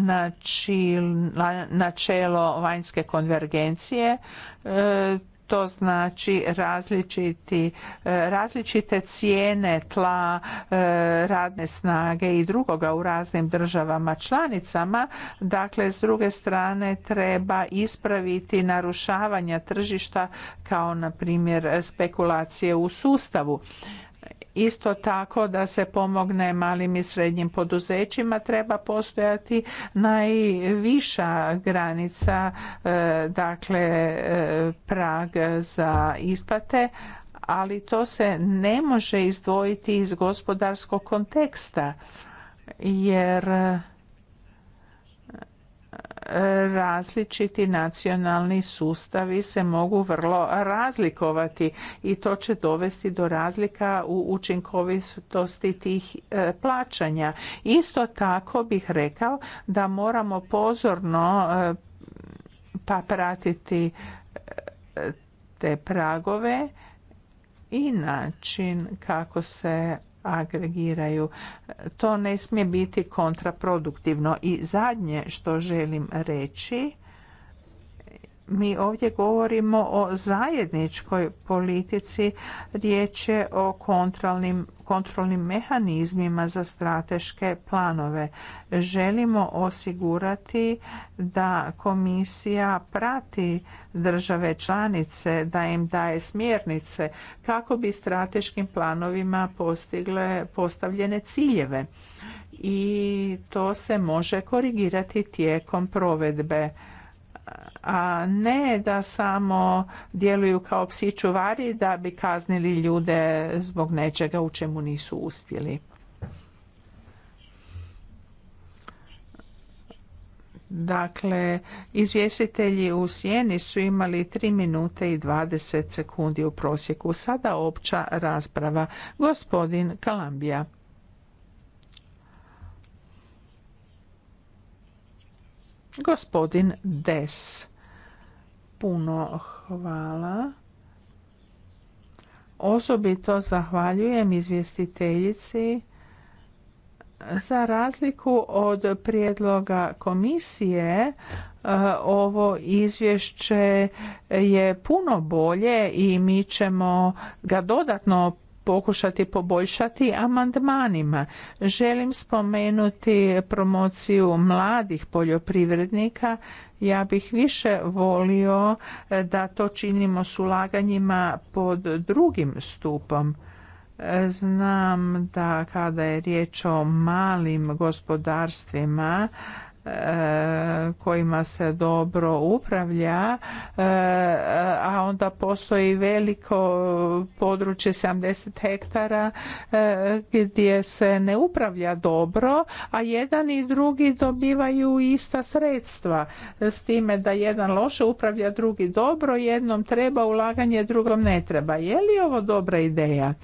načelo vanjske konvergencije, e, to znači različiti, e, različite cijene tla, e, radne snage i drugoga u raznim državama članicama. Dakle, s druge strane treba ispraviti narušavanja tržišta kao na primjer spekulacije u sustavu. Isto tako da se pomogne malim i srednjim poduzećima treba postojati najviša granica, e, dakle e, prag za isplate, ali to se ne može izdvojiti iz gospodarskog konteksta jer različiti nacionalni sustavi se mogu vrlo razlikovati i to će dovesti do razlika u učinkovitosti tih e, plaćanja. Isto tako bih rekao da moramo pozorno e, pa pratiti e, te pragove i način kako se agregiraju. To ne smije biti kontraproduktivno. I zadnje što želim reći, mi ovdje govorimo o zajedničkoj politici, riječ je o kontrolnim kontrolnim mehanizmima za strateške planove. Želimo osigurati da komisija prati države članice, da im daje smjernice kako bi strateškim planovima postigle postavljene ciljeve i to se može korigirati tijekom provedbe a ne da samo djeluju kao psi čuvari da bi kaznili ljude zbog nečega u čemu nisu uspjeli. Dakle, izvjestitelji u sjeni su imali 3 minute i 20 sekundi u prosjeku. Sada opća rasprava. Gospodin Kalambija. Gospodin Des. Puno hvala. Osobito zahvaljujem izvjestiteljici za razliku od prijedloga komisije, e, ovo izvješće je puno bolje i mi ćemo ga dodatno pokušati poboljšati amandmanima. Želim spomenuti promociju mladih poljoprivrednika. Ja bih više volio da to činimo s ulaganjima pod drugim stupom. Znam da kada je riječ o malim gospodarstvima, E, kojima se dobro upravlja, e, a onda postoji veliko područje 70 hektara e, gdje se ne upravlja dobro, a jedan i drugi dobivaju ista sredstva. S time da jedan loše upravlja, drugi dobro, jednom treba ulaganje, drugom ne treba. Je li ovo dobra ideja?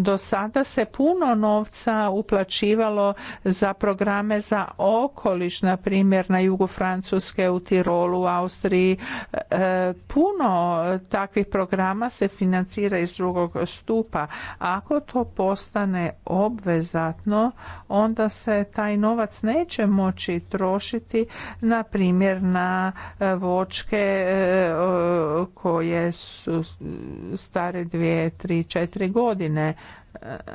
Do sada se puno novca uplaćivalo za programe za okoliš, na primjer na jugu Francuske, u Tirolu, u Austriji. E, puno takvih programa se financira iz drugog stupa. Ako to postane obvezatno, onda se taj novac neće moći trošiti, na primjer na e, vočke e, koje su stare dvije, tri, četiri godine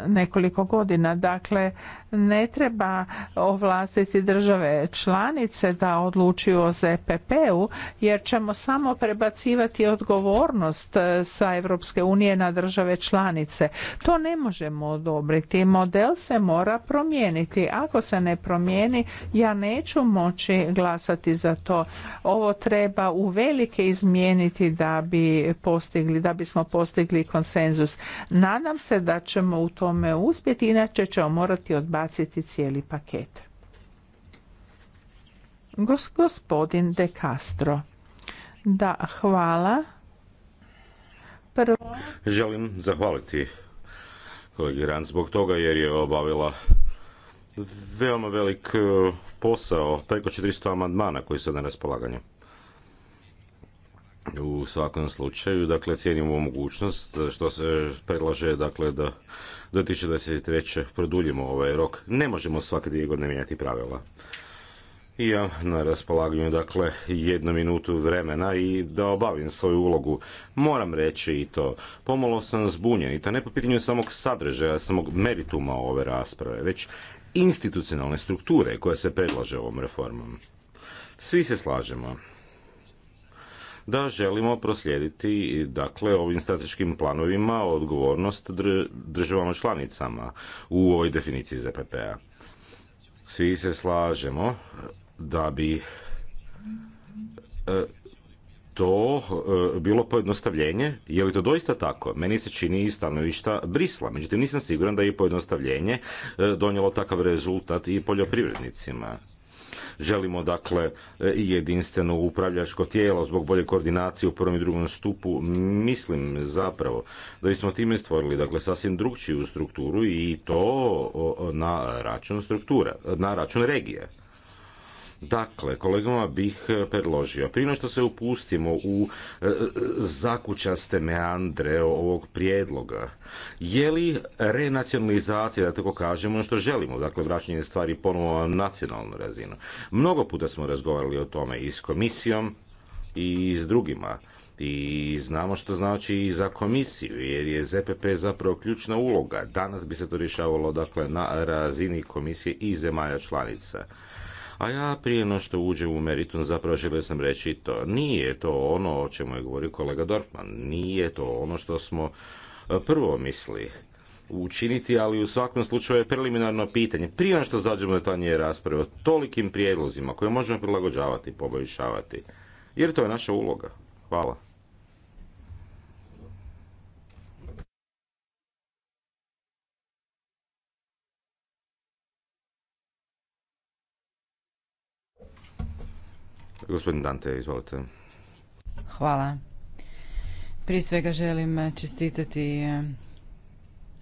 nekoliko godina. Dakle, ne treba ovlastiti države članice da odlučuju o ZPP-u jer ćemo samo prebacivati odgovornost e, sa Europske unije na države članice. To ne možemo odobriti. Model se mora promijeniti. Ako se ne promijeni, ja neću moći glasati za to. Ovo treba uvelike izmijeniti da bi postigli, da bismo postigli konsenzus. Nadam se da ćemo u tome uspjeti, inače ćemo morati odbaciti cijeli paket. Gospodin De Castro. Da, hvala. Prvo... Želim zahvaliti kolegi Ran zbog toga jer je obavila veoma velik eh, posao, preko 400 amandmana koji su na raspolaganju. U svakom slučaju, dakle, cijenim ovu mogućnost što se predlaže, dakle, da do 2023. produljimo ovaj rok. Ne možemo svake dvije godine mijenjati pravila. I ja na raspolaganju, dakle, jednu minutu vremena i da obavim svoju ulogu. Moram reći i to, pomalo sam zbunjen i to ne po pitanju samog sadržaja, samog merituma ove rasprave, već institucionalne strukture koja se predlaže ovom reformom. Svi se slažemo da želimo proslijediti dakle ovim strateškim planovima odgovornost državama članicama u ovoj definiciji ZPP-a. Svi se slažemo da bi e, to e, bilo pojednostavljenje. Je li to doista tako? Meni se čini i stanovišta Brisla. Međutim, nisam siguran da je pojednostavljenje e, donijelo takav rezultat i poljoprivrednicima. Želimo dakle e, i jedinstveno upravljačko tijelo zbog bolje koordinacije u prvom i drugom stupu. Mislim zapravo da bismo time stvorili dakle sasvim drukčiju strukturu i to na račun struktura, na račun regije. Dakle, kolegama bih e, predložio, prije što se upustimo u e, e, zakučaste meandre ovog prijedloga, je li renacionalizacija, da tako kažemo, ono što želimo, dakle vraćanje stvari ponovo na nacionalnu razinu. Mnogo puta smo razgovarali o tome i s komisijom i s drugima. I znamo što znači i za komisiju, jer je ZPP zapravo ključna uloga. Danas bi se to rješavalo dakle, na razini komisije i zemalja članica. A ja prije no što uđem u meritum zapravo želio sam reći to. Nije to ono o čemu je govorio kolega Dorfman. Nije to ono što smo e, prvo misli učiniti, ali u svakom slučaju je preliminarno pitanje. Prije što zađemo do tanje rasprave o tolikim prijedlozima koje možemo prilagođavati, poboljšavati. Jer to je naša uloga. Hvala. Gospodin Dante, izvolite. Hvala. Prije svega želim čestitati e,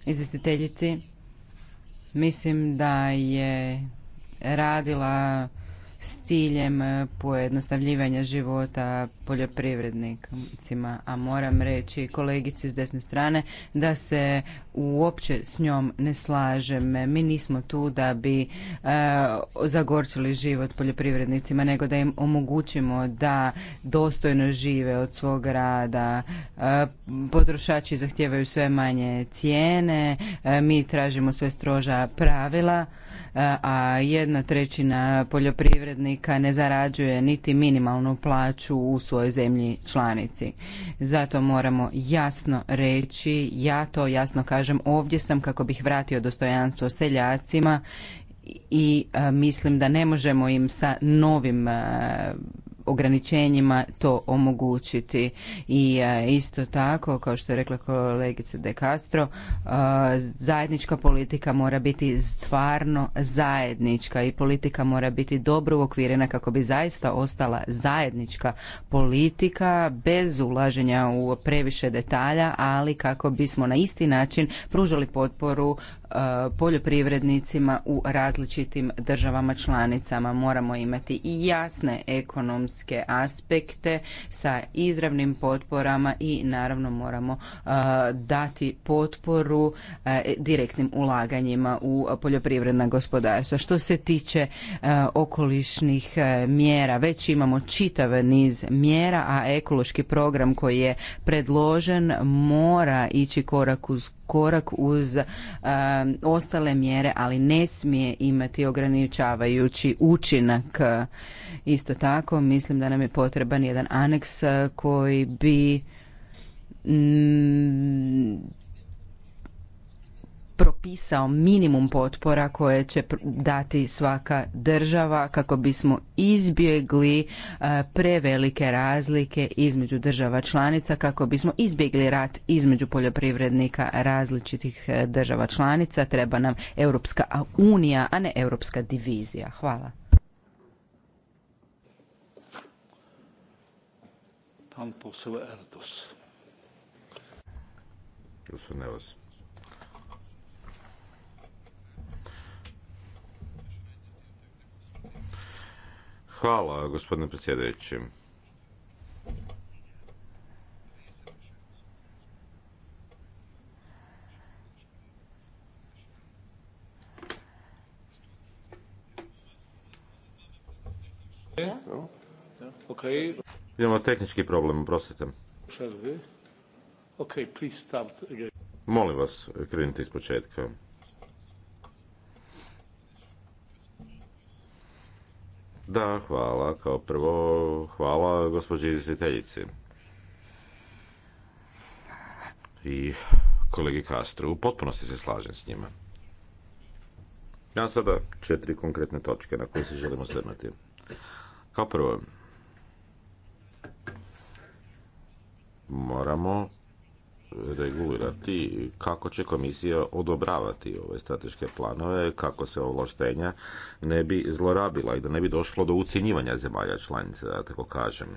izvestiteljici. Mislim da je radila s ciljem e, pojednostavljivanja života poljoprivrednicima, a moram reći kolegici s desne strane da se uopće s njom ne slažem. Mi nismo tu da bi e, zagorčili život poljoprivrednicima, nego da im omogućimo da dostojno žive od svog rada. E, potrošači zahtijevaju sve manje cijene, e, mi tražimo sve stroža pravila, e, a jedna trećina poljoprivrednika ne zarađuje niti minimalnu plaću u svojoj zemlji članici. Zato moramo jasno reći, ja to jasno kažem, ovdje sam kako bih vratio dostojanstvo seljacima i e, mislim da ne možemo im sa novim e, ograničenjima to omogućiti. I e, isto tako, kao što je rekla kolegica De Castro, e, zajednička politika mora biti stvarno zajednička i politika mora biti dobro uokvirena kako bi zaista ostala zajednička politika bez ulaženja u previše detalja, ali kako bismo na isti način pružali potporu E, poljoprivrednicima u različitim državama članicama. Moramo imati i jasne ekonomske aspekte sa izravnim potporama i naravno moramo e, dati potporu e, direktnim ulaganjima u poljoprivredna gospodarstva. Što se tiče okolišnih mjera, već imamo čitav niz mjera, a ekološki program koji je predložen mora ići korak uz korak uz eh, ostale mjere, ali ne smije imati ograničavajući učinak. Isto tako, mislim da nam je potreban jedan aneks koji bi mm, propisao minimum potpora koje će dati svaka država kako bismo izbjegli e, prevelike razlike između država članica kako bismo izbjegli rat između poljoprivrednika različitih e, država članica treba nam Europska unija a ne Europska divizija hvala Pan Hvala, gospodine predsjedajući. Imamo tehnički problem, oprostite. Molim vas, krenite iz početka. Da, hvala. Kao prvo, hvala gospođi izvjestiteljici. I kolegi Kastru, u potpunosti se slažem s njima. Ja sada četiri konkretne točke na koje se želimo osvrnuti. Kao prvo, moramo regulirati kako će komisija odobravati ove strateške planove, kako se ovlaštenja ne bi zlorabila i da ne bi došlo do ucjenjivanja zemalja članica, da tako kažem.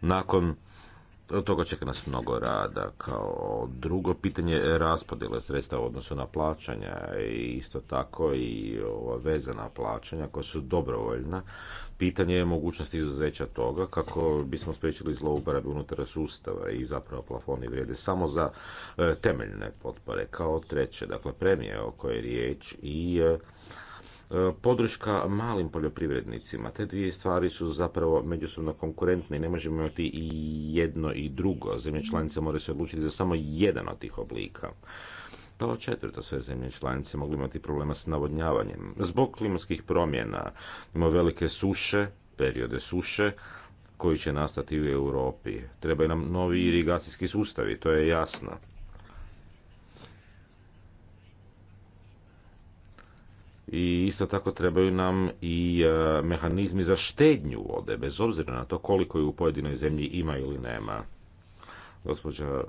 Nakon od toga čeka nas mnogo rada. Kao drugo pitanje raspodjele sredstva u odnosu na plaćanja i isto tako i ova vezana plaćanja koja su dobrovoljna. Pitanje je mogućnost izuzeća toga kako bismo spriječili zlouporabe unutar sustava i zapravo plafoni vrijede samo za e, temeljne potpore. Kao treće, dakle premije o kojoj je riječ i e, E, podrška malim poljoprivrednicima. Te dvije stvari su zapravo međusobno konkurentne i ne možemo imati i jedno i drugo. Zemlje mhm. članice moraju se odlučiti za samo jedan od tih oblika. To četvrto, sve zemlje članice mogli imati problema s navodnjavanjem. Zbog klimatskih promjena imamo velike suše, periode suše, koji će nastati u Europi. Trebaju nam novi irigacijski sustavi, to je jasno. i isto tako trebaju nam i e, mehanizmi za štednju vode, bez obzira na to koliko je u pojedinoj zemlji ima ili nema. Gospođa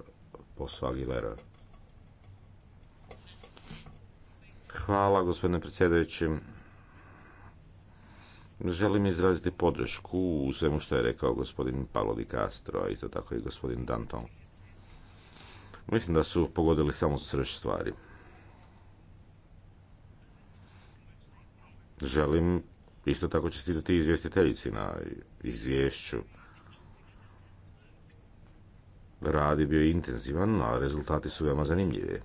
Aguilera. Hvala, gospodine predsjedajući. Želim izraziti podršku u svemu što je rekao gospodin Paolo Di Castro, a isto tako i gospodin Danton. Mislim da su pogodili samo srž stvari. Želim isto tako čestitati izvjestiteljici na izvješću. Rad je bio intenzivan, a rezultati su veoma zanimljivi.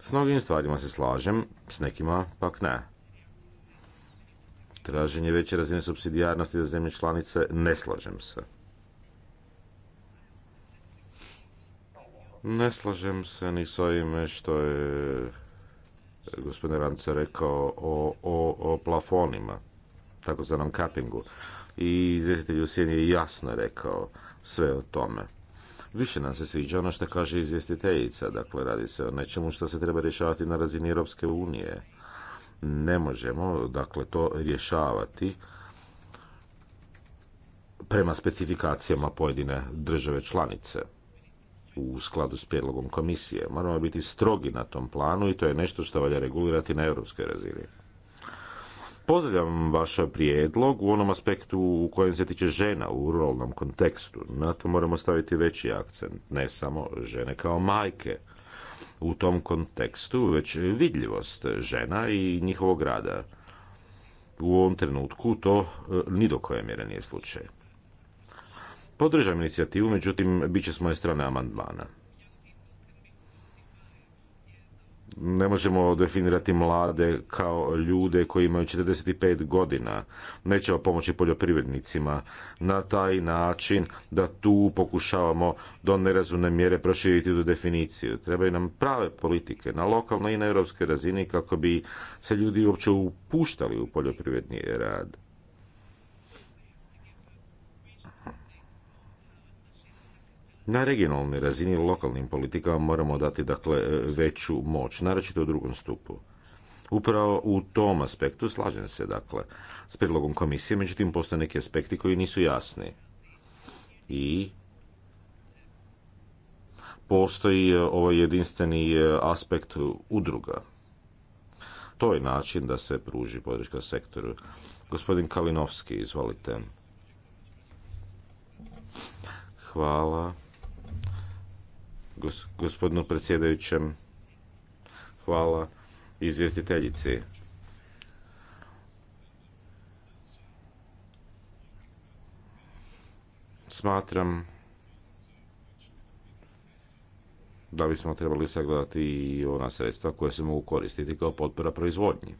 S mnogim stvarima se slažem, s nekima pak ne. Traženje veće razine subsidijarnosti za zemlje članice ne slažem se. Ne slažem se ni s ovime što je gospodin Ranco rekao o, o, o plafonima, takozvanom kapingu. I izvjestitelj u je jasno rekao sve o tome. Više nam se sviđa ono što kaže izvjestiteljica, dakle radi se o nečemu što se treba rješavati na razini Europske unije. Ne možemo, dakle, to rješavati prema specifikacijama pojedine države članice u skladu s prijedlogom komisije. Moramo biti strogi na tom planu i to je nešto što valja regulirati na europskoj razini. Pozdravljam vaš prijedlog u onom aspektu u kojem se tiče žena u ruralnom kontekstu. Na to moramo staviti veći akcent, ne samo žene kao majke. U tom kontekstu već vidljivost žena i njihovog rada. U ovom trenutku to e, ni do koje mjere nije slučaj. Podržam inicijativu, međutim, bit će s moje strane amandmana. Ne možemo definirati mlade kao ljude koji imaju 45 godina. Nećemo pomoći poljoprivrednicima na taj način da tu pokušavamo do nerazumne mjere proširiti tu definiciju. Trebaju nam prave politike na lokalnoj i na europskoj razini kako bi se ljudi uopće upuštali u poljoprivredni rad Na regionalnoj razini lokalnim politikama moramo dati dakle e, veću moć, naročito u drugom stupu. Upravo u tom aspektu slažem se dakle s prilogom komisije, međutim postoje neki aspekti koji nisu jasni. I postoji e, ovaj jedinstveni e, aspekt udruga. To je način da se pruži podrška sektoru. Gospodin Kalinovski, izvolite. Hvala gospodinu predsjedajućem. Hvala izvjestiteljici. Smatram da bismo trebali sagledati i ona sredstva koja se mogu koristiti kao potpora proizvodnji.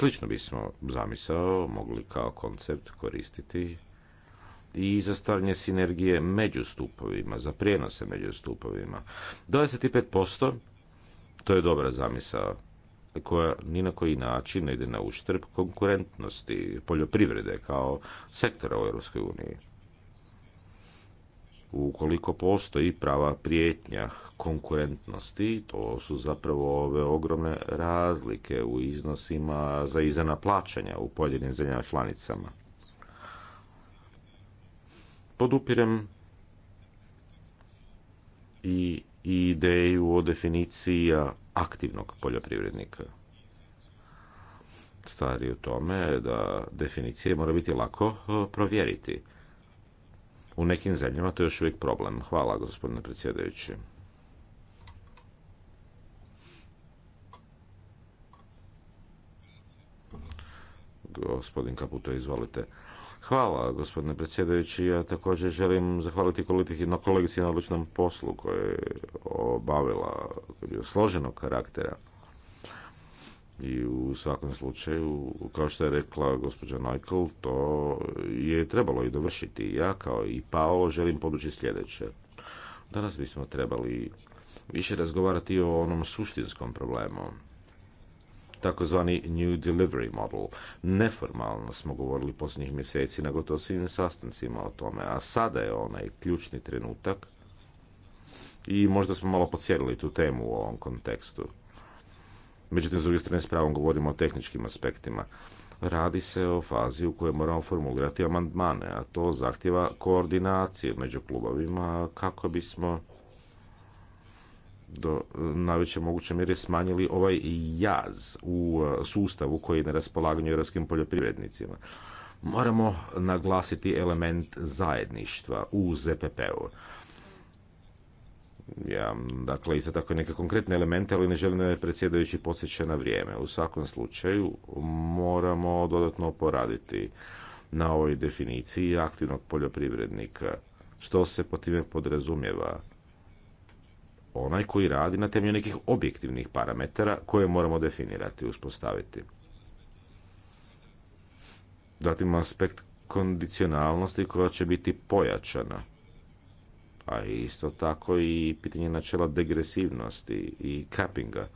Slično bismo zamisao mogli kao koncept koristiti i za stavljanje sinergije među stupovima, za prijenose među stupovima. 25% to je dobra zamisao koja ni na koji način ne ide na uštrb konkurentnosti poljoprivrede kao sektora u EU ukoliko postoji prava prijetnja konkurentnosti, to su zapravo ove ogromne razlike u iznosima za izana plaćanja u pojedinim zemljama članicama. Podupirem i ideju o definiciji aktivnog poljoprivrednika. Stvari u tome da definicije mora biti lako eh, provjeriti u nekim zemljama to je još uvijek problem. Hvala, gospodine predsjedajući. Gospodin Kaputo, izvolite. Hvala, gospodine predsjedajući. Ja također želim zahvaliti na kolegici na odličnom poslu koje je obavila, složenog karaktera. I u svakom slučaju, kao što je rekla gospođa Neukel, to je trebalo i dovršiti. Ja kao i Paolo želim podući sljedeće. Danas bismo trebali više razgovarati o onom suštinskom problemu takozvani New Delivery Model. Neformalno smo govorili posljednjih mjeseci na gotovo svim sastancima o tome, a sada je onaj ključni trenutak i možda smo malo pocijelili tu temu u ovom kontekstu. Međutim, s druge strane, s pravom govorimo o tehničkim aspektima. Radi se o fazi u kojoj moramo formulirati amandmane, a to zahtjeva koordinacije među klubovima kako bismo do najveće moguće mjere smanjili ovaj jaz u e, sustavu koji je na raspolaganju europskim poljoprivrednicima. Moramo naglasiti element zajedništva u ZPP-u ja, dakle, isto tako neke konkretne elemente, ali ne želim da je predsjedajući podsjeća na vrijeme. U svakom slučaju moramo dodatno poraditi na ovoj definiciji aktivnog poljoprivrednika. Što se po time podrazumijeva? Onaj koji radi na temelju nekih objektivnih parametara koje moramo definirati, uspostaviti. Zatim aspekt kondicionalnosti koja će biti pojačana a isto tako i pitanje načela degresivnosti i kapinga.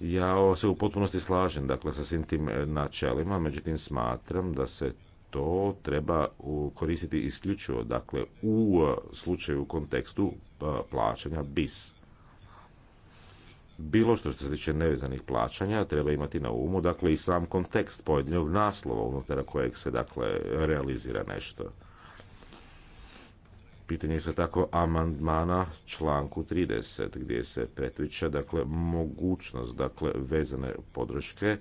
Ja se u potpunosti slažem dakle, sa svim tim e, načelima, međutim smatram da se to treba koristiti isključivo dakle, u e, slučaju u kontekstu e, plaćanja BIS. Bilo što što se tiče nevezanih plaćanja treba imati na umu dakle, i sam kontekst pojedinog naslova unutar kojeg se dakle, realizira nešto pitanje isto tako amandmana članku 30 gdje se pretviča dakle mogućnost dakle vezane podrške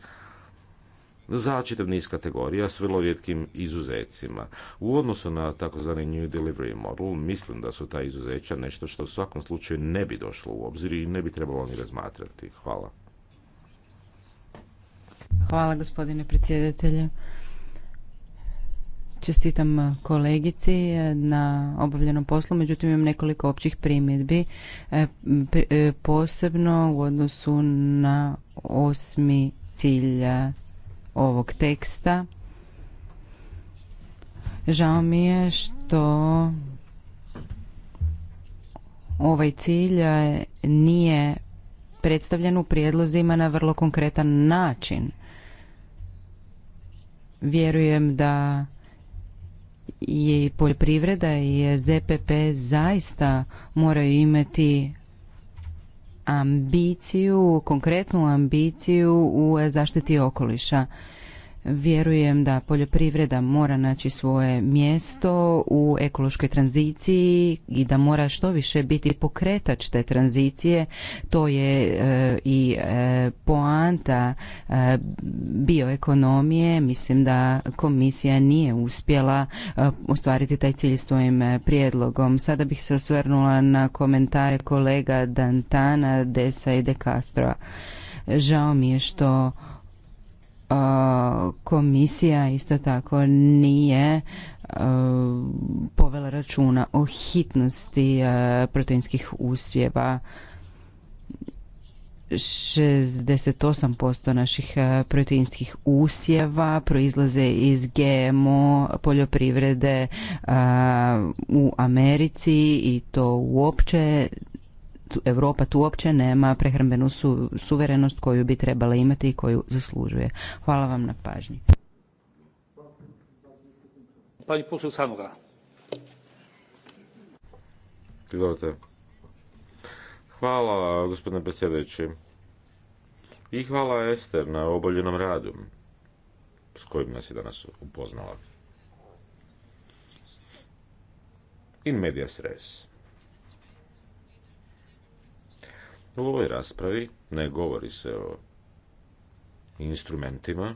za čitav niz kategorija s vrlo rijetkim izuzecima. U odnosu na takozvani New Delivery Model, mislim da su ta izuzeća nešto što u svakom slučaju ne bi došlo u obzir i ne bi trebalo ni razmatrati. Hvala. Hvala gospodine predsjedatelje. Čestitam e, kolegici e, na obavljenom poslu, međutim imam nekoliko općih primjedbi, e, posebno u odnosu na osmi cilj ovog teksta. Žao mi je što ovaj cilj nije predstavljen u prijedlozima na vrlo konkretan način. Vjerujem da i poljoprivreda i ZPP zaista moraju imati ambiciju, konkretnu ambiciju u zaštiti okoliša. Vjerujem da poljoprivreda mora naći svoje mjesto u ekološkoj tranziciji i da mora što više biti pokretač te tranzicije. To je e, i e, poanta e, bioekonomije. Mislim da komisija nije uspjela ostvariti taj cilj svojim prijedlogom. Sada bih se osvrnula na komentare kolega Dantana, Desa i De Castro. Žao mi je što komisija isto tako nije povela računa o hitnosti proteinskih usjeva. 68% naših proteinskih usjeva proizlaze iz GMO poljoprivrede u Americi i to uopće Europa tu uopće nema prehrambenu suverenost koju bi trebala imati i koju zaslužuje. Hvala vam na pažnji. Pani Hvala, gospodine predsjedeći. I hvala Ester na oboljenom radu s kojim nas je danas upoznala. In medias res. U ovoj raspravi ne govori se o instrumentima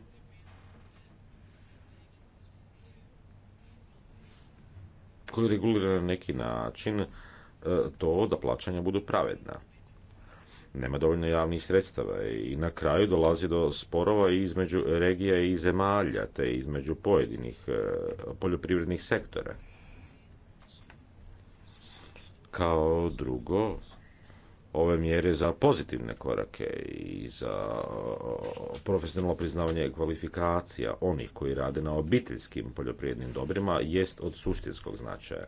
koji regulira na neki način e, to da plaćanja budu pravedna. Nema dovoljno javnih sredstava i na kraju dolazi do sporova između regija i zemalja, te između pojedinih e, poljoprivrednih sektora. Kao drugo, ove mjere za pozitivne korake i za profesionalno priznavanje kvalifikacija onih koji rade na obiteljskim poljoprivrednim dobrima jest od suštinskog značaja.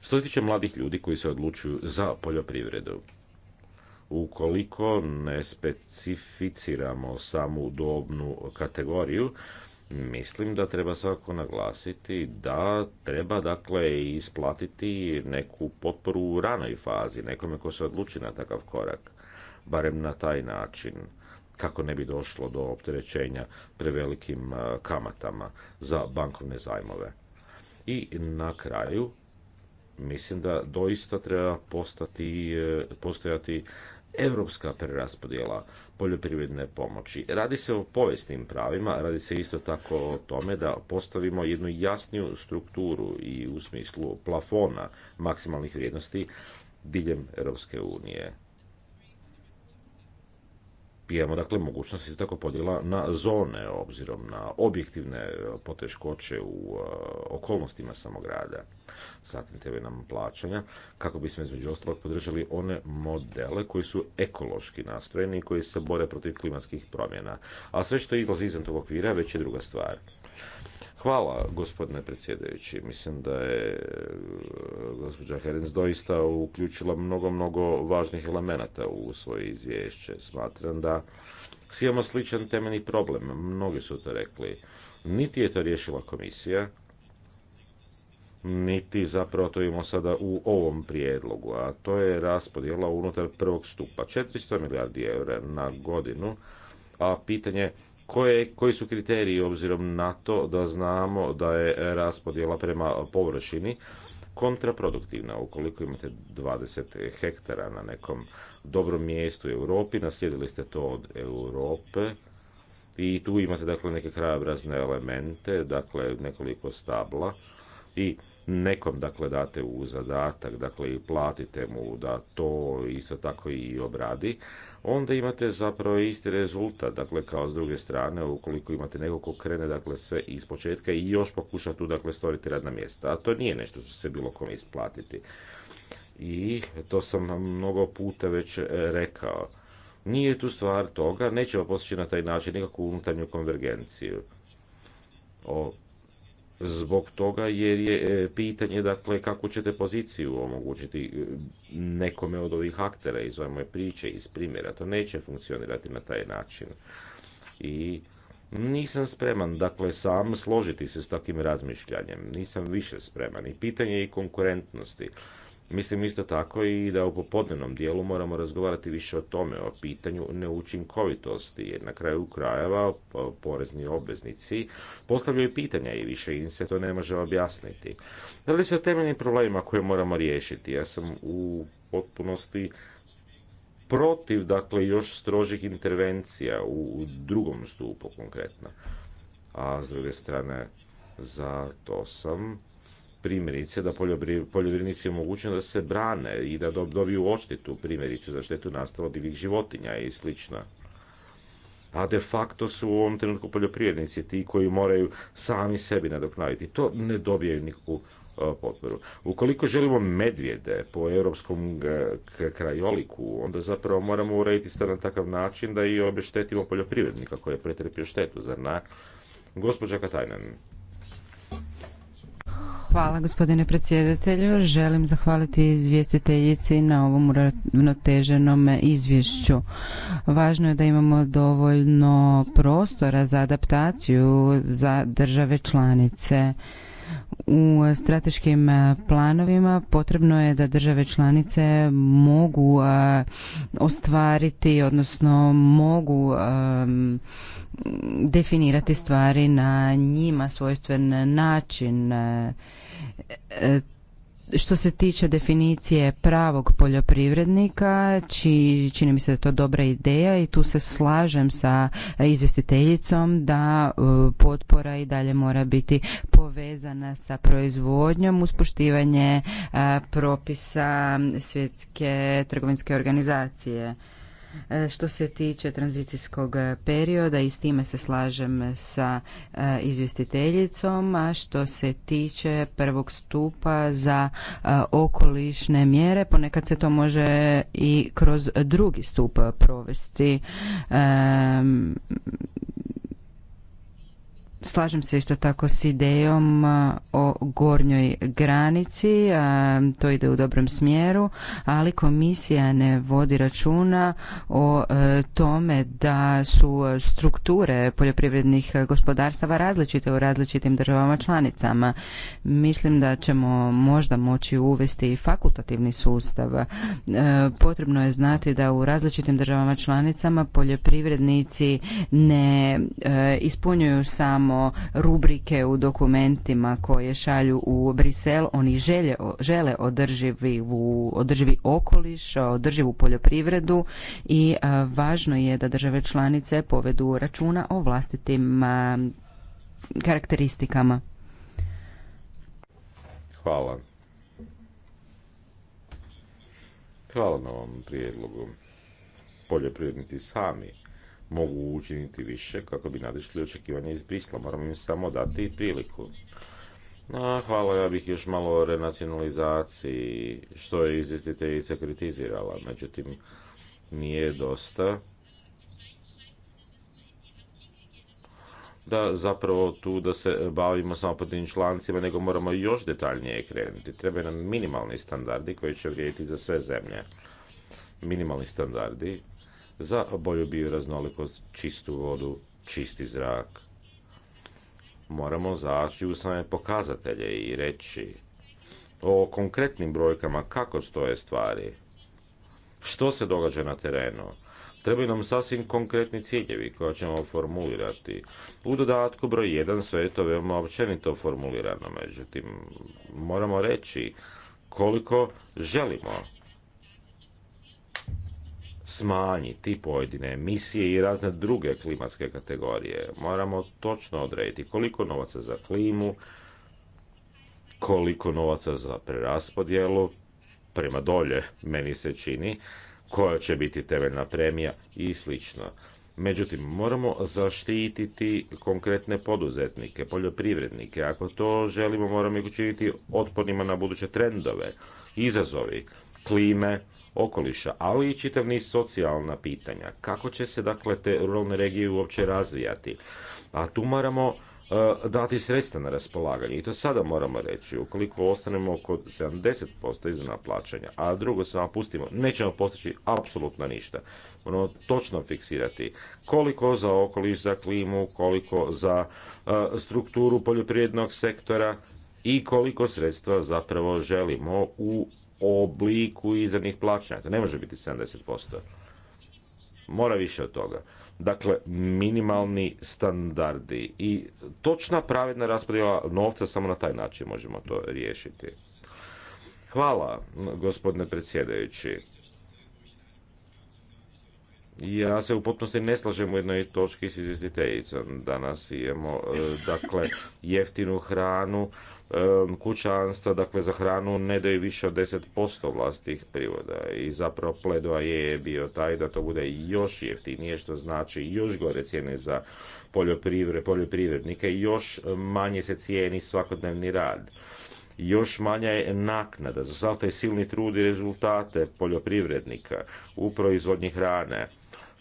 Što se tiče mladih ljudi koji se odlučuju za poljoprivredu, ukoliko ne specificiramo samu dobnu kategoriju, Mislim da treba svako naglasiti da treba dakle isplatiti neku potporu u ranoj fazi, nekome ko se odluči na takav korak, barem na taj način kako ne bi došlo do opterećenja prevelikim e, kamatama za bankovne zajmove. I na kraju mislim da doista treba postati, e, postojati europska preraspodjela poljoprivredne pomoći. Radi se o povijesnim pravima, radi se isto tako o tome da postavimo jednu jasniju strukturu i u smislu plafona maksimalnih vrijednosti diljem Europske unije imamo dakle mogućnost i tako podjela na zone obzirom na objektivne e, poteškoće u e, okolnostima samog rada. Zatim tebe nam plaćanja kako bismo između ostalog podržali one modele koji su ekološki nastrojeni i koji se bore protiv klimatskih promjena. A sve što izlazi izvan tog okvira već je druga stvar. Hvala, gospodine predsjedajući. Mislim da je e, gospođa Herenc doista uključila mnogo, mnogo važnih elemenata u svoje izvješće. Smatram da svi imamo sličan temeljni problem. Mnogi su to rekli. Niti je to riješila komisija, niti zapravo to imamo sada u ovom prijedlogu, a to je raspodjela unutar prvog stupa. 400 milijardi eura na godinu, a pitanje koje, koji su kriteriji obzirom na to da znamo da je raspodjela prema površini kontraproduktivna. Ukoliko imate 20 hektara na nekom dobrom mjestu u Europi, naslijedili ste to od Europe i tu imate dakle neke krajobrazne elemente, dakle nekoliko stabla i nekom dakle date u zadatak, dakle i platite mu da to isto tako i obradi, onda imate zapravo isti rezultat, dakle kao s druge strane, ukoliko imate nekog ko krene dakle sve iz početka i još pokuša tu dakle stvoriti radna mjesta, a to nije nešto što se bilo kome isplatiti. I to sam mnogo puta već e, rekao. Nije tu stvar toga, nećemo postići na taj način nikakvu unutarnju konvergenciju. O zbog toga jer je e, pitanje dakle kako ćete poziciju omogućiti e, nekome od ovih aktera iz ove moje priče, iz primjera. To neće funkcionirati na taj način. I nisam spreman, dakle, sam složiti se s takvim razmišljanjem. Nisam više spreman. I pitanje je konkurentnosti. Mislim isto tako i da u popodnevnom dijelu moramo razgovarati više o tome, o pitanju neučinkovitosti, jer na kraju krajeva porezni obveznici postavljaju pitanja i više im se to ne može objasniti. li se o temeljnim problemima koje moramo riješiti. Ja sam u potpunosti protiv dakle još strožih intervencija u drugom stupu konkretno. A s druge strane, za to sam primjerice da poljoprivrednici mogućno da se brane i da dobiju odštetu primjerice za štetu nastala divih životinja i slično. A pa de facto su u ovom trenutku poljoprivrednici ti koji moraju sami sebi nadoknaviti. To ne dobijaju nikakvu e, potporu. Ukoliko želimo medvjede po europskom e, krajoliku, onda zapravo moramo urediti stvar na takav način da i obeštetimo poljoprivrednika koji je pretrpio štetu, zar ne? Gospođa Katajnan. Hvala gospodine predsjedatelju. Želim zahvaliti izvjestiteljici na ovom uravnoteženom izvješću. Važno je da imamo dovoljno prostora za adaptaciju za države članice u strateškim e, planovima potrebno je da države članice mogu e, ostvariti odnosno mogu definirati stvari na njima svojstven način e, što se tiče definicije pravog poljoprivrednika, čini mi se da je to dobra ideja i tu se slažem sa e, izvjestiteljicom da e, potpora i dalje mora biti povezana sa proizvodnjom uz poštivanje e, propisa svjetske trgovinske organizacije. E, što se tiče tranzicijskog e, perioda i s time se slažem sa e, izvjestiteljicom, a što se tiče prvog stupa za okolišne mjere, ponekad se to može i kroz drugi stup provesti. Slažem se isto tako s idejom o gornjoj granici, to ide u dobrom smjeru, ali komisija ne vodi računa o e, tome da su strukture poljoprivrednih gospodarstava različite u različitim državama članicama. Mislim da ćemo možda moći uvesti i fakultativni sustav. E, potrebno je znati da u različitim državama članicama poljoprivrednici ne e, ispunjuju samo imamo rubrike u dokumentima koje šalju u Brisel, oni žele održivi, u, održivi okoliš, održivu poljoprivredu i e, važno je da države članice povedu računa o vlastitim e, karakteristikama. Hvala. Hvala na ovom prijedlogu. Poljoprivrednici sami mogu učiniti više kako bi nadišli očekivanje iz Brisla. Moramo im samo dati priliku. No, hvala, ja bih još malo o renacionalizaciji, što je izvjestiteljica kritizirala, međutim, nije dosta. da zapravo tu da se bavimo samo tim člancima, nego moramo još detaljnije krenuti. Treba nam minimalni standardi koji će vrijediti za sve zemlje. Minimalni standardi za bolju bioraznolikost, čistu vodu, čisti zrak. Moramo zaći u same pokazatelje i reći o konkretnim brojkama kako stoje stvari, što se događa na terenu, Treba nam sasvim konkretni ciljevi koje ćemo formulirati. U dodatku broj 1 sve je to veoma općenito formulirano, međutim moramo reći koliko želimo smanjiti pojedine emisije i razne druge klimatske kategorije. Moramo točno odrediti koliko novaca za klimu, koliko novaca za preraspodjelu, prema dolje meni se čini, koja će biti temeljna premija i slično. Međutim, moramo zaštititi konkretne poduzetnike, poljoprivrednike. Ako to želimo, moramo ih učiniti otpornima na buduće trendove, izazovi klime, okoliša, ali i čitav niz socijalna pitanja. Kako će se dakle te ruralne regije uopće razvijati? A tu moramo e, dati sredstva na raspolaganje. I to sada moramo reći. Ukoliko ostanemo kod 70% izvrna plaćanja, a drugo se pustimo, nećemo postići apsolutno ništa. Moramo točno fiksirati koliko za okoliš, za klimu, koliko za e, strukturu poljoprivrednog sektora i koliko sredstva zapravo želimo u obliku izrednih plaćanja. To ne može biti 70%. Mora više od toga. Dakle, minimalni standardi i točna pravedna raspodjela novca samo na taj način možemo to riješiti. Hvala, gospodine predsjedajući. Ja se u potpunosti ne slažem u jednoj točki s izvjestiteljicom. Danas imamo, e, dakle, jeftinu hranu, kućanstva dakle za hranu ne daju više od 10% vlastitih privoda i zapravo pledova je bio taj da to bude još jeftinije što znači još gore cijene za poljoprivre poljoprivrednike još manje se cijeni svakodnevni rad. Još manja je naknada za sav taj silni trud i rezultate poljoprivrednika u proizvodnji hrane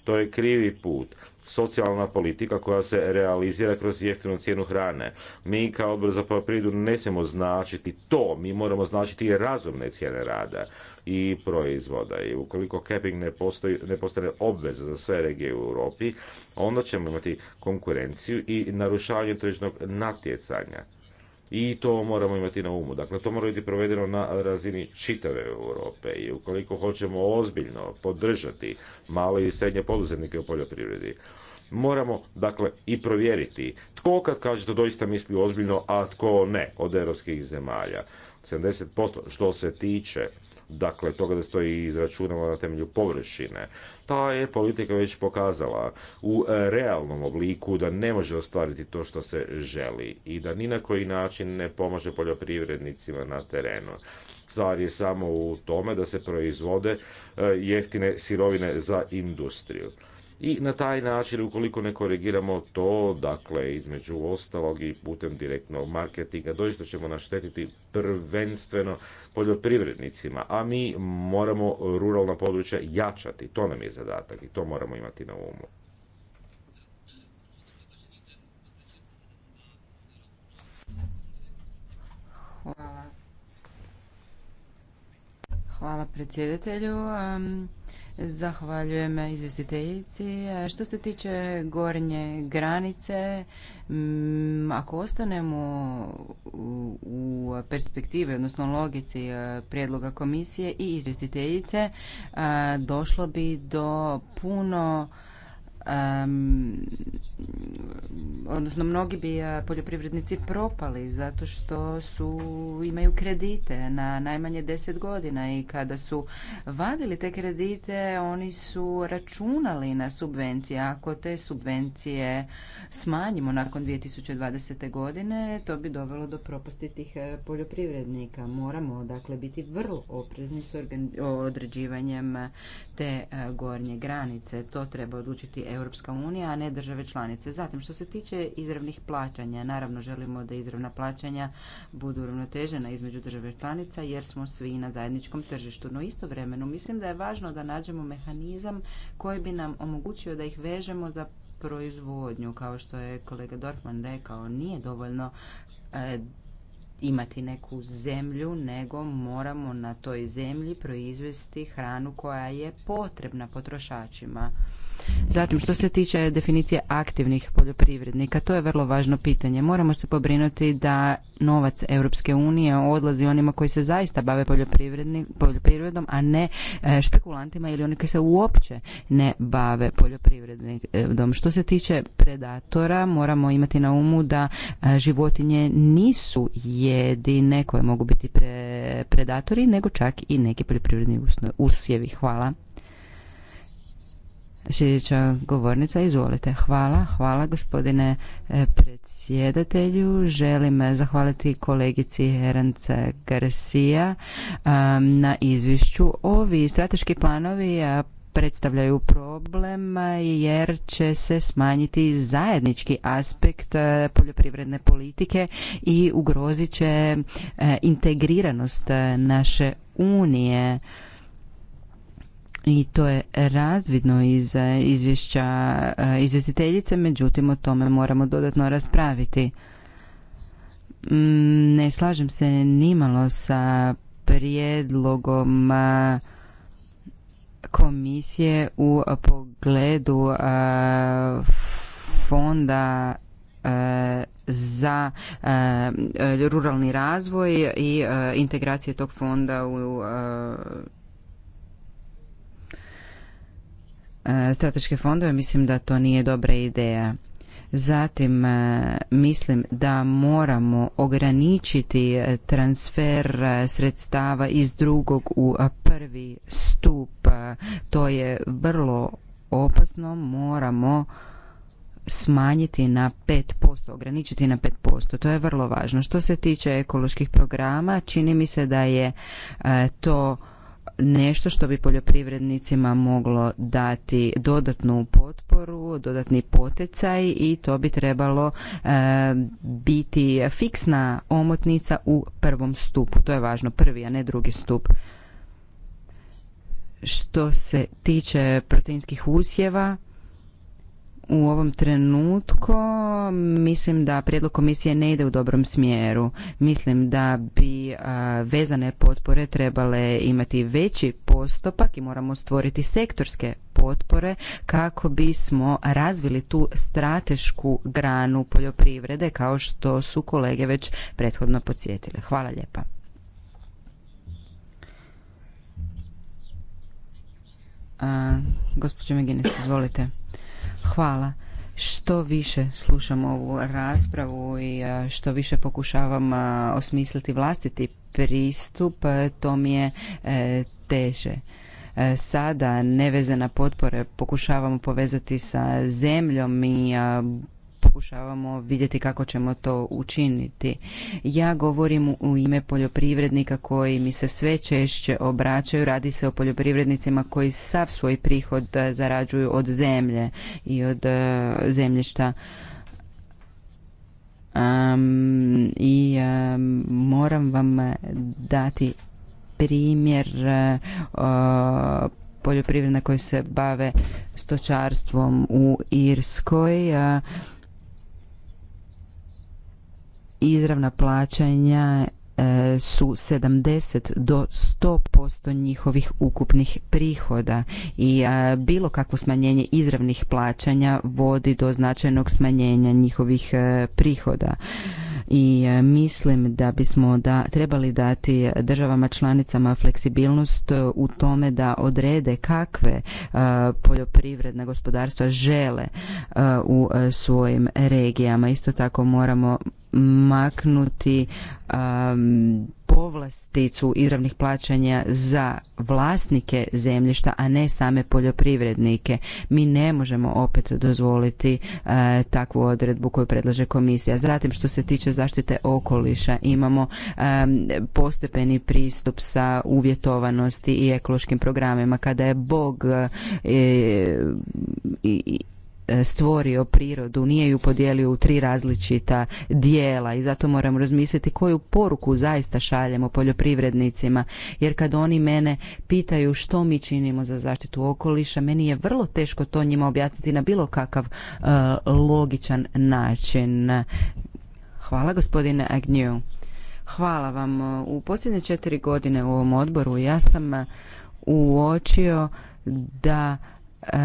to je krivi put. Socijalna politika koja se realizira kroz jeftinu cijenu hrane. Mi kao odbor za poljoprivredu ne smijemo značiti to, mi moramo značiti i razumne cijene rada i proizvoda. I ukoliko capping ne, postoji, ne postane obveza za sve regije u Europi, onda ćemo imati konkurenciju i narušavanje tržnog natjecanja i to moramo imati na umu. Dakle, to mora biti provedeno na razini čitave Europe i ukoliko hoćemo ozbiljno podržati male i srednje poduzetnike u poljoprivredi, moramo dakle i provjeriti tko kad kaže to doista misli ozbiljno, a tko ne od europskih zemalja. 70% što se tiče dakle toga da stoji izračunamo na temelju površine. Ta je politika već pokazala u realnom obliku da ne može ostvariti to što se želi i da ni na koji način ne pomaže poljoprivrednicima na terenu. Stvar je samo u tome da se proizvode eh, jeftine sirovine za industriju i na taj način ukoliko ne korigiramo to, dakle između ostalog i putem direktnog marketinga, doista ćemo naštetiti prvenstveno poljoprivrednicima, a mi moramo ruralna područja jačati, to nam je zadatak i to moramo imati na umu. Hvala. Hvala predsjedatelju. Zahvaljujem izvjestiteljici. Što se tiče gornje granice, ako ostanemo u perspektivi, odnosno logici e, prijedloga komisije i izvjestiteljice, došlo bi do puno odnosno mnogi bi eh, poljoprivrednici propali zato što su imaju kredite na najmanje 10 godina i kada su vadili te kredite oni su računali na subvencije. Ako te subvencije smanjimo nakon 2020. godine to bi dovelo do propasti tih eh, poljoprivrednika. Moramo dakle biti vrlo oprezni s određivanjem te eh, gornje granice. To treba odlučiti Europska unija, a ne države članice. Zatim, što se tiče izravnih plaćanja, naravno želimo da izravna plaćanja budu ravnotežena između države članica jer smo svi na zajedničkom tržištu. No istovremeno mislim da je važno da nađemo mehanizam koji bi nam omogućio da ih vežemo za proizvodnju. Kao što je kolega Dorfman rekao, nije dovoljno e, imati neku zemlju, nego moramo na toj zemlji proizvesti hranu koja je potrebna potrošačima. Zatim, što se tiče definicije aktivnih poljoprivrednika, to je vrlo važno pitanje. Moramo se pobrinuti da novac Europske unije odlazi onima koji se zaista bave poljoprivredom, a ne e, špekulantima ili onima koji se uopće ne bave poljoprivredom. Što se tiče predatora, moramo imati na umu da e, životinje nisu jedine koje mogu biti predatori, nego čak i neki poljoprivredni usjevi. Hvala. Sljedeća govornica, izvolite. Hvala, hvala gospodine e, predsjedatelju. Želim e, zahvaliti kolegici Herence Garcia e, na izvišću. Ovi strateški planovi predstavljaju problem jer će se smanjiti zajednički aspekt poljoprivredne politike i ugrozit će integriranost naše unije i to je razvidno iz e, izvješća e, izvjestiteljice, međutim o tome moramo dodatno raspraviti. Mm, ne slažem se nimalo sa prijedlogom e, komisije u pogledu fonda za ruralni razvoj i integracije tog fonda u E, strateške fondove, mislim da to nije dobra ideja. Zatim e, mislim da moramo ograničiti e, transfer sredstava iz drugog u prvi stup. To je vrlo opasno, moramo smanjiti na 5%, ograničiti na 5%. To je vrlo važno. Što se tiče ekoloških programa, čini mi se da je to nešto što bi poljoprivrednicima moglo dati dodatnu potporu, dodatni potecaj i to bi trebalo e, biti fiksna omotnica u prvom stupu. To je važno, prvi, a ne drugi stup. Što se tiče proteinskih usjeva, u ovom trenutku mislim da prijedlog komisije ne ide u dobrom smjeru. Mislim da bi vezane potpore trebale imati veći postopak i moramo stvoriti sektorske potpore kako bismo razvili tu stratešku granu poljoprivrede kao što su kolege već prethodno podsjetile. Hvala lijepa. Gospođo Meginis, izvolite. Hvala. Što više slušam ovu raspravu i e, što više pokušavam e, osmisliti vlastiti pristup, e, to mi je teže sada na potpore pokušavamo povezati sa zemljom i pokušavamo vidjeti kako ćemo to učiniti. Ja govorim u ime poljoprivrednika koji mi se sve češće obraćaju. Radi se o poljoprivrednicima koji sav svoj prihod eh, zarađuju od zemlje i od eh, zemljišta. I moram vam dati primjer uh, eh, poljoprivredna koji se bave stočarstvom u Irskoj izravna plaćanja e, su 70 do 100% njihovih ukupnih prihoda i e, bilo kakvo smanjenje izravnih plaćanja vodi do značajnog smanjenja njihovih e, prihoda i mislim da bismo da trebali dati državama članicama fleksibilnost u tome da odrede kakve poljoprivredna gospodarstva žele u svojim regijama. Isto tako moramo maknuti povlasticu izravnih plaćanja za vlasnike zemljišta, a ne same poljoprivrednike. Mi ne možemo opet dozvoliti e, takvu odredbu koju predlaže komisija. Zatim što se tiče zaštite okoliša, imamo postepeni pristup sa uvjetovanosti i ekološkim programima kada je Bog e, i E, stvorio prirodu, nije ju podijelio u tri različita dijela i zato moram razmisliti koju poruku zaista šaljemo poljoprivrednicima, jer kad oni mene pitaju što mi činimo za zaštitu okoliša, meni je vrlo teško to njima objasniti na bilo kakav e, logičan način. Hvala gospodine Agnew. Hvala vam. U posljednje četiri godine u ovom odboru ja sam uočio da E,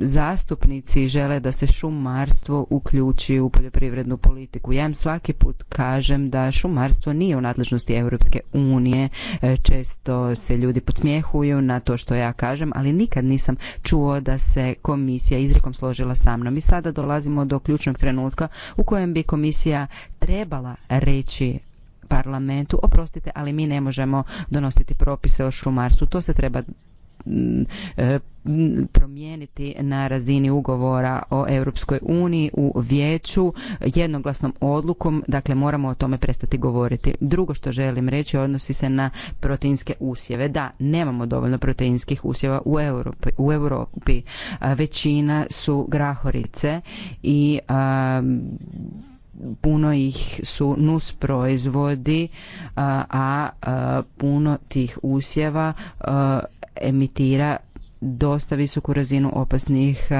zastupnici žele da se šumarstvo uključi u poljoprivrednu politiku. Ja im svaki put kažem da šumarstvo nije u nadležnosti Europske unije. E, često se ljudi podsmjehuju na to što ja kažem, ali nikad nisam čuo da se komisija izrijekom složila sa mnom. I sada dolazimo do ključnog trenutka u kojem bi komisija trebala reći parlamentu, oprostite, ali mi ne možemo donositi propise o šumarstvu. To se treba mm, e, promijeniti na razini ugovora o Europskoj uniji u vijeću jednoglasnom odlukom, dakle moramo o tome prestati govoriti. Drugo što želim reći odnosi se na proteinske usjeve. Da, nemamo dovoljno proteinskih usjeva u Europi. U većina su grahorice i puno ih su nus proizvodi, a, puno tih usjeva emitira dosta visoku razinu opasnih eh,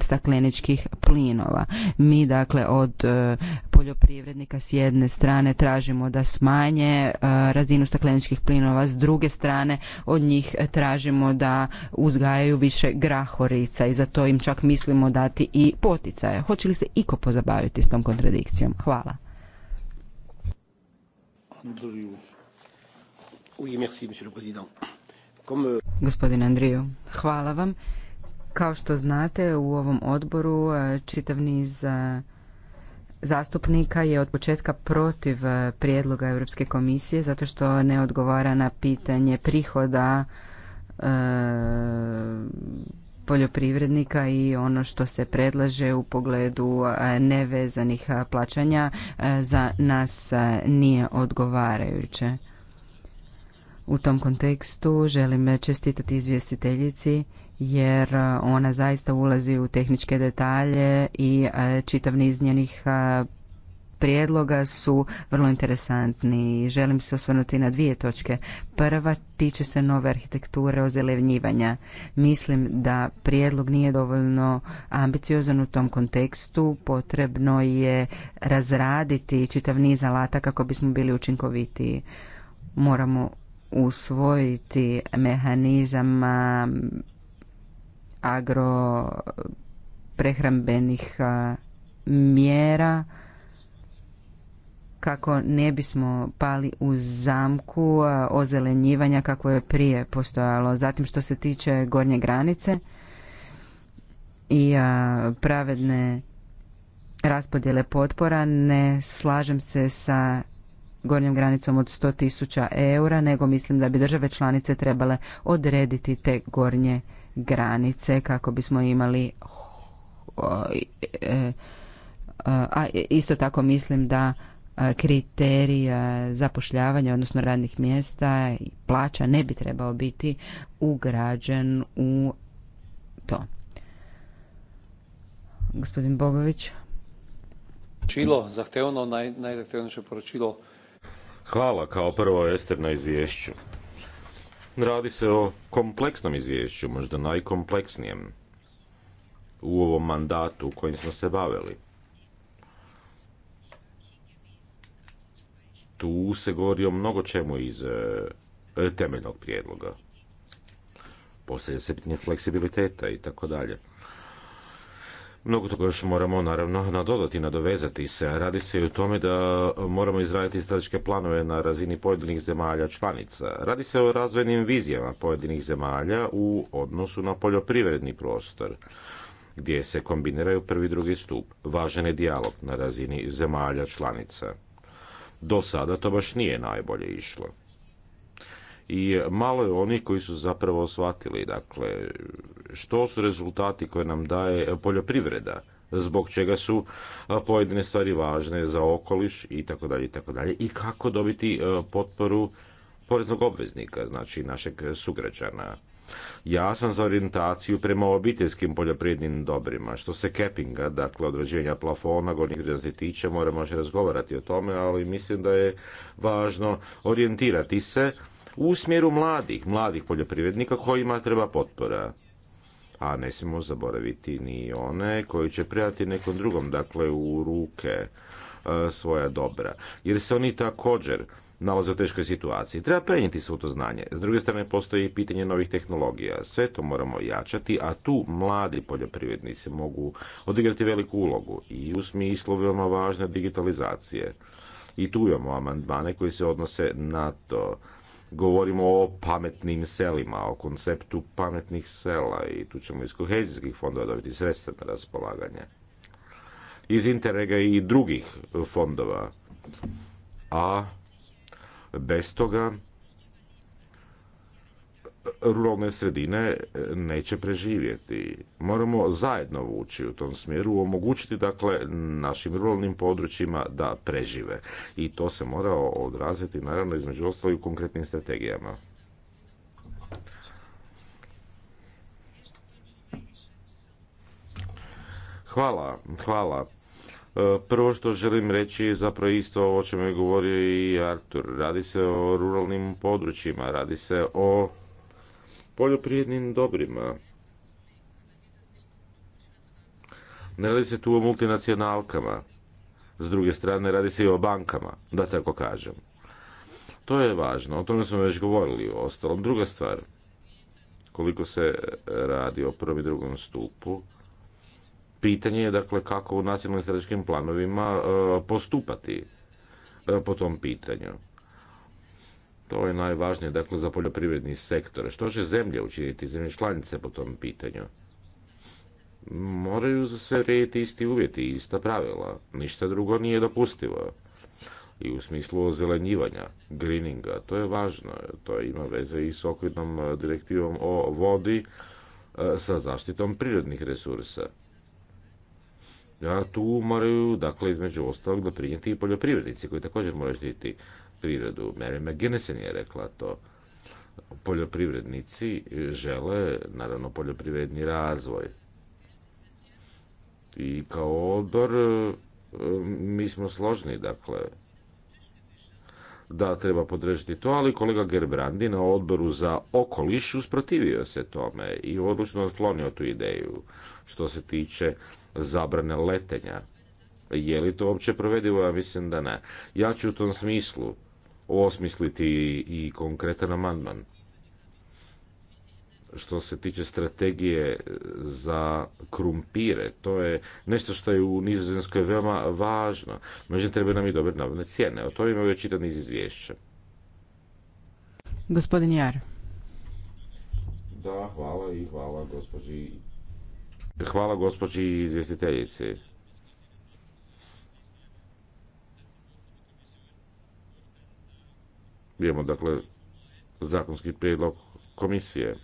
stakleničkih plinova. Mi dakle od eh, poljoprivrednika s jedne strane tražimo da smanje eh, razinu stakleničkih plinova, s druge strane od njih tražimo da uzgajaju više grahorica i za to im čak mislimo dati i poticaje. Hoće li se iko pozabaviti s tom kontradikcijom? Hvala. Oui, merci, monsieur le président. Gospodine Andriju, hvala vam. Kao što znate, u ovom odboru e, čitav niz e, zastupnika je od početka protiv e, prijedloga Europske komisije zato što ne odgovara na pitanje prihoda poljoprivrednika i ono što se predlaže u pogledu nevezanih plaćanja za nas nije odgovarajuće. U tom kontekstu želim čestitati izvjestiteljici jer ona zaista ulazi u tehničke detalje i čitav niz njenih prijedloga su vrlo interesantni. Želim se osvrnuti na dvije točke. Prva tiče se nove arhitekture ozelevnjivanja. Mislim da prijedlog nije dovoljno ambiciozan u tom kontekstu. Potrebno je razraditi čitav niz alata kako bismo bili učinkovitiji. Moramo usvojiti mehanizam um, agro prehrambenih uh, mjera kako ne bismo pali u zamku uh, ozelenjivanja kako je prije postojalo. Zatim što se tiče gornje granice i uh, pravedne raspodjele potpora ne slažem se sa gornjom granicom od 100.000 eura, nego mislim da bi države članice trebale odrediti te gornje granice kako bismo imali e, a isto tako mislim da e, kriterij e, zapošljavanja, odnosno radnih mjesta i plaća ne bi trebao biti ugrađen u to. Gospodin Bogović. Čilo, zahtevno, naj, poročilo Hvala kao prvo Ester na izvješću. Radi se o kompleksnom izvješću, možda najkompleksnijem u ovom mandatu u kojim smo se bavili. Tu se govori o mnogo čemu iz e, temeljnog prijedloga. Poslije se pitanje fleksibiliteta i tako dalje. Mnogo toga još moramo naravno nadodati, nadovezati se. Radi se i o tome da moramo izraditi strateške planove na razini pojedinih zemalja članica. Radi se o razvojnim vizijama pojedinih zemalja u odnosu na poljoprivredni prostor gdje se kombiniraju prvi i drugi stup. Važan je dijalog na razini zemalja članica. Do sada to baš nije najbolje išlo i malo je onih koji su zapravo shvatili dakle što su rezultati koje nam daje poljoprivreda zbog čega su pojedine stvari važne za okoliš i tako dalje i tako dalje i kako dobiti potporu poreznog obveznika znači našeg sugrađana ja sam za orijentaciju prema obiteljskim poljoprivrednim dobrima. Što se kepinga, dakle određenja plafona, gornjih vrijednosti tiče, moramo još razgovarati o tome, ali mislim da je važno orijentirati se u smjeru mladih, mladih poljoprivrednika kojima treba potpora. A ne smijemo zaboraviti ni one koji će predati nekom drugom, dakle u ruke e, svoja dobra. Jer se oni također nalaze u teškoj situaciji. Treba prenijeti svo to znanje. S druge strane, postoji pitanje novih tehnologija. Sve to moramo jačati, a tu mladi poljoprivrednici mogu odigrati veliku ulogu i u smislu veoma važne digitalizacije. I tu imamo amandmane koji se odnose na to govorimo o pametnim selima, o konceptu pametnih sela i tu ćemo iz kohezijskih fondova dobiti sredstva na raspolaganje. Iz Interrega i drugih fondova. A bez toga ruralne sredine e, neće preživjeti. Moramo zajedno vući u tom smjeru, omogućiti dakle našim ruralnim područjima da prežive. I to se mora odraziti naravno između ostalog u konkretnim strategijama. Hvala, hvala. E, prvo što želim reći je zapravo isto o čemu je govorio i Artur. Radi se o ruralnim područjima, radi se o poljoprivrednim dobrima. Ne radi se tu o multinacionalkama. S druge strane, radi se i o bankama, da tako kažem. To je važno, o tome smo već govorili o ostalom. Druga stvar, koliko se radi o prvom i drugom stupu, pitanje je dakle kako u nacionalnim strateškim planovima e, postupati e, po tom pitanju. To je najvažnije dakle, za poljoprivredni sektor. Što će zemlje učiniti, zemlje članice po tom pitanju? Moraju za sve vrijediti isti uvjeti, ista pravila. Ništa drugo nije dopustivo. I u smislu ozelenjivanja, greeninga, to je važno. To ima veze i s okvirnom direktivom o vodi e, sa zaštitom prirodnih resursa. A tu moraju, dakle, između ostalog, doprinijeti i poljoprivrednici koji također moraju štiti prirodu. Mary McGinnison je rekla to. Poljoprivrednici žele, naravno, poljoprivredni razvoj. I kao odbor e, mi smo složni, dakle, da treba podržati to, ali kolega Gerbrandi na odboru za okoliš usprotivio se tome i odlučno otklonio tu ideju što se tiče zabrane letenja. Je li to uopće provedivo? Ja mislim da ne. Ja ću u tom smislu osmisliti i konkretan amandman. Što se tiče strategije za krumpire, to je nešto što je u Nizozemskoj veoma važno. Međutim, treba nam i dobre navne cijene. O tome imamo već čitav niz izvješća. Gospodin Jar. Da, hvala i hvala gospođi Hvala gospođi izvjestiteljici. Imamo dakle zakonski prijedlog komisije.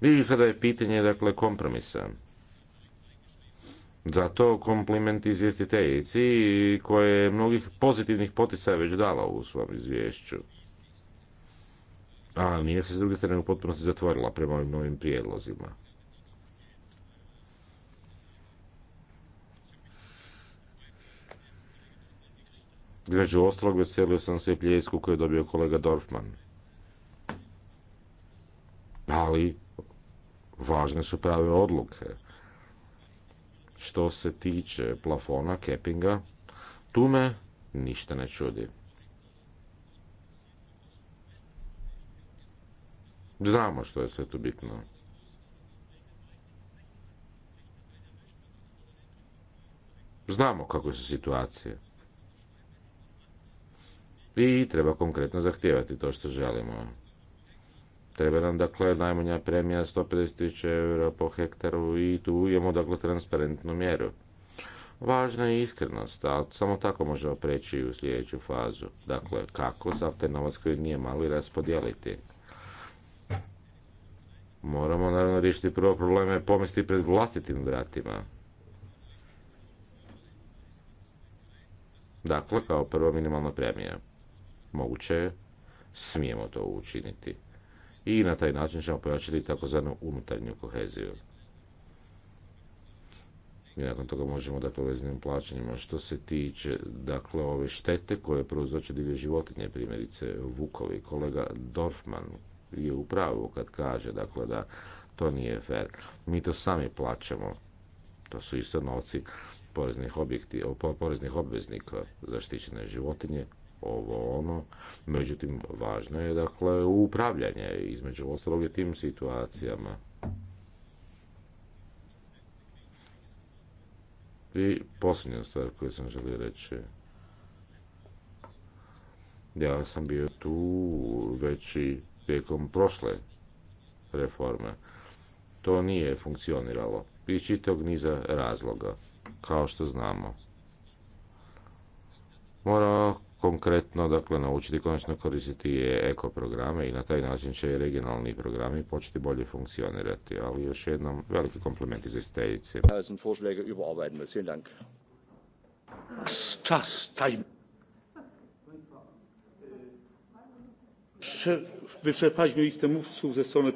I sada je pitanje dakle kompromisa. Zato kompliment izvjestiteljici koje je mnogih pozitivnih poticaja već dala u svom izvješću. A nije se s druge strane u potpunosti zatvorila prema ovim novim prijedlozima. Između ostalog veselio sam se i pljesku koju je dobio kolega Dorfman. Ali, važne su prave odluke. Što se tiče plafona, kepinga, tu me ništa ne čudi. Znamo što je sve tu bitno. Znamo kako su situacije i treba konkretno zahtijevati to što želimo. Treba nam dakle najmanja premija 150.000 eura po hektaru i tu imamo dakle transparentnu mjeru. Važna je iskrenost, a samo tako možemo preći u sljedeću fazu. Dakle, kako sav taj novac koji nije mali raspodijeliti. Moramo naravno riješiti prvo probleme pomesti pred vlastitim vratima. Dakle, kao prvo minimalna premija moguće je, smijemo to učiniti. I na taj način ćemo pojačiti takozvanu unutarnju koheziju. I nakon toga možemo da dakle, poveznim plaćanjima. Što se tiče dakle ove štete koje prouzroče divlje životinje, primjerice vukovi, kolega Dorfman je u pravu kad kaže dakle da to nije fair. Mi to sami plaćamo. To su isto novci poreznih, objekti, poreznih obveznika zaštićene životinje ovo ono. Međutim, važno je dakle upravljanje između ostalog i tim situacijama. I posljednja stvar koju sam želio reći. Ja sam bio tu već i tijekom prošle reforme. To nije funkcioniralo iz čitog niza razloga, kao što znamo. Mora konkretno dakle, naučiti konačno koristiti eko programe i na taj način će i regionalni programi početi bolje funkcionirati. Ali još jednom veliki kompliment iz Estejice.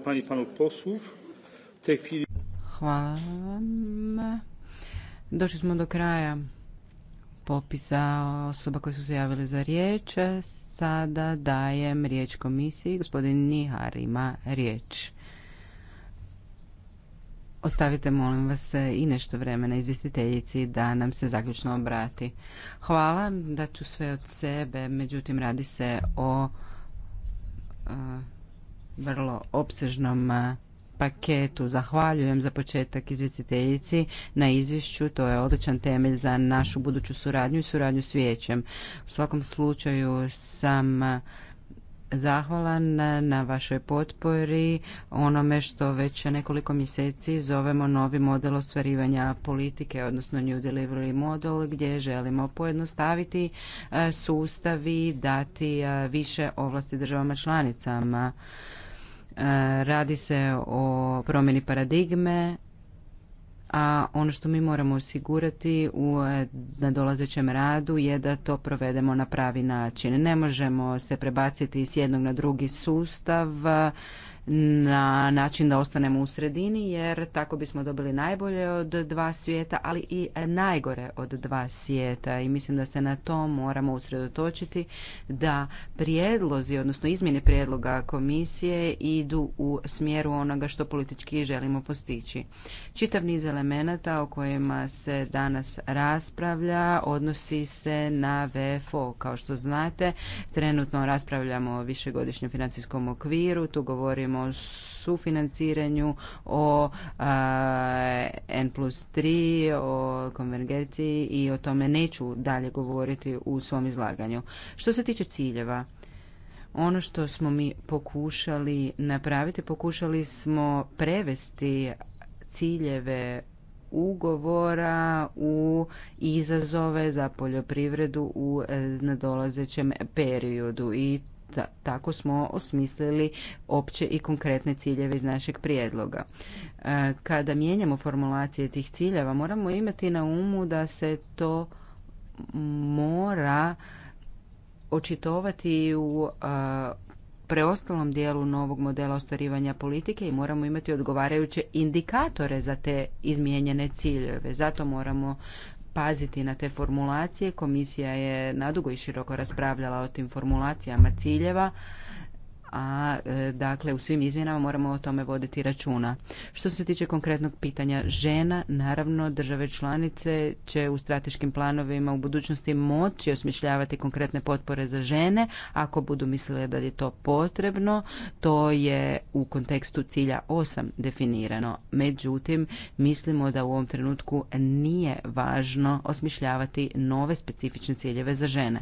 pani Hvala vam. Došli smo do kraja popisa osoba koje su se javile za riječ. Sada dajem riječ komisiji. Gospodin Nihar ima riječ. Ostavite molim vas i nešto vremena izvjestiteljici da nam se zaključno obrati. Hvala, da ću sve od sebe, međutim radi se o vrlo opsežnom paketu. Zahvaljujem za početak izvjestiteljici na izvješću. To je odličan temelj za našu buduću suradnju i suradnju s vijećem. U svakom slučaju sam eh, zahvalan na vašoj potpori onome što već nekoliko mjeseci zovemo novi model ostvarivanja politike, odnosno New Delivery Model, gdje želimo pojednostaviti eh, sustav i dati eh, više ovlasti državama članicama. E, radi se o promjeni paradigme, a ono što mi moramo osigurati u nadolazećem radu je da to provedemo na pravi način. Ne možemo se prebaciti s jednog na drugi sustav, na način da ostanemo u sredini jer tako bismo dobili najbolje od dva svijeta, ali i najgore od dva svijeta i mislim da se na to moramo usredotočiti da prijedlozi, odnosno izmjene prijedloga komisije idu u smjeru onoga što politički želimo postići. Čitav niz elemenata o kojima se danas raspravlja odnosi se na VFO. Kao što znate, trenutno raspravljamo o višegodišnjem financijskom okviru, tu govorimo o sufinanciranju, o eh, N plus 3, o konvergenciji i o tome neću dalje govoriti u svom izlaganju. Što se tiče ciljeva, ono što smo mi pokušali napraviti, pokušali smo prevesti ciljeve ugovora u izazove za poljoprivredu u eh, nadolazećem periodu i tako smo osmislili opće i konkretne ciljeve iz našeg prijedloga. E, kada mijenjamo formulacije tih ciljeva, moramo imati na umu da se to mora očitovati u e, preostalom dijelu novog modela ostvarivanja politike i moramo imati odgovarajuće indikatore za te izmijenjene ciljeve. Zato moramo paziti na te formulacije. Komisija je nadugo i široko raspravljala o tim formulacijama ciljeva a e, dakle u svim izmjenama moramo o tome voditi računa. Što se tiče konkretnog pitanja žena, naravno države članice će u strateškim planovima u budućnosti moći osmišljavati konkretne potpore za žene ako budu mislile da je to potrebno. To je u kontekstu cilja 8 definirano. Međutim, mislimo da u ovom trenutku nije važno osmišljavati nove specifične ciljeve za žene.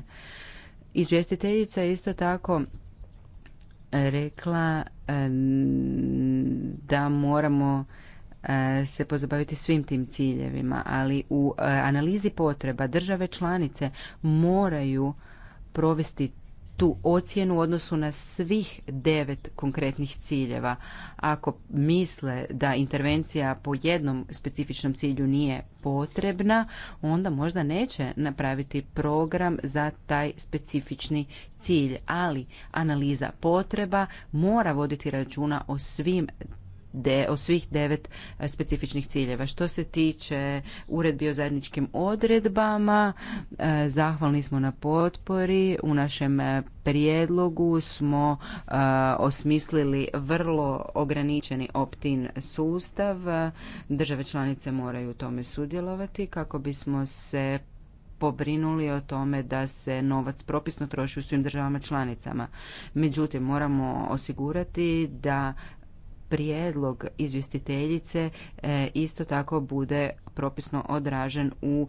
Izvjestiteljica je isto tako rekla e, da moramo e, se pozabaviti svim tim ciljevima, ali u e, analizi potreba države članice moraju provesti tu ocjenu u odnosu na svih devet konkretnih ciljeva. Ako misle da intervencija po jednom specifičnom cilju nije potrebna, onda možda neće napraviti program za taj specifični cilj, ali analiza potreba mora voditi računa o svim o svih devet e, specifičnih ciljeva. Što se tiče uredbi o zajedničkim odredbama, e, zahvalni smo na potpori. U našem e, prijedlogu smo osmislili vrlo ograničeni opt sustav. Države članice moraju u tome sudjelovati kako bismo se pobrinuli o tome da se novac propisno troši u svim državama članicama. Međutim, moramo osigurati da prijedlog izvjestiteljice e, isto tako bude propisno odražen u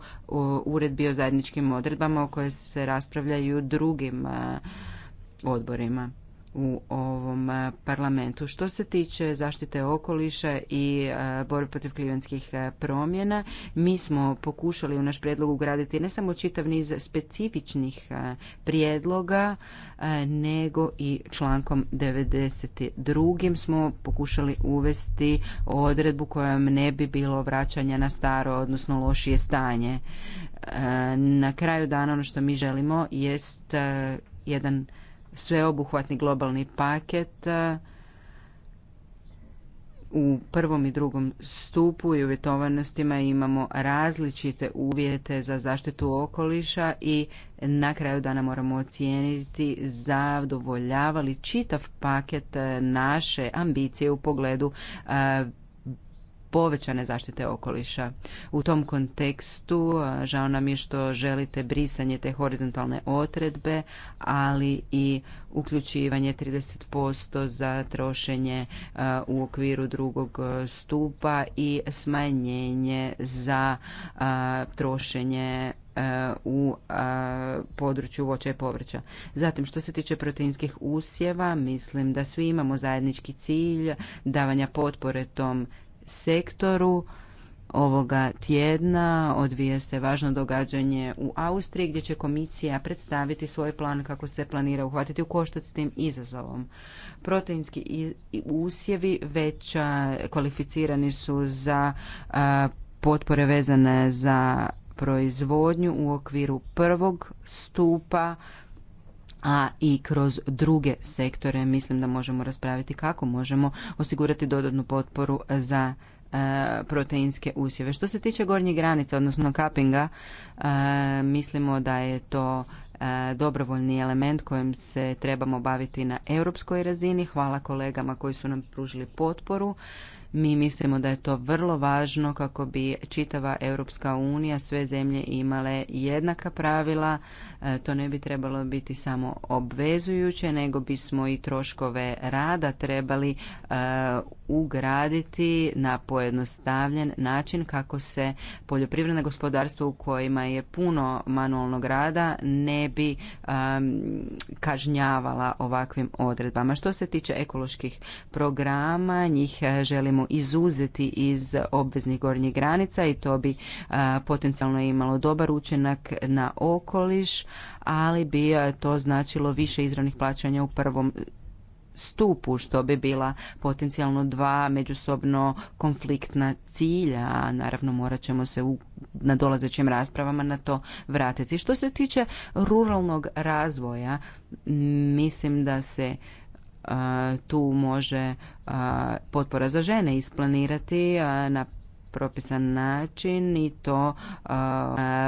uredbi o zajedničkim odredbama o kojoj se raspravljaju drugim e, odborima u ovom e, parlamentu. Što se tiče zaštite okoliša i e, borbe protiv klimatskih e, promjena, mi smo pokušali u naš prijedlog ugraditi ne samo čitav niz specifičnih prijedloga, nego i člankom 92. smo pokušali uvesti odredbu kojom ne bi bilo vraćanja na staro, odnosno lošije stanje. Na kraju dana ono što mi želimo jest jedan sveobuhvatni globalni paket e, u prvom i drugom stupu i uvjetovanostima imamo različite uvjete za zaštitu okoliša i na kraju dana moramo ocijeniti zadovoljavali čitav paket e, naše ambicije u pogledu e, povećane zaštite okoliša. U tom kontekstu žao nam je što želite brisanje te horizontalne odredbe, ali i uključivanje 30% za trošenje u okviru drugog stupa i smanjenje za trošenje u području voća i povrća. Zatim, što se tiče proteinskih usjeva, mislim da svi imamo zajednički cilj davanja potpore tom sektoru. Ovoga tjedna odvija se važno događanje u Austriji gdje će komisija predstaviti svoj plan kako se planira uhvatiti u koštac s tim izazovom. Proteinski usjevi već kvalificirani su za potpore vezane za proizvodnju u okviru prvog stupa a i kroz druge sektore mislim da možemo raspraviti kako možemo osigurati dodatnu potporu za e, proteinske usjeve. Što se tiče gornjih granica, odnosno kapinga, e, mislimo da je to e, dobrovoljni element kojim se trebamo baviti na europskoj razini. Hvala kolegama koji su nam pružili potporu mi mislimo da je to vrlo važno kako bi čitava Europska unija, sve zemlje imale jednaka pravila. E, to ne bi trebalo biti samo obvezujuće, nego bismo i troškove rada trebali e, ugraditi na pojednostavljen način kako se poljoprivredna gospodarstvo u kojima je puno manualnog rada ne bi kažnjavala ovakvim odredbama. Što se tiče ekoloških programa, njih e, želimo izuzeti iz obveznih gornjih granica i to bi potencijalno imalo dobar učinak na okoliš, ali bi to značilo više izravnih plaćanja u prvom stupu što bi bila potencijalno dva međusobno konfliktna cilja, a naravno morat ćemo se u dolazećim raspravama na to vratiti. Što se tiče ruralnog razvoja, mislim da se tu može potpora za žene isplanirati na propisan način i to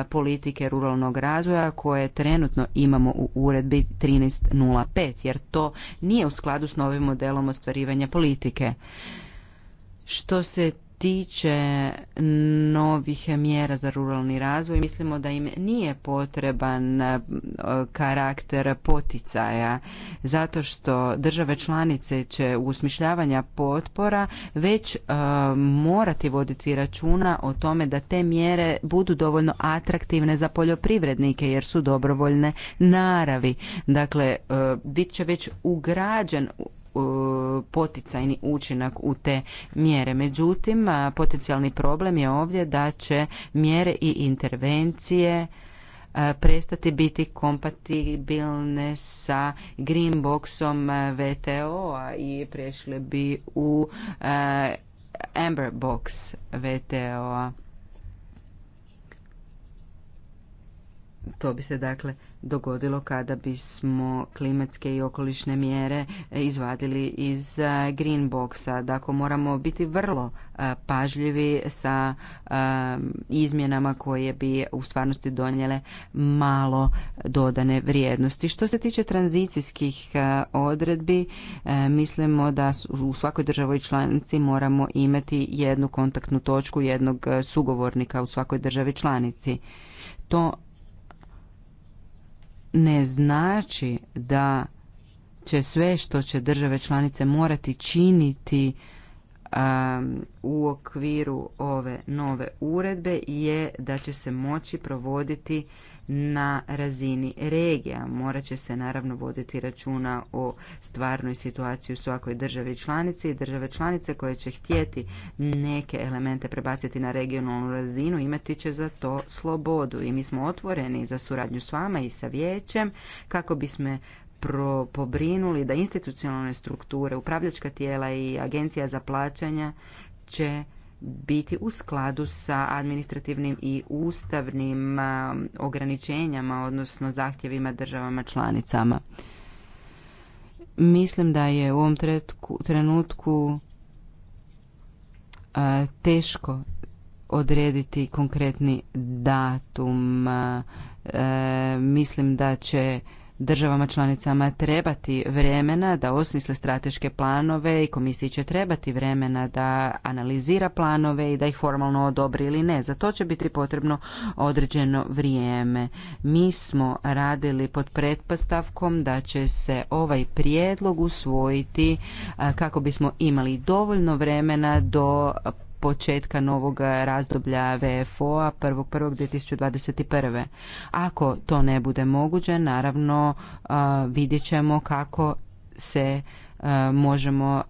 politike ruralnog razvoja koje trenutno imamo u uredbi 13.05 jer to nije u skladu s novim modelom ostvarivanja politike. Što se tiče novih mjera za ruralni razvoj, mislimo da im nije potreban e, karakter poticaja, zato što države članice će u usmišljavanja potpora već e, morati voditi računa o tome da te mjere budu dovoljno atraktivne za poljoprivrednike jer su dobrovoljne naravi. Dakle, e, bit će već ugrađen poticajni učinak u te mjere. Međutim, potencijalni problem je ovdje da će mjere i intervencije prestati biti kompatibilne sa green boxom VTO-a i prešle bi u amber box VTO-a. to bi se dakle dogodilo kada bismo klimatske i okolišne mjere e, izvadili iz e, green boxa. Dakle, moramo biti vrlo e, pažljivi sa izmjenama koje bi u stvarnosti donijele malo dodane vrijednosti. Što se tiče tranzicijskih odredbi, mislimo da u svakoj državoj članici moramo imati jednu kontaktnu točku jednog sugovornika u svakoj državi članici. To ne znači da će sve što će države članice morati činiti um, u okviru ove nove uredbe je da će se moći provoditi na razini regija. Morat će se naravno voditi računa o stvarnoj situaciji u svakoj državi članici i države članice koje će htjeti neke elemente prebaciti na regionalnu razinu imati će za to slobodu i mi smo otvoreni za suradnju s vama i sa vijećem kako bismo pobrinuli da institucionalne strukture, upravljačka tijela i agencija za plaćanja će biti u skladu sa administrativnim i ustavnim ograničenjama, odnosno zahtjevima državama članicama. Mislim da je u ovom trenutku teško odrediti konkretni datum. E, mislim da će Državama članicama trebati vremena da osmisle strateške planove i komisiji će trebati vremena da analizira planove i da ih formalno odobri ili ne. Za to će biti potrebno određeno vrijeme. Mi smo radili pod pretpostavkom da će se ovaj prijedlog usvojiti kako bismo imali dovoljno vremena do početka novog razdoblja VFO-a 1.1.2021. Ako to ne bude moguće, naravno vidjet ćemo kako se možemo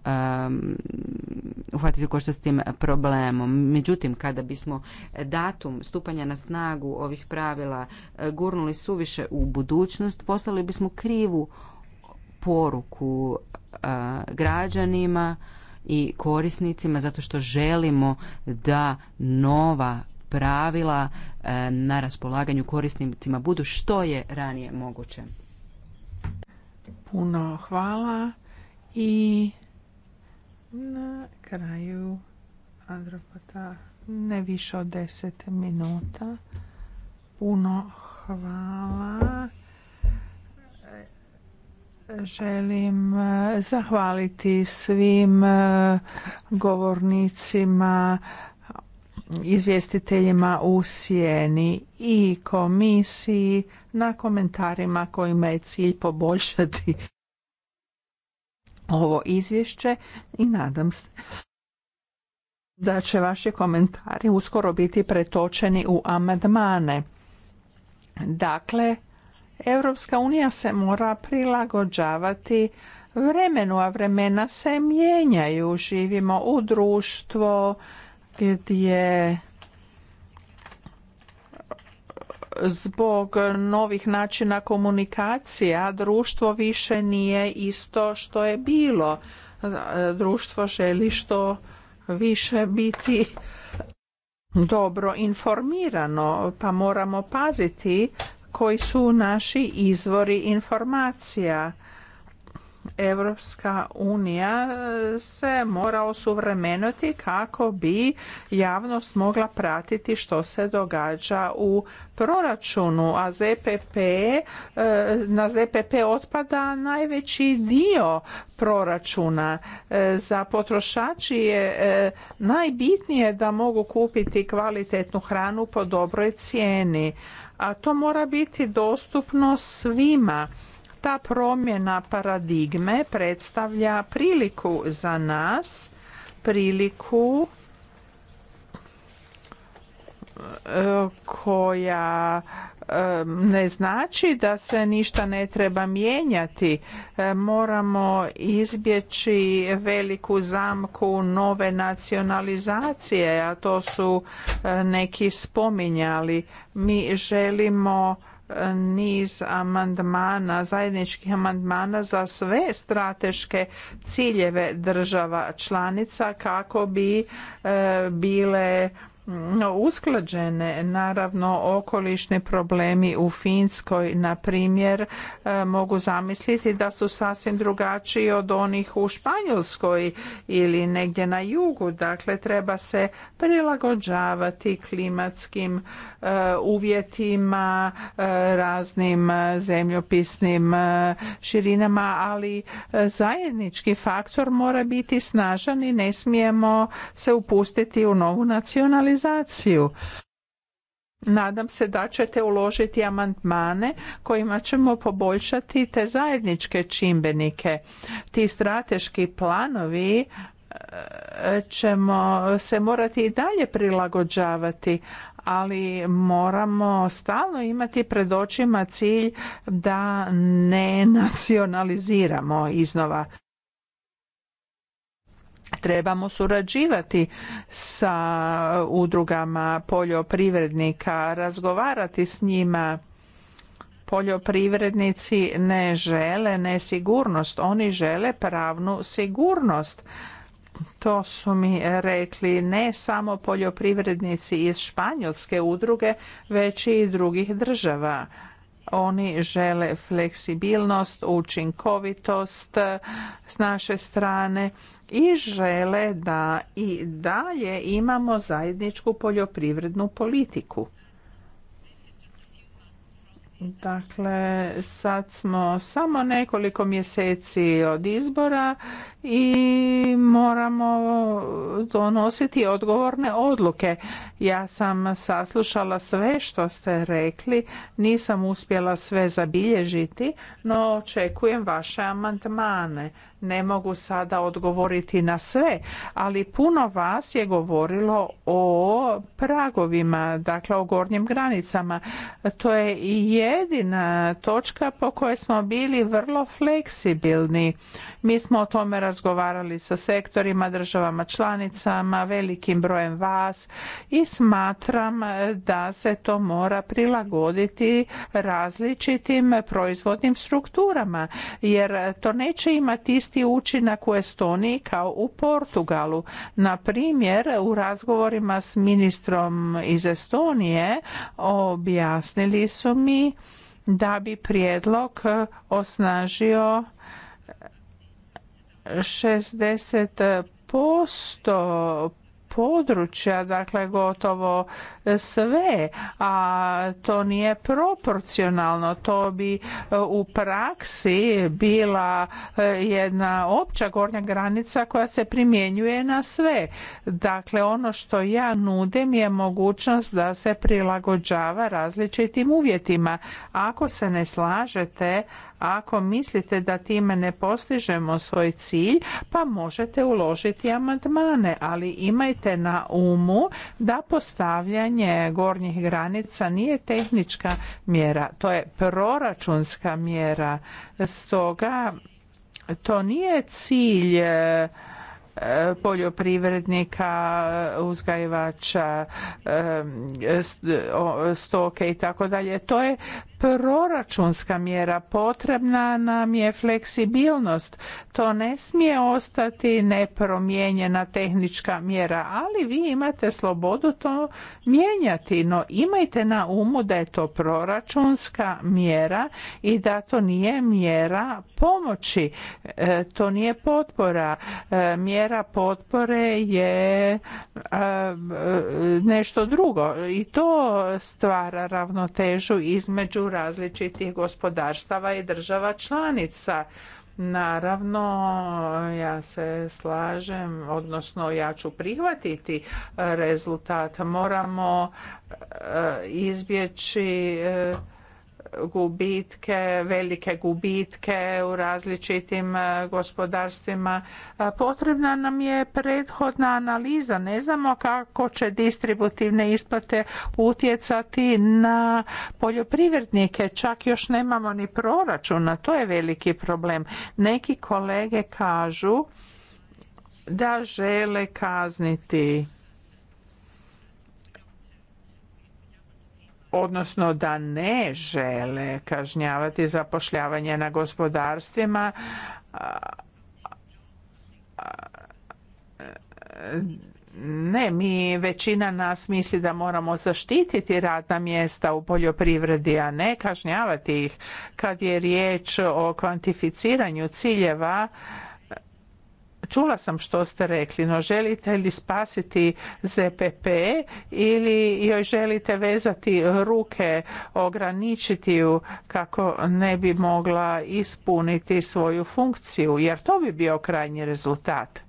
uhvatiti košta s tim problemom. Međutim, kada bismo datum stupanja na snagu ovih pravila gurnuli suviše u budućnost, poslali bismo krivu poruku građanima i korisnicima zato što želimo da nova pravila e, na raspolaganju korisnicima budu što je ranije moguće. Puno hvala i na kraju Andropata ne više od 10 minuta. Puno hvala Želim e, zahvaliti svim e, govornicima, izvjestiteljima u sjeni i komisiji na komentarima kojima je cilj poboljšati ovo izvješće i nadam se da će vaši komentari uskoro biti pretočeni u amandmane. Dakle, Europska unija se mora prilagođavati vremenu, a vremena se mijenjaju. Živimo u društvo gdje zbog novih načina komunikacija društvo više nije isto što je bilo. Društvo želi što više biti dobro informirano, pa moramo paziti koji su naši izvori informacija. Evropska unija se mora osuvremenuti kako bi javnost mogla pratiti što se događa u proračunu, a ZPP, e, na ZPP otpada najveći dio proračuna. E, za potrošači je e, najbitnije da mogu kupiti kvalitetnu hranu po dobroj cijeni a to mora biti dostupno svima. Ta promjena paradigme predstavlja priliku za nas, priliku e, koja ne znači da se ništa ne treba mijenjati. Moramo izbjeći veliku zamku nove nacionalizacije, a to su neki spominjali. Mi želimo niz amandmana, zajedničkih amandmana za sve strateške ciljeve država članica kako bi bile usklađene. Naravno, okolišni problemi u Finskoj, na primjer, e, mogu zamisliti da su sasvim drugačiji od onih u Španjolskoj ili negdje na jugu. Dakle, treba se prilagođavati klimatskim e, Eh, uvjetima, eh, raznim zemljopisnim eh, širinama, ali zajednički faktor mora biti snažan i ne smijemo se upustiti u novu nacionalizaciju. Nadam se da ćete uložiti amandmane kojima ćemo poboljšati te zajedničke čimbenike. Ti strateški planovi ćemo se morati i dalje prilagođavati, ali moramo stalno imati pred očima cilj da ne nacionaliziramo iznova. Trebamo surađivati sa udrugama poljoprivrednika, razgovarati s njima. Poljoprivrednici ne žele nesigurnost, oni žele pravnu sigurnost to su mi rekli ne samo poljoprivrednici iz španjolske udruge, već i drugih država. Oni žele fleksibilnost, učinkovitost s naše strane i žele da i dalje imamo zajedničku poljoprivrednu politiku. Dakle, sad smo samo nekoliko mjeseci od izbora i moramo donositi odgovorne odluke. Ja sam saslušala sve što ste rekli, nisam uspjela sve zabilježiti, no očekujem vaše amandmane. Ne mogu sada odgovoriti na sve, ali puno vas je govorilo o pragovima, dakle o gornjim granicama. To je jedina točka po kojoj smo bili vrlo fleksibilni. Mi smo o tome razgovarali razgovarali sa sektorima, državama članicama, velikim brojem vas i smatram da se to mora prilagoditi različitim proizvodnim strukturama jer to neće imati isti učinak u Estoniji kao u Portugalu. Na primjer, u razgovorima s ministrom iz Estonije objasnili su mi da bi prijedlog osnažio 60% područja, dakle gotovo sve, a to nije proporcionalno. To bi e, u praksi bila e, jedna opća gornja granica koja se primjenjuje na sve. Dakle, ono što ja nudim je mogućnost da se prilagođava različitim uvjetima. Ako se ne slažete, ako mislite da time ne postižemo svoj cilj, pa možete uložiti amandmane, ali imajte na umu da postavljanje gornjih granica nije tehnička mjera, to je proračunska mjera. Stoga to nije cilj E, poljoprivrednika, uzgajivača e, stoke i tako dalje. To je proračunska mjera. Potrebna nam je fleksibilnost. To ne smije ostati nepromijenjena tehnička mjera, ali vi imate slobodu to mijenjati. No imajte na umu da je to proračunska mjera i da to nije mjera pomoći. E, to nije potpora. Mjera mjera potpore je nešto drugo i to stvara ravnotežu između različitih gospodarstava i država članica. Naravno, ja se slažem, odnosno ja ću prihvatiti rezultat. Moramo izbjeći gubitke, velike gubitke u različitim e, gospodarstvima. E, potrebna nam je prethodna analiza. Ne znamo kako će distributivne isplate utjecati na poljoprivrednike. Čak još nemamo ni proračuna. To je veliki problem. Neki kolege kažu da žele kazniti odnosno da ne žele kažnjavati zapošljavanje na gospodarstvima ne, mi većina nas misli da moramo zaštititi radna mjesta u poljoprivredi, a ne kažnjavati ih. Kad je riječ o kvantificiranju ciljeva, Čula sam što ste rekli, no želite li spasiti ZPP ili joj želite vezati ruke, ograničiti ju kako ne bi mogla ispuniti svoju funkciju, jer to bi bio krajnji rezultat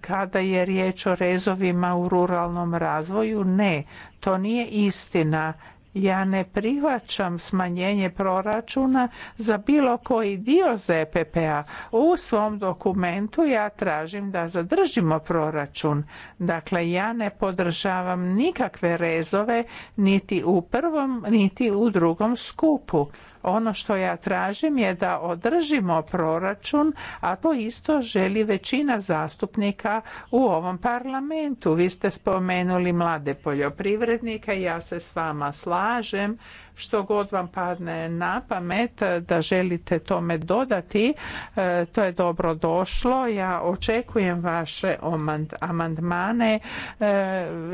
kada je riječ o rezovima u ruralnom razvoju ne to nije istina ja ne prihvaćam smanjenje proračuna za bilo koji dio ZPP-a. U svom dokumentu ja tražim da zadržimo proračun. Dakle, ja ne podržavam nikakve rezove niti u prvom, niti u drugom skupu. Ono što ja tražim je da održimo proračun, a to isto želi većina zastupnika u ovom parlamentu. Vi ste spomenuli mlade poljoprivrednike, ja se s vama slažem što god vam padne na pamet da želite tome dodati, e, to je dobro došlo. Ja očekujem vaše amandmane. E,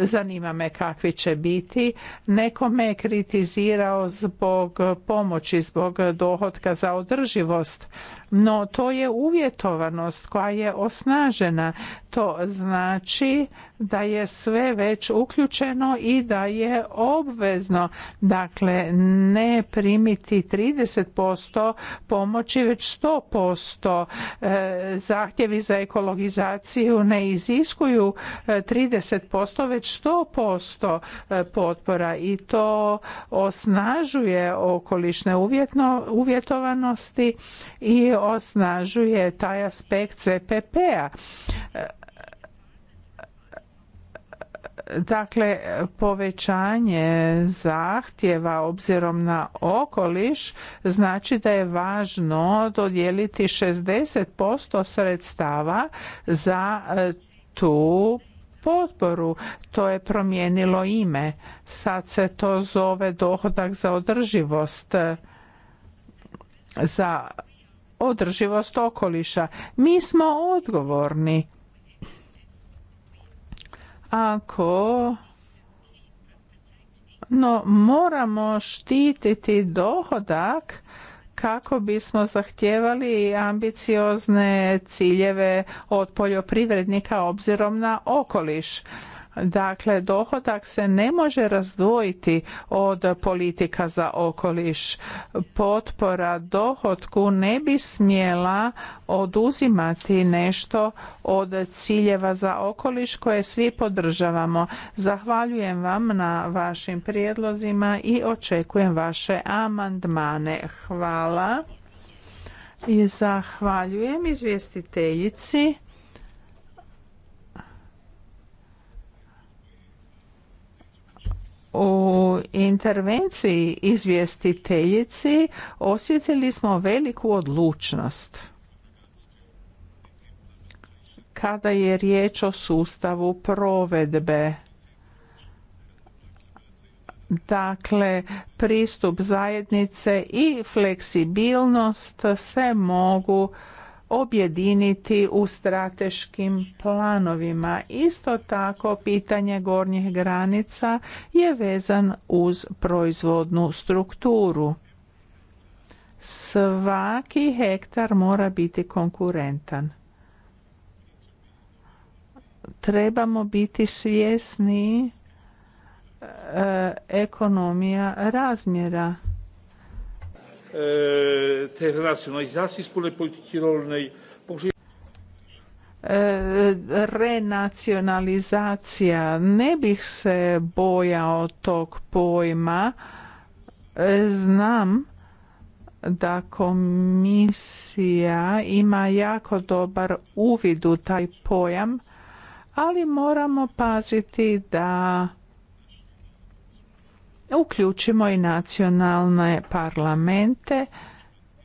zanima me kakvi će biti. Neko me je kritizirao zbog pomoći, zbog dohotka za održivost. No to je uvjetovanost koja je osnažena. To znači da je sve već uključeno i da je obvezno dakle ne primiti 30% pomoći već 100%. E, zahtjevi za ekologizaciju ne iziskuju 30% e, već 100% e, potpora i to osnažuje okolišne uvjetovanosti i osnažuje taj aspekt CPP-a. Dakle, povećanje zahtjeva obzirom na okoliš znači da je važno dodijeliti 60% sredstava za e, tu potporu. To je promijenilo ime. Sad se to zove dohodak za održivost e, za održivost okoliša. Mi smo odgovorni. Ako no moramo štititi dohodak kako bismo zahtijevali ambiciozne ciljeve od poljoprivrednika obzirom na okoliš. Dakle, dohodak se ne može razdvojiti od politika za okoliš. Potpora dohodku ne bi smjela oduzimati nešto od ciljeva za okoliš koje svi podržavamo. Zahvaljujem vam na vašim prijedlozima i očekujem vaše amandmane. Hvala i zahvaljujem izvjestiteljici. u intervenciji izvjestiteljici osjetili smo veliku odlučnost kada je riječ o sustavu provedbe Dakle, pristup zajednice i fleksibilnost se mogu objediniti u strateškim planovima. Isto tako pitanje gornjih granica je vezan uz proizvodnu strukturu. Svaki hektar mora biti konkurentan. Trebamo biti svjesni e, ekonomija razmjera E, tej renacjonalizacji wspólnej rolnej. E, ne bih se bojao tog pojma. E, znam da komisija ima jako dobar uvid u taj pojam, ali moramo paziti da uključimo i nacionalne parlamente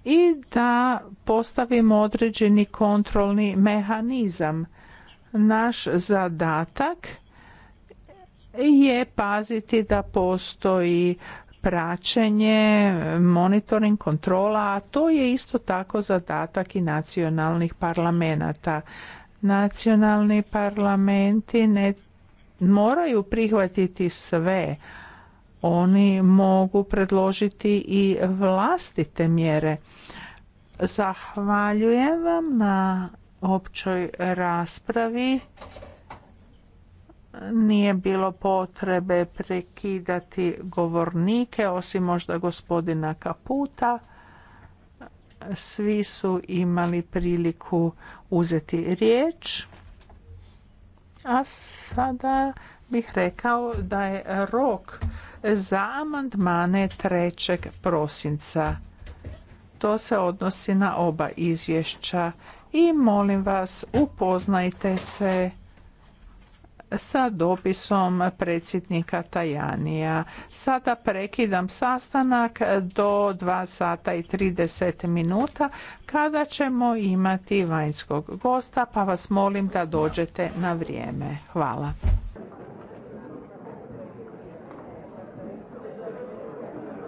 i da postavimo određeni kontrolni mehanizam. Naš zadatak je paziti da postoji praćenje, monitoring, kontrola, a to je isto tako zadatak i nacionalnih parlamenata. Nacionalni parlamenti ne moraju prihvatiti sve, oni mogu predložiti i vlastite mjere. Zahvaljujem vam na općoj raspravi. Nije bilo potrebe prekidati govornike, osim možda gospodina Kaputa. Svi su imali priliku uzeti riječ. A sada bih rekao da je rok za amandmane 3. prosinca. To se odnosi na oba izvješća i molim vas upoznajte se sa dopisom predsjednika Tajanija. Sada prekidam sastanak do 2 sata i 30 minuta kada ćemo imati vanjskog gosta pa vas molim da dođete na vrijeme. Hvala.